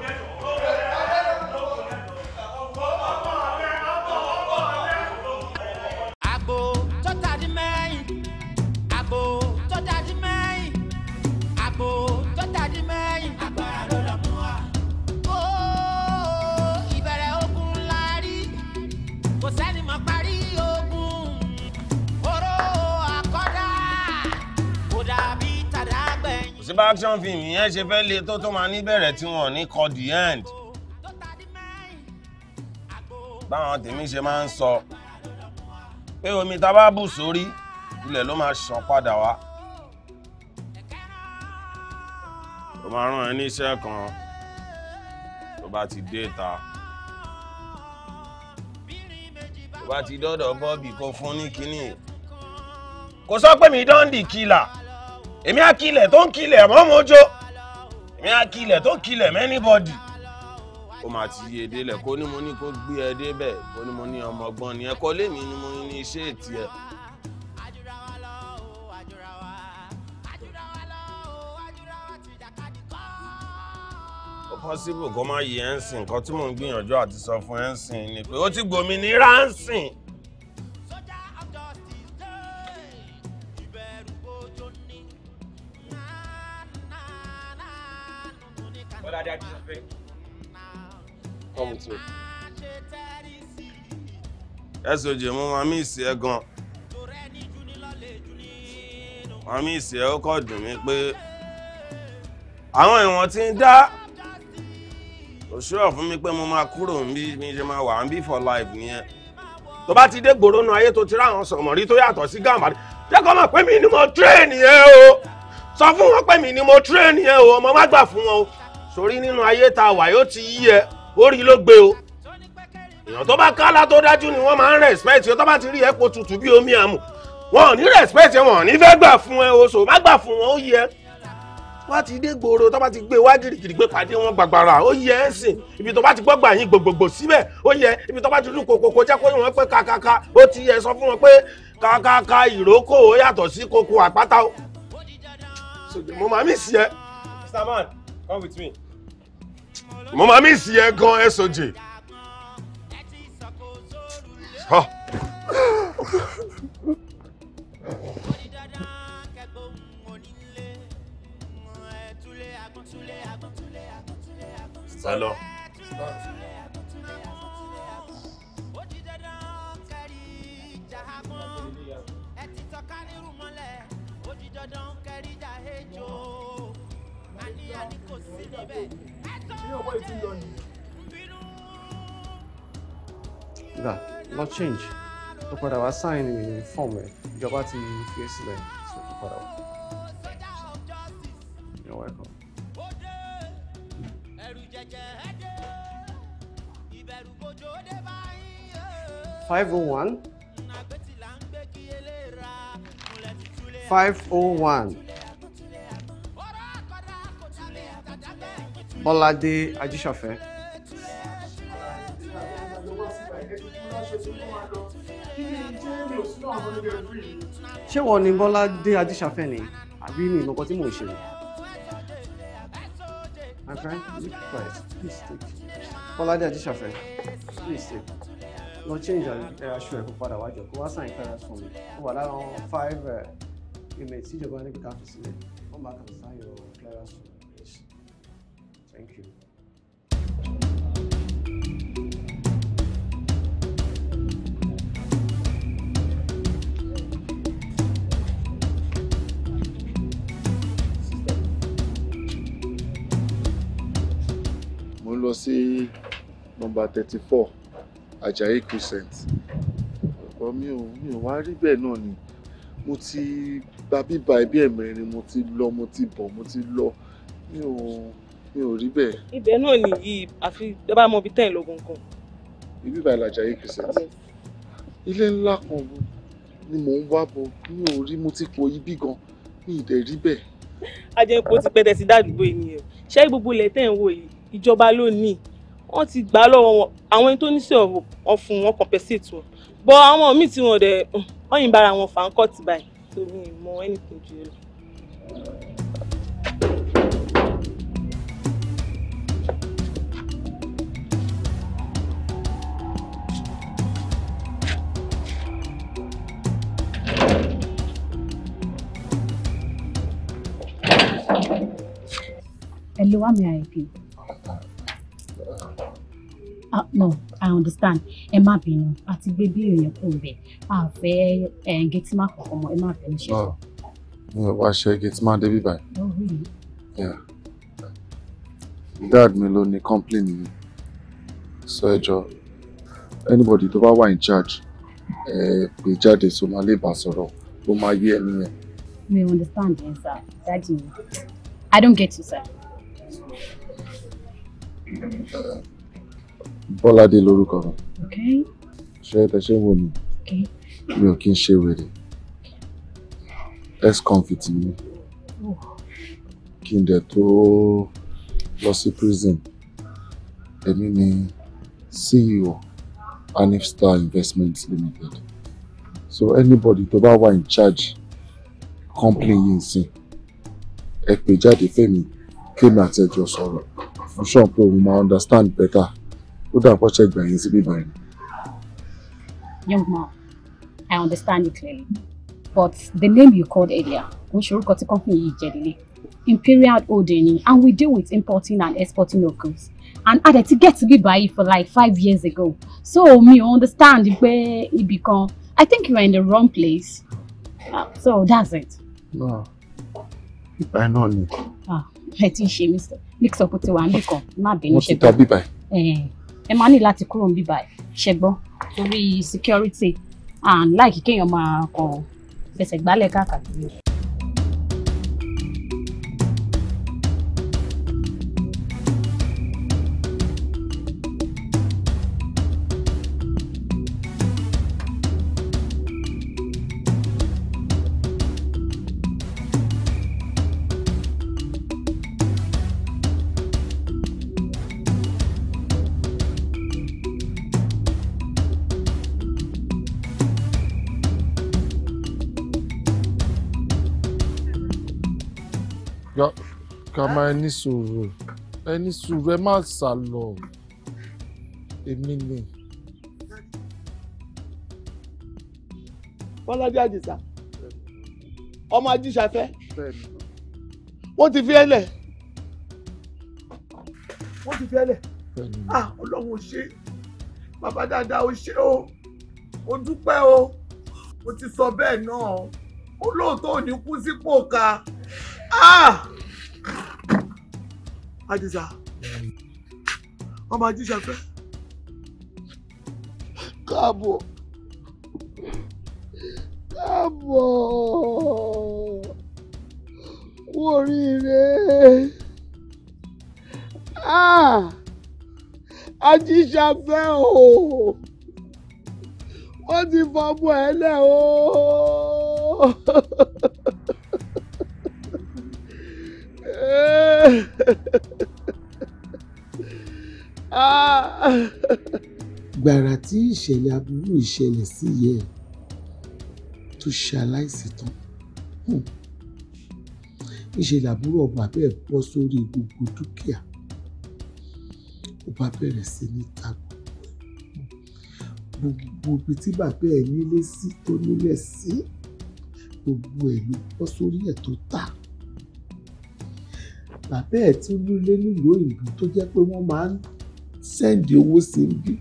ṣé bá action film yẹn ṣe fẹ́ le tó tó máa níbẹ̀rẹ̀ tí wọ́n ní call the end báwọn tèmi ṣe máa ń sọ pé omi tá a bá bù sórí ilẹ̀ ló máa ṣàn padà wá tó máa rán ẹ níṣẹ́ kan tó bá ti dé ta tó bá ti dọ́dọ̀ bọ́ọ̀bì kó fún ní kínní kò sọ pé mi dán dì kìlà èmi á kilẹ̀ tó ń kilẹ̀ mọ́ mojó èmi á kilẹ̀ tó ń kilẹ̀ mẹ́nibọ́dì ó máa ti yé edé lẹ̀ kó ní mo ní kó gbé ẹ débẹ̀ kó ní mo ní ọmọ ọgbọ́n ni ẹ kọ́ lémi ni mo ní iṣẹ́ ètì ẹ. possible kó má yí ẹ̀ ń sìn nǹkan tí mò ń gbìyànjú àti sọ fún ẹ̀ ń sìn ni pé ó ti gbòmìnira ń sìn. dáadáa bí fífẹ́. come with me. ẹsùn òjò mo máa mí ìsì ẹ gan máa mí ìsì ẹ ó kọ́ dùn mí pé àwọn ìwọ̀n ti ń dá òṣùwọ̀n fún mi pé mo máa kúrò níbi mi ṣe máa wà níbí for life nìyẹn tó bá ti dé gbòòrò nu ayé tó ti ráwọn sọmọrí tó yàtọ̀ sí gàmàrí jẹ́ kó mọ̀ pé mi ni mo tírẹ̀nì yẹn o sọ fún wọn pé mi ni mo tírẹ̀nì yẹn o ọmọ má gbà fún wọn o sórí nínú ayé tá wà yóò ti yí ẹ orí ló gbé o èèyàn tó bá kálá tó dájú ni wọ́n máa ń respect yọ tó bá ti rí ẹ̀pọ̀ tútù bí omi àmù wọn ò ní respect wọn ò ní fẹ́ gbà fún ẹ o má gbà fún wọn ó yẹ wọ́n ti dé gbòòrò tó bá ti gbé wá gírígírí pé pàdé wọn gbàgbàrà ó yẹ ẹ́ sìn ibi tó bá ti gbọ́gbà yín gbogbogbò síbẹ̀ ó yẹ ibi tó bá ti dún kòkòkò jẹ́ kó wọn pé kakaka ó ti yẹ sọ fún wọn pé kakaka ìrókò ó yàtọ̀ sí koko àpáta o. sọ̀jọ̀ mo máa mí sí ẹ. Mr. Man, come with me mo máa mí sí ẹ gan soj. Hello. Dandan ṣé owó ìtú yọ ni. gbà lọ change tó padà wá sáìn ní fọ́ọ̀mù ẹ̀ ìjọba ti fi é sílẹ̀ sí tó Five oh one. Five oh one. Bọ́ládé Ajíṣọ̀fẹ́. ṣé wọ́n ní Bọ́ládé Ajíṣọ̀fẹ́ ni àbí mi ìmọ̀kan tí mò ń ṣe ni. My friend, Please take. Bọ́ládé Ajíṣọ̀fẹ́, please Lọ change aṣọ ẹ̀kọ́ padà wájọ kó wá sign clearance for me. Ó wà lára five email eh, tí ìjọba ní kí ká fi sílẹ̀. Wọ́n máa kàn sáyọ̀ clearance for me. Thank you. mo ń lọ sí nọ́mbà thirty four Ajayi Crescent ọ̀pọ̀ mi ò mi ò wá rí bẹ́ẹ̀ náà ni mo ti gba bíbá ẹbí ẹ̀mẹ́rin mo ti lọ mo ti bọ̀ mo ti lọ mi ò mi ò rí bẹ́ẹ̀. ibẹ̀ náà nìyí àfi ẹ bá mọ ibi tẹ́yìn lọ́gùn kan. ibi ìbàdàn làjàyè crescent ilé ńlá kan ni mò ń wá bọ̀ mi ò rí mo ti po ibi gan mi ì dẹ̀ rí bẹ́ẹ̀. ajẹ́pọ̀ ti pẹ́tẹ́ sí dádùúgbò ènìyàn ṣé gbogbo ilẹ̀ tẹ̀ ń wò yìí ìjọba ló ní wọ́n ti gbà á lọ́wọ́ wọn àwọn ẹni tó ní sí ọ̀fun wọn compensate wọn bọ́ àwọn míì tí wọ́n dẹ̀ ọ̀yìnbára wọn fà ń kọ́ tì báyìí torí ìmọ̀ ẹnìkan jù lọ. Hello, how may I help you? Uh, no, I understand. Ẹ má bínú, a baby in your yẹn kúrò bẹ̀. And get gẹ́tìmá kankan mọ́, ẹ má bínú ṣe. Oh, mi ò wá ṣe gẹ́tìmá débi báyìí. Oh, really? Yeah. Dad me ló ní complain So anybody tó bá in charge, Eh, be jáde so máa lè bá sọ̀rọ̀, ó máa yé may understand me, eh, sir. Daddy, I don't get you, sir. Bọ́ládé lórúkọ mi. Ṣé ẹ tẹ̀sẹ̀ wò mí? Mi ò kí ń ṣe wèrè. Ex-convict mi. Oh. Kí n dẹ̀ prison. Èmi ni CEO Anif Star Investments Limited. So anybody to that one in charge company yìí nsìn ẹ pè jáde fẹ́mi kémi àti ẹjọ́ sọ̀rọ̀ i'm sure pé òun máa understand better ó dà pọ̀ ṣẹ́gbà yín síbí báyìí. young man i understand you clearly but the name you called earlier which orúkọ tí company yìí jẹ́ nílé imperial holding and we deal with importing and exporting of goods and a dẹ̀ get to be báyìí for like five years ago so me understand where ibì become. i think you are in the wrong place uh, so that's it bíbá ẹ náà ni. Ah, ẹ ti ń ṣe mí sọ mix up ti wà ń bìkan má bínú ṣe tó ẹ máa ní láti kúrò ń bíbá ẹ ṣe gbọ́ torí security and láìkí kéèyàn máa kàn fẹsẹ̀ gbálẹ̀ káàkiri. ẹ ní sùúrù ẹ ní sùúrù ẹ má sà lọ èmi ni. bọ́lájí àdìsá ọmọ ajíṣafẹ́ wọ́n ti fi ẹlẹ̀ wọ́n ti fi ẹlẹ̀ ah ọlọ́run ò ṣe bàbá dáadáa ò ṣe o mo dúpẹ́ o mo ti sọ bẹ́ẹ̀ náà olóòótọ́ ò ní kú sípò ká ah àdìsá hmm. ọmọ àdìsá fẹ́. káàbọ̀ káàbọ̀ kú oríire àdìsá ah! fẹ́ o wọ́n ti fọ́ ọmọ ẹ̀ lẹ́ o. gbàrà tí ìṣẹ̀lẹ̀ aburú ìṣẹ̀lẹ̀ sí yẹ ẹ̀ tó ṣe aláìsí tán hmm. ìṣẹ̀lẹ̀ aburú ọba bẹ́ẹ̀ bọ́ sórí gbogbo dúkìá ọba bẹ̀rẹ̀ sí ní ta gbogbo ibi tí bàbá ẹ̀ nílé sí tó nílẹ̀ sí gbogbo ẹ̀ ló bọ́ sórí ẹ̀ tó ta bàbá ẹ̀ tún lúlé nílùú òyìnbó tó jẹ́ pé wọ́n máa ń sẹ́ǹdì owó sí i bí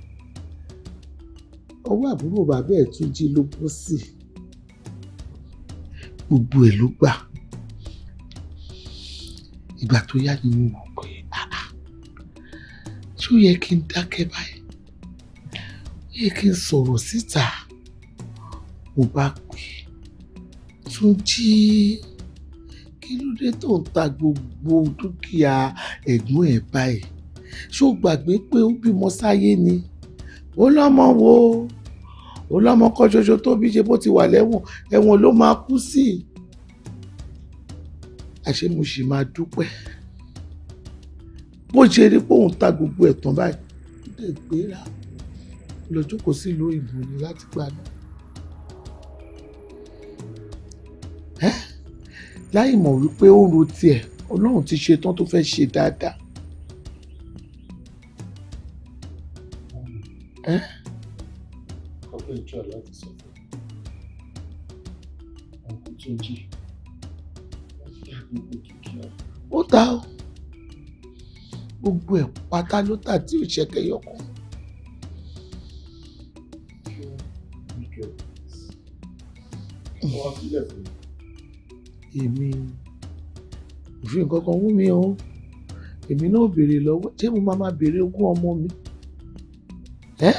ọwọ́ àbúrò bàbá ẹ̀ tún jí ló bọ́ sí i gbogbo ẹ̀ ló gbà ìgbà tó yá ni mo mọ̀ pé ṣó yẹ kí n dákẹ́ báyìí yẹ kí n sọ̀rọ̀ síta mo bá pè tún jí kí ló dé tó ń ta gbogbo dúkìá ẹ̀gbọ́n ẹ̀ báyìí ṣó gbàgbé pé ó bímọ sáyé ni ó lọ́mọ wo ó lọ́mọ kan ṣoṣo tó bí ṣe bó ti wà lẹ́wọ̀n ẹ̀wọ̀n ló máa kú sí àṣé mo sì máa dúpẹ́ bó ṣe rí pé òun ta gbogbo ẹ̀tàn báyìí ó dẹ̀ gbéra e lọ́jọ́ kò sílùú ìbò ni láti gbà náà láì mọ̀ wípé ó ro tiẹ̀ ọlọ́run ti ṣe tán tó fẹ́ ṣe dáadáa. ọgbẹ́ ìjọ láti sọ fún ọkùnrin tó jí ó ta o gbogbo ẹ̀ pátá ló tà tí ò ṣẹ̀kẹ̀ yọkùn. wọ́n èmi kò fi nǹkan kan wú mi o èmi náà béèrè lọ́wọ́ ṣé mo máa máa béèrè ogún ọmọ mi ẹ́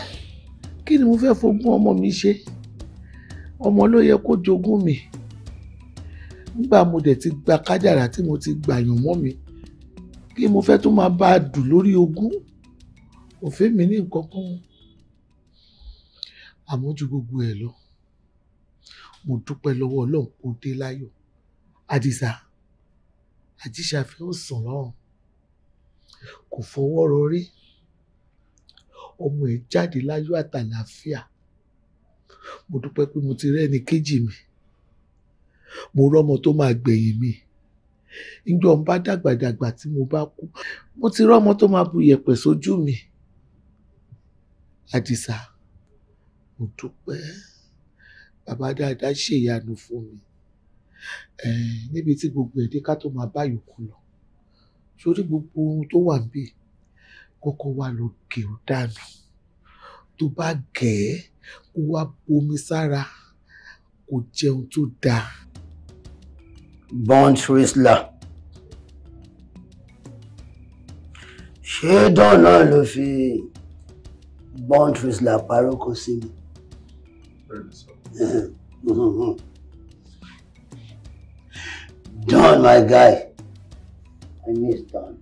kí ni mo fẹ́ fogún ọmọ mi ṣe ọmọ ló yẹ kó jogún mi nígbà mo dẹ̀ ti gba kádàrà tí mo ti gbàyàn mọ́ mi kí mo fẹ́ tún máa bá a dùn lórí ogún òfin mi ní nǹkan kan àmọ́ ju gbogbo ẹ̀ lọ mo dúpẹ́ lọ́wọ́ ọlọ́run kó dé láyọ̀ àdìsá àjíṣàfẹ́ ò sùn lọ́rùn kò fọwọ́ rọrí ọmọ ẹ̀ jáde láyọ̀ àtàlàáfíà mo dúpẹ́ pé mo ti rẹ́ni kejì mi mo rọ́mọ tó máa gbẹ̀yìn mi ìjọ ń bá dàgbàdàgbà tí mo bá kú mo ti rọ́mọ tó máa bu yẹ̀pẹ̀ sójú mi àdìsá mo dúpẹ́ bàbá dáadáa ṣèyanu fún mi níbi tí gbogbo ẹ̀dí ká tó máa bá yòókù lọ sórí gbogbo ohun tó wà níbẹ̀ kọ́kọ́ wá lọ gẹ̀ ó dànù tó bá gẹ̀ ẹ́ kó wá bomi sára kó jẹun tó dáa. bond trisla ṣé dán náà ló fi bond trisla parókò sí mi. bẹ́ẹ̀ ni Don, my guy. I miss Don.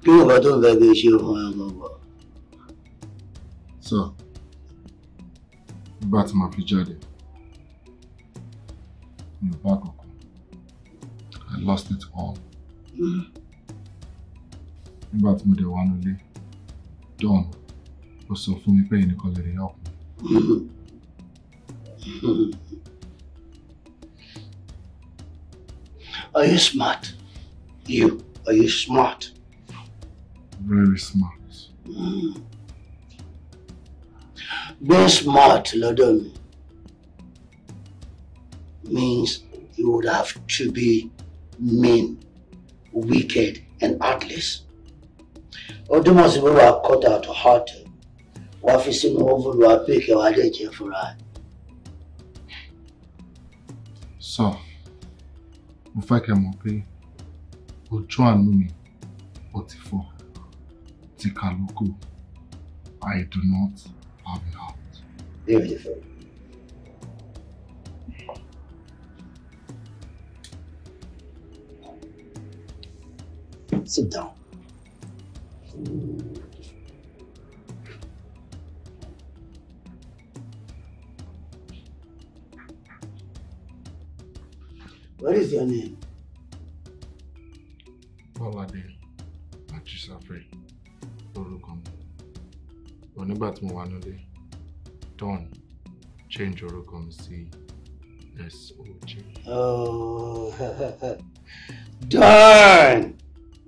Kí ló bá tó ń fẹ́ kí n ṣe fún ẹ gbọ́ngbọ́? Sọ, bá ti máa fi jáde, mi ò bá kankan. I lost it all. Nígbà tí mo dẹ̀ wá nílé, Don, ó sọ fún mi pé ẹnìkan lè rí ọkùnrin. Mm-hmm. Are you smart? You, are you smart? Very smart. Mm. Being smart, Ladon, means you would have to be mean, wicked, and heartless. Odumasi were cut out heart. Wafisi no ovu lo apike wa for fura. So, mo fẹ́ kẹ́ mọ̀ pé ojú àánú mi ó ti fọ́ ti kà lóko I do not have it. out. Beautiful. Sit down. What is your name? Bọ́ládé Ajísáfẹ́ lórúkọ mi. Onígbà tí mo wà nílé, Don change orúkọ mi sí SOJ. Oh, Don!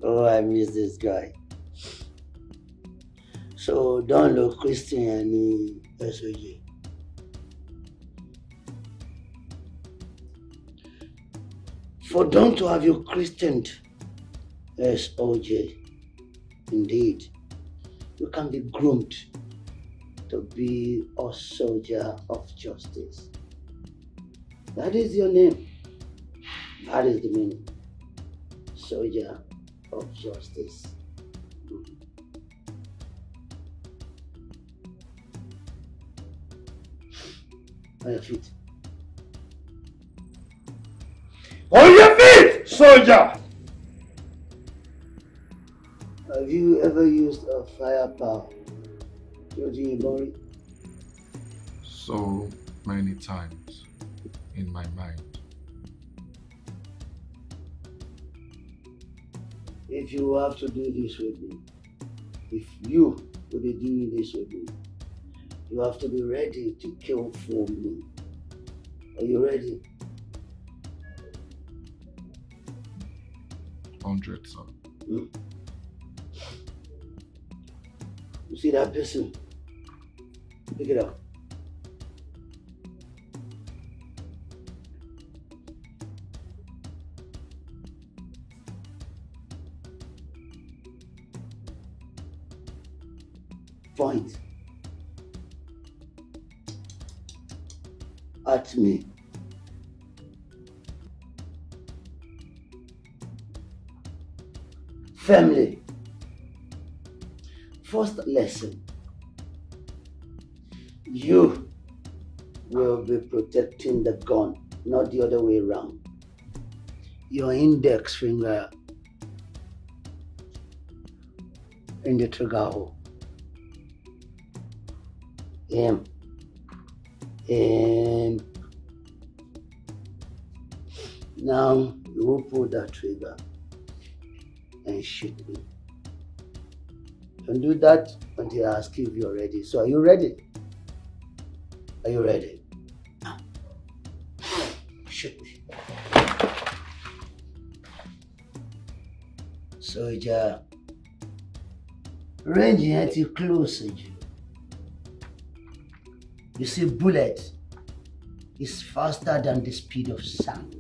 Oh, I miss this guy. So don't look Christian ní SOJ. For them to have you christened as OJ, indeed, you can be groomed to be a soldier of justice. That is your name. That is the meaning. Soldier of justice. mm mm-hmm. On your feet. soldier. Have you ever used a firepower? Georgie Ibori? So many times in my mind. If you have to do this with me, if you will be doing this with me, you have to be ready to kill for me. Are you ready? hundred, so hmm. You see that person? Pick it up. Point at me. family. First lesson you will be protecting the gun, not the other way around. Your index finger in the trigger hole. Aim. And now you will pull that trigger. and shoot me. Don't do that until I ask you if you're ready. So are you ready? Are you ready? Ah. Shoot me. Soldier, range yẹn ti close jù. You see, bullet is faster than the speed of sound.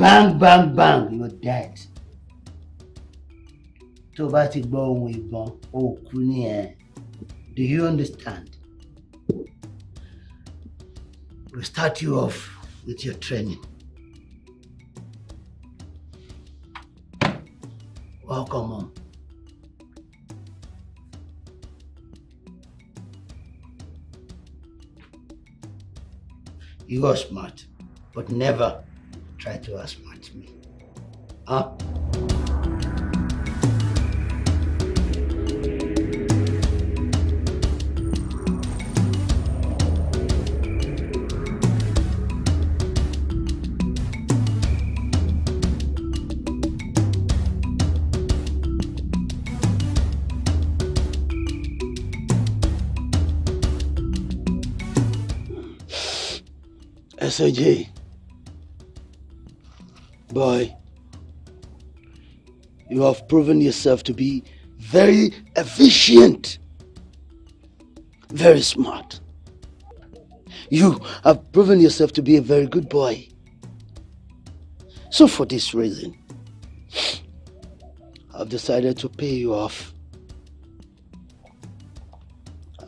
bang bang bang you're dead tó o bá ti gbọ́ ohun ìbọn o kú nìyẹn do you understand we start you off with your training welcome You are smart, but never try to outsmart me. Up. SOG. Boy, you have proven yourself to be very efficient, very smart. You have proven yourself to be a very good boy. So, for this reason, I've decided to pay you off.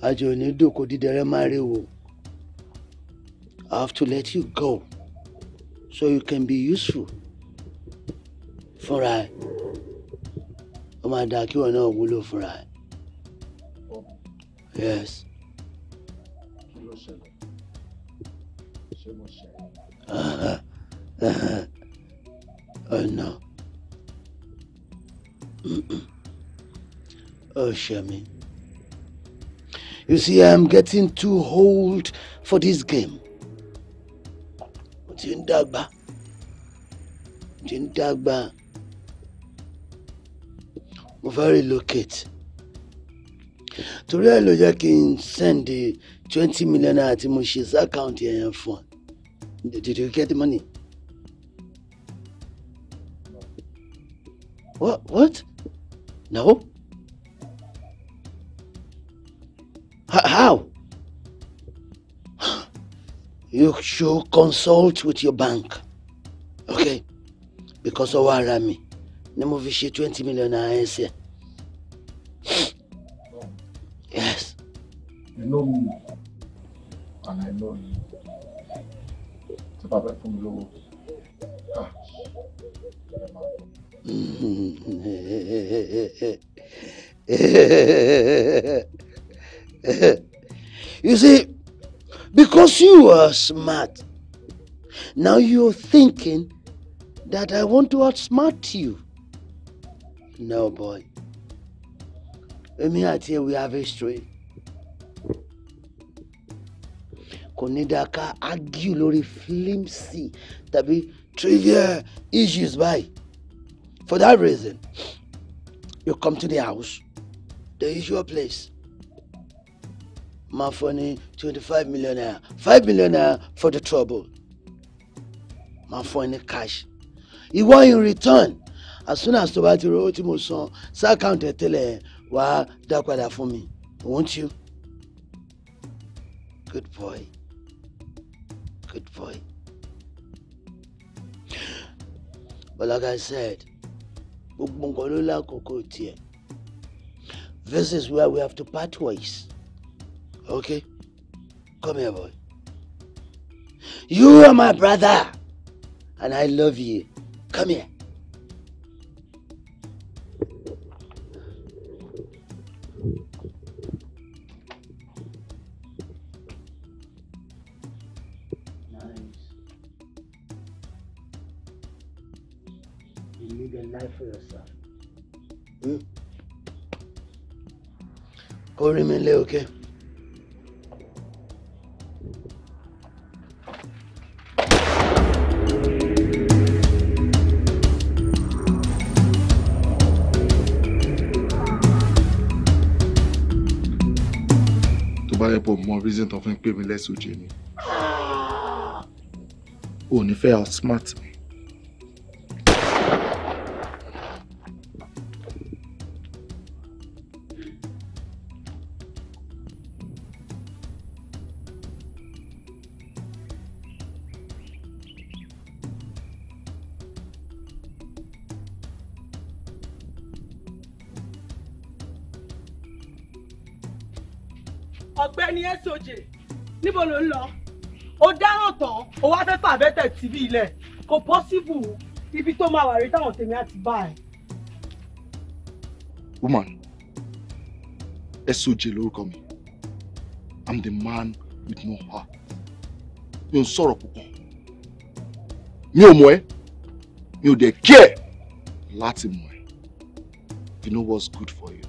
I have to let you go so you can be useful fúnra ẹ̀ ó máa dáa kí wọn náà wúlò fúnra ẹ̀ oh. yes. ọ̀nà ó ṣe mí. You see, I'm getting too old for this game. Mo ti ń dàgbà. Mo ti ń dàgbà mo fẹ́ relocate torí ẹ̀ ló jẹ́ kí n send twenty million naira tí mo ṣe sí àkáǹtì ẹ̀yẹn fún ọ did you get the money? what what no how you should consult with your bank okay because of ara mi na mo fi ṣe twenty million naira yẹn sẹ. yes. you know me and i know you tí bàbá fún mi lówó you see because you are smart now you're thinking that I want to outsmart you no boy èmi àti ẹ we have history kò ní dáa ká argue lórí flimsy tàbí trivial issues báyìí for that reason you come to the house the usual place máa fún twenty five million naira five million naira for the trouble máa fún cash. cash ìwọ in return as soon as tó bá ti rówó tí count san sí àkáǹtì ẹ̀ tẹ́lẹ̀ wàá dá for me? won't you? good boy good boy. But like I said, This is where we have to part ways. Okay? Come here, boy. You are my brother, and I love you. Come here. life for yourself. Hmm? Orí mi lé òkè. Tó bá yẹ pé mọ reason tó fi ń pè mí lẹ́sùn jẹ ni. ò ní fẹ́ outsmart mi. pé máa wà rí táwọn tèmi á bá ẹ. woman soj lórúkọ mi i'm the man with no heart mi ò sọ̀rọ̀ púpọ̀ mi ò mọ̀ ẹ́ mi ò dẹ̀ kí ẹ̀ láti mọ̀ ẹ́ you know what's good for you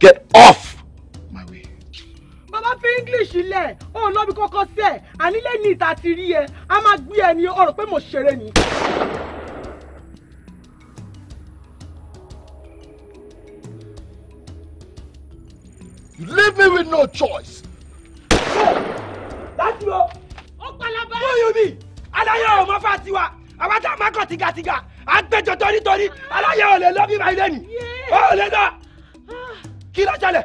get off my way. bàbá fi english lẹ̀ ó lọ́bi kọ́kọ́ sí ẹ̀ ànílẹ̀ ní ìta ti rí ẹ a máa gbé ẹ ní ọ̀rọ̀ pé mo ṣeré ni. You leave me with no choice. Láti o. Ó palaba. Bóyá mi, aláyọ̀ ò mọ fà tiwa, àwa tá a máa kọ̀ tìgàtìgà, à ń péjọ torítorí, aláyọ̀ ò lè lọ bí màá lẹ́nu. Ó lè lọ. Ah. Kí ló ṣẹlẹ̀?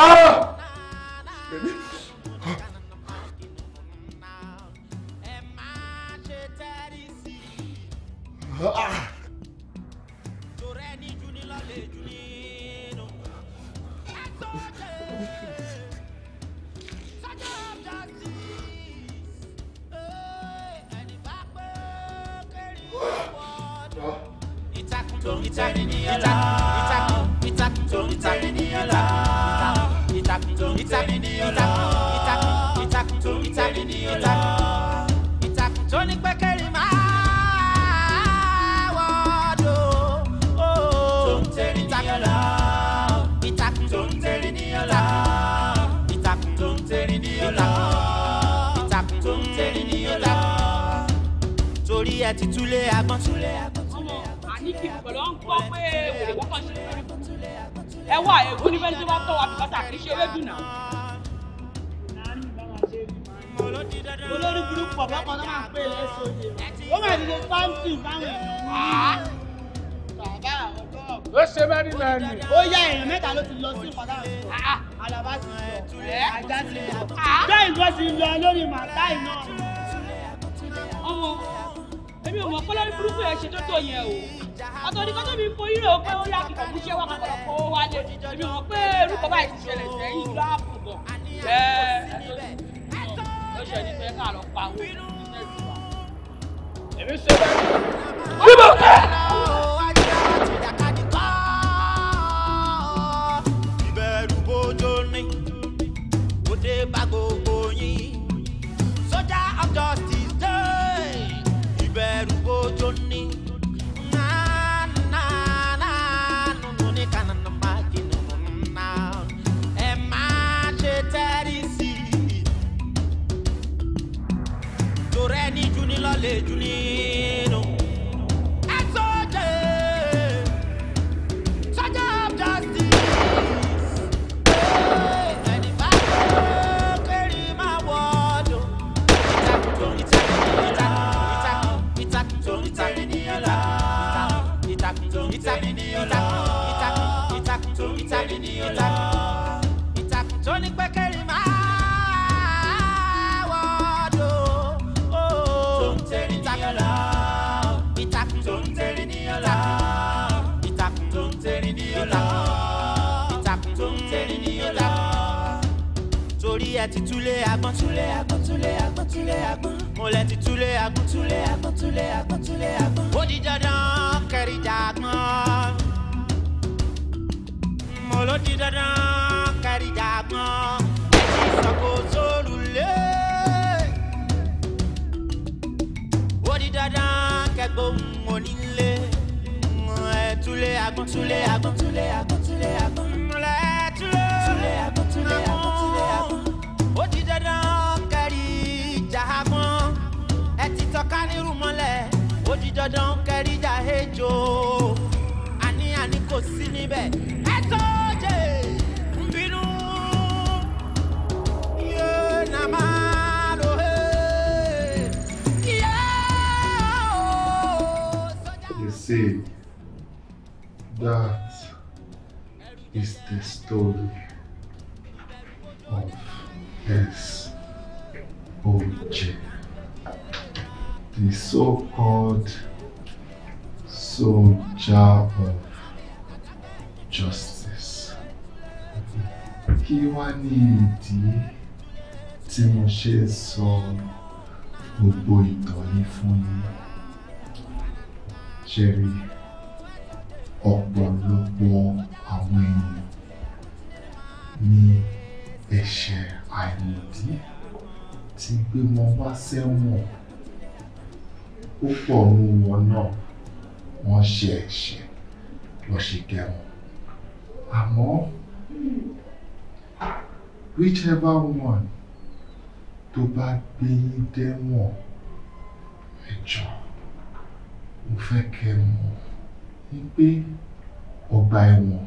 Ah! ẹ ti túlé agbọ́n túlé agbọ́n kìkì pẹ̀lú ọ̀n gbọ́ pé wèrè wọ́n kàn ṣe lórí kùtù ẹ wá ègún ní bẹ́ẹ̀ tí wọ́n tọ́ wa bí bàtà kì í ṣe wédùn náà. olórí burúkú ọ̀pọ̀ kan tó máa ń pè é sóye ó máa ń lo pàǹtì báwọn èèyàn bàbá ọgọ́ ó ṣe mẹ́rin mẹ́rin. ó yá èèyàn mẹ́ta ló ti lọ sí ìpàdé àwọn alábá ti lọ ajá ti lọ bẹ́ẹ̀ ló ti lọ lórí màtáì náà èmi ò mọ̀ pé lórí burúkú yẹn ṣe tó tó yẹn o ọ̀tọ̀ ní kọ́tọ́ mi ń forí rẹ̀ o pé ó yá kíkọ́ fún iṣẹ́ wákàtí ọ̀rọ̀ kó wálé èmi ò mọ̀ pé orúkọ báyìí ti ṣẹlẹ̀ sẹ́yìn láàbù gan bẹ́ẹ̀ ló ṣe ní fẹ́ ká pa owó èmi ṣe bẹ́ẹ̀. ìbẹ̀rù bójó ní òde bá gbogbo. àlejò ni. lẹ ti túlé agbọ́n. túlé agbọ́n túlé agbọ́n túlé agbọ́n. mo lẹ ti túlé agbọ́n. túlé agbọ́n túlé agbọ́n túlé agbọ́n. ó di kari kẹrìjà Molo mo ló kari dandan kẹrìjà agbọ́n. ètò ìsọ̀kò sóòlù lé. ó di dandan kẹgbóhùn onílé. ẹ túlé agbọ́n túlé agbọ́n túlé agbọ́n túlé agbọ́n. mo lẹ túlé túlé agbọ́n túlé agbọ́n. sọ̀ká nírú mọ́lẹ̀ ó di dandan kẹríjà ejò àní àní kò sí níbẹ̀ ẹ tó jẹ ń yóò nà máa. see that is the story. so-called soldier of justice. Kí wá ní ìdí tí mo ṣe sọ gbogbo ìtàn yìí fún yín? Ṣé rí ọ̀pọ̀lọpọ̀ àwọn èèyàn ní ẹ̀ṣẹ̀ àìmọ̀dí ti gbé wọn wá sẹ́wọ̀n púpọ̀ nù wọn náà wọ́n ṣe ẹ̀ṣẹ̀ lọ́ ṣe àmọ́ whichever one tó bá gbé yín dẹ́wọ̀n ẹjọ́ mo fẹ́ kẹ́ mọ̀ ní pé ọgbà ẹ̀wọ̀n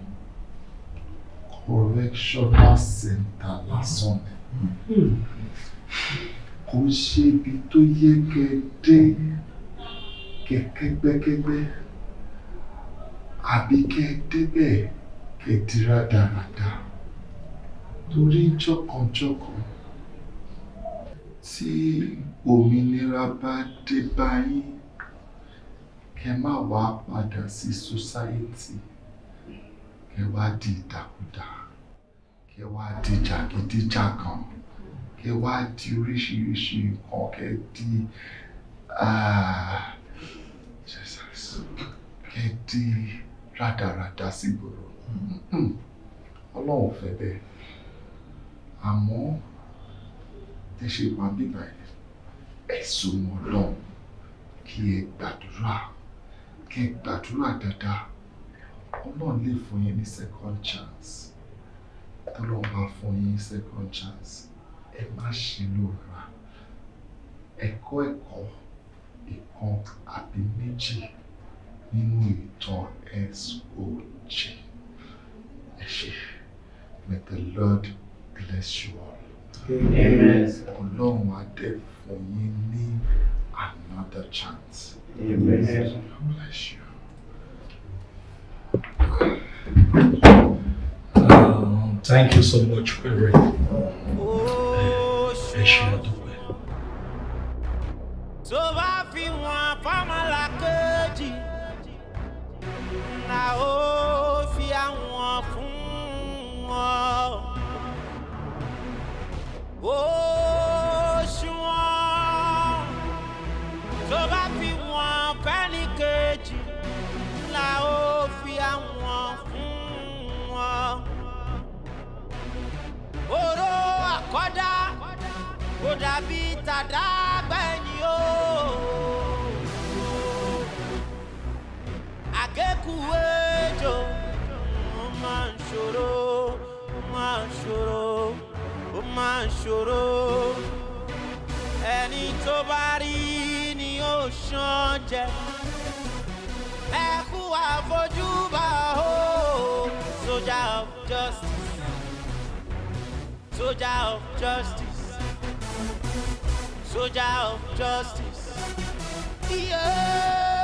correctional center lásán ni hmm. kò ṣe ibi tó yẹ kẹ́ dé kẹkẹgbẹkẹgbẹ àbí kẹ débẹ̀ kẹ dira dáradá torí jọkànjọkàn tí òmìnira bá dé bá yín kẹ má wàá padà sí society kẹ wá di ìdàkudà kẹ wá di jàgídíjàgan kẹ wá di oríṣiríṣi nǹkan kẹ di. Uh, kẹ́ di rádaràda sígboro hmm. ọlọ́run fẹ́ bẹ́ẹ̀ àmọ́ ẹ ṣe wà bíbá ẹ ẹ̀sùn mọ́ ọlọ́run kí ẹ gbàdúrà kí ẹ gbàdúrà dáadáa ọlọ́run lè fún yín ní second chance tọ́lọ́run bá fún yín second chance ẹ má ṣe lóra ẹ̀kọ́ ẹ̀kọ́ ìkan àbí méjì nínú ìtàn SOG. Ẹ ṣé. May the Lord bless you all. Amen. Ọlọ́run á dẹ̀ fún yín ní another chance. Amen. God bless you. Um, thank you so much for everything. Ẹ ṣé àdúgbò. Tó bá fi wọn fámọ́lá kejì la ó fi àwọn fún wọn. òṣùwọ̀n tó bá fi wọn fẹ́ni kejì la ó fi àwọn fún wọn. oró àkọ́dá kò dàbí tàdá gbẹ̀yìn. àgékù ejò ó máa ń ṣòro ó máa ń ṣòro ó máa ń ṣòro ẹni tó bá rí ni ó ṣán jẹ ẹkú àfojúbà o soldier of justice soldier of justice soldier of justice. Yeah.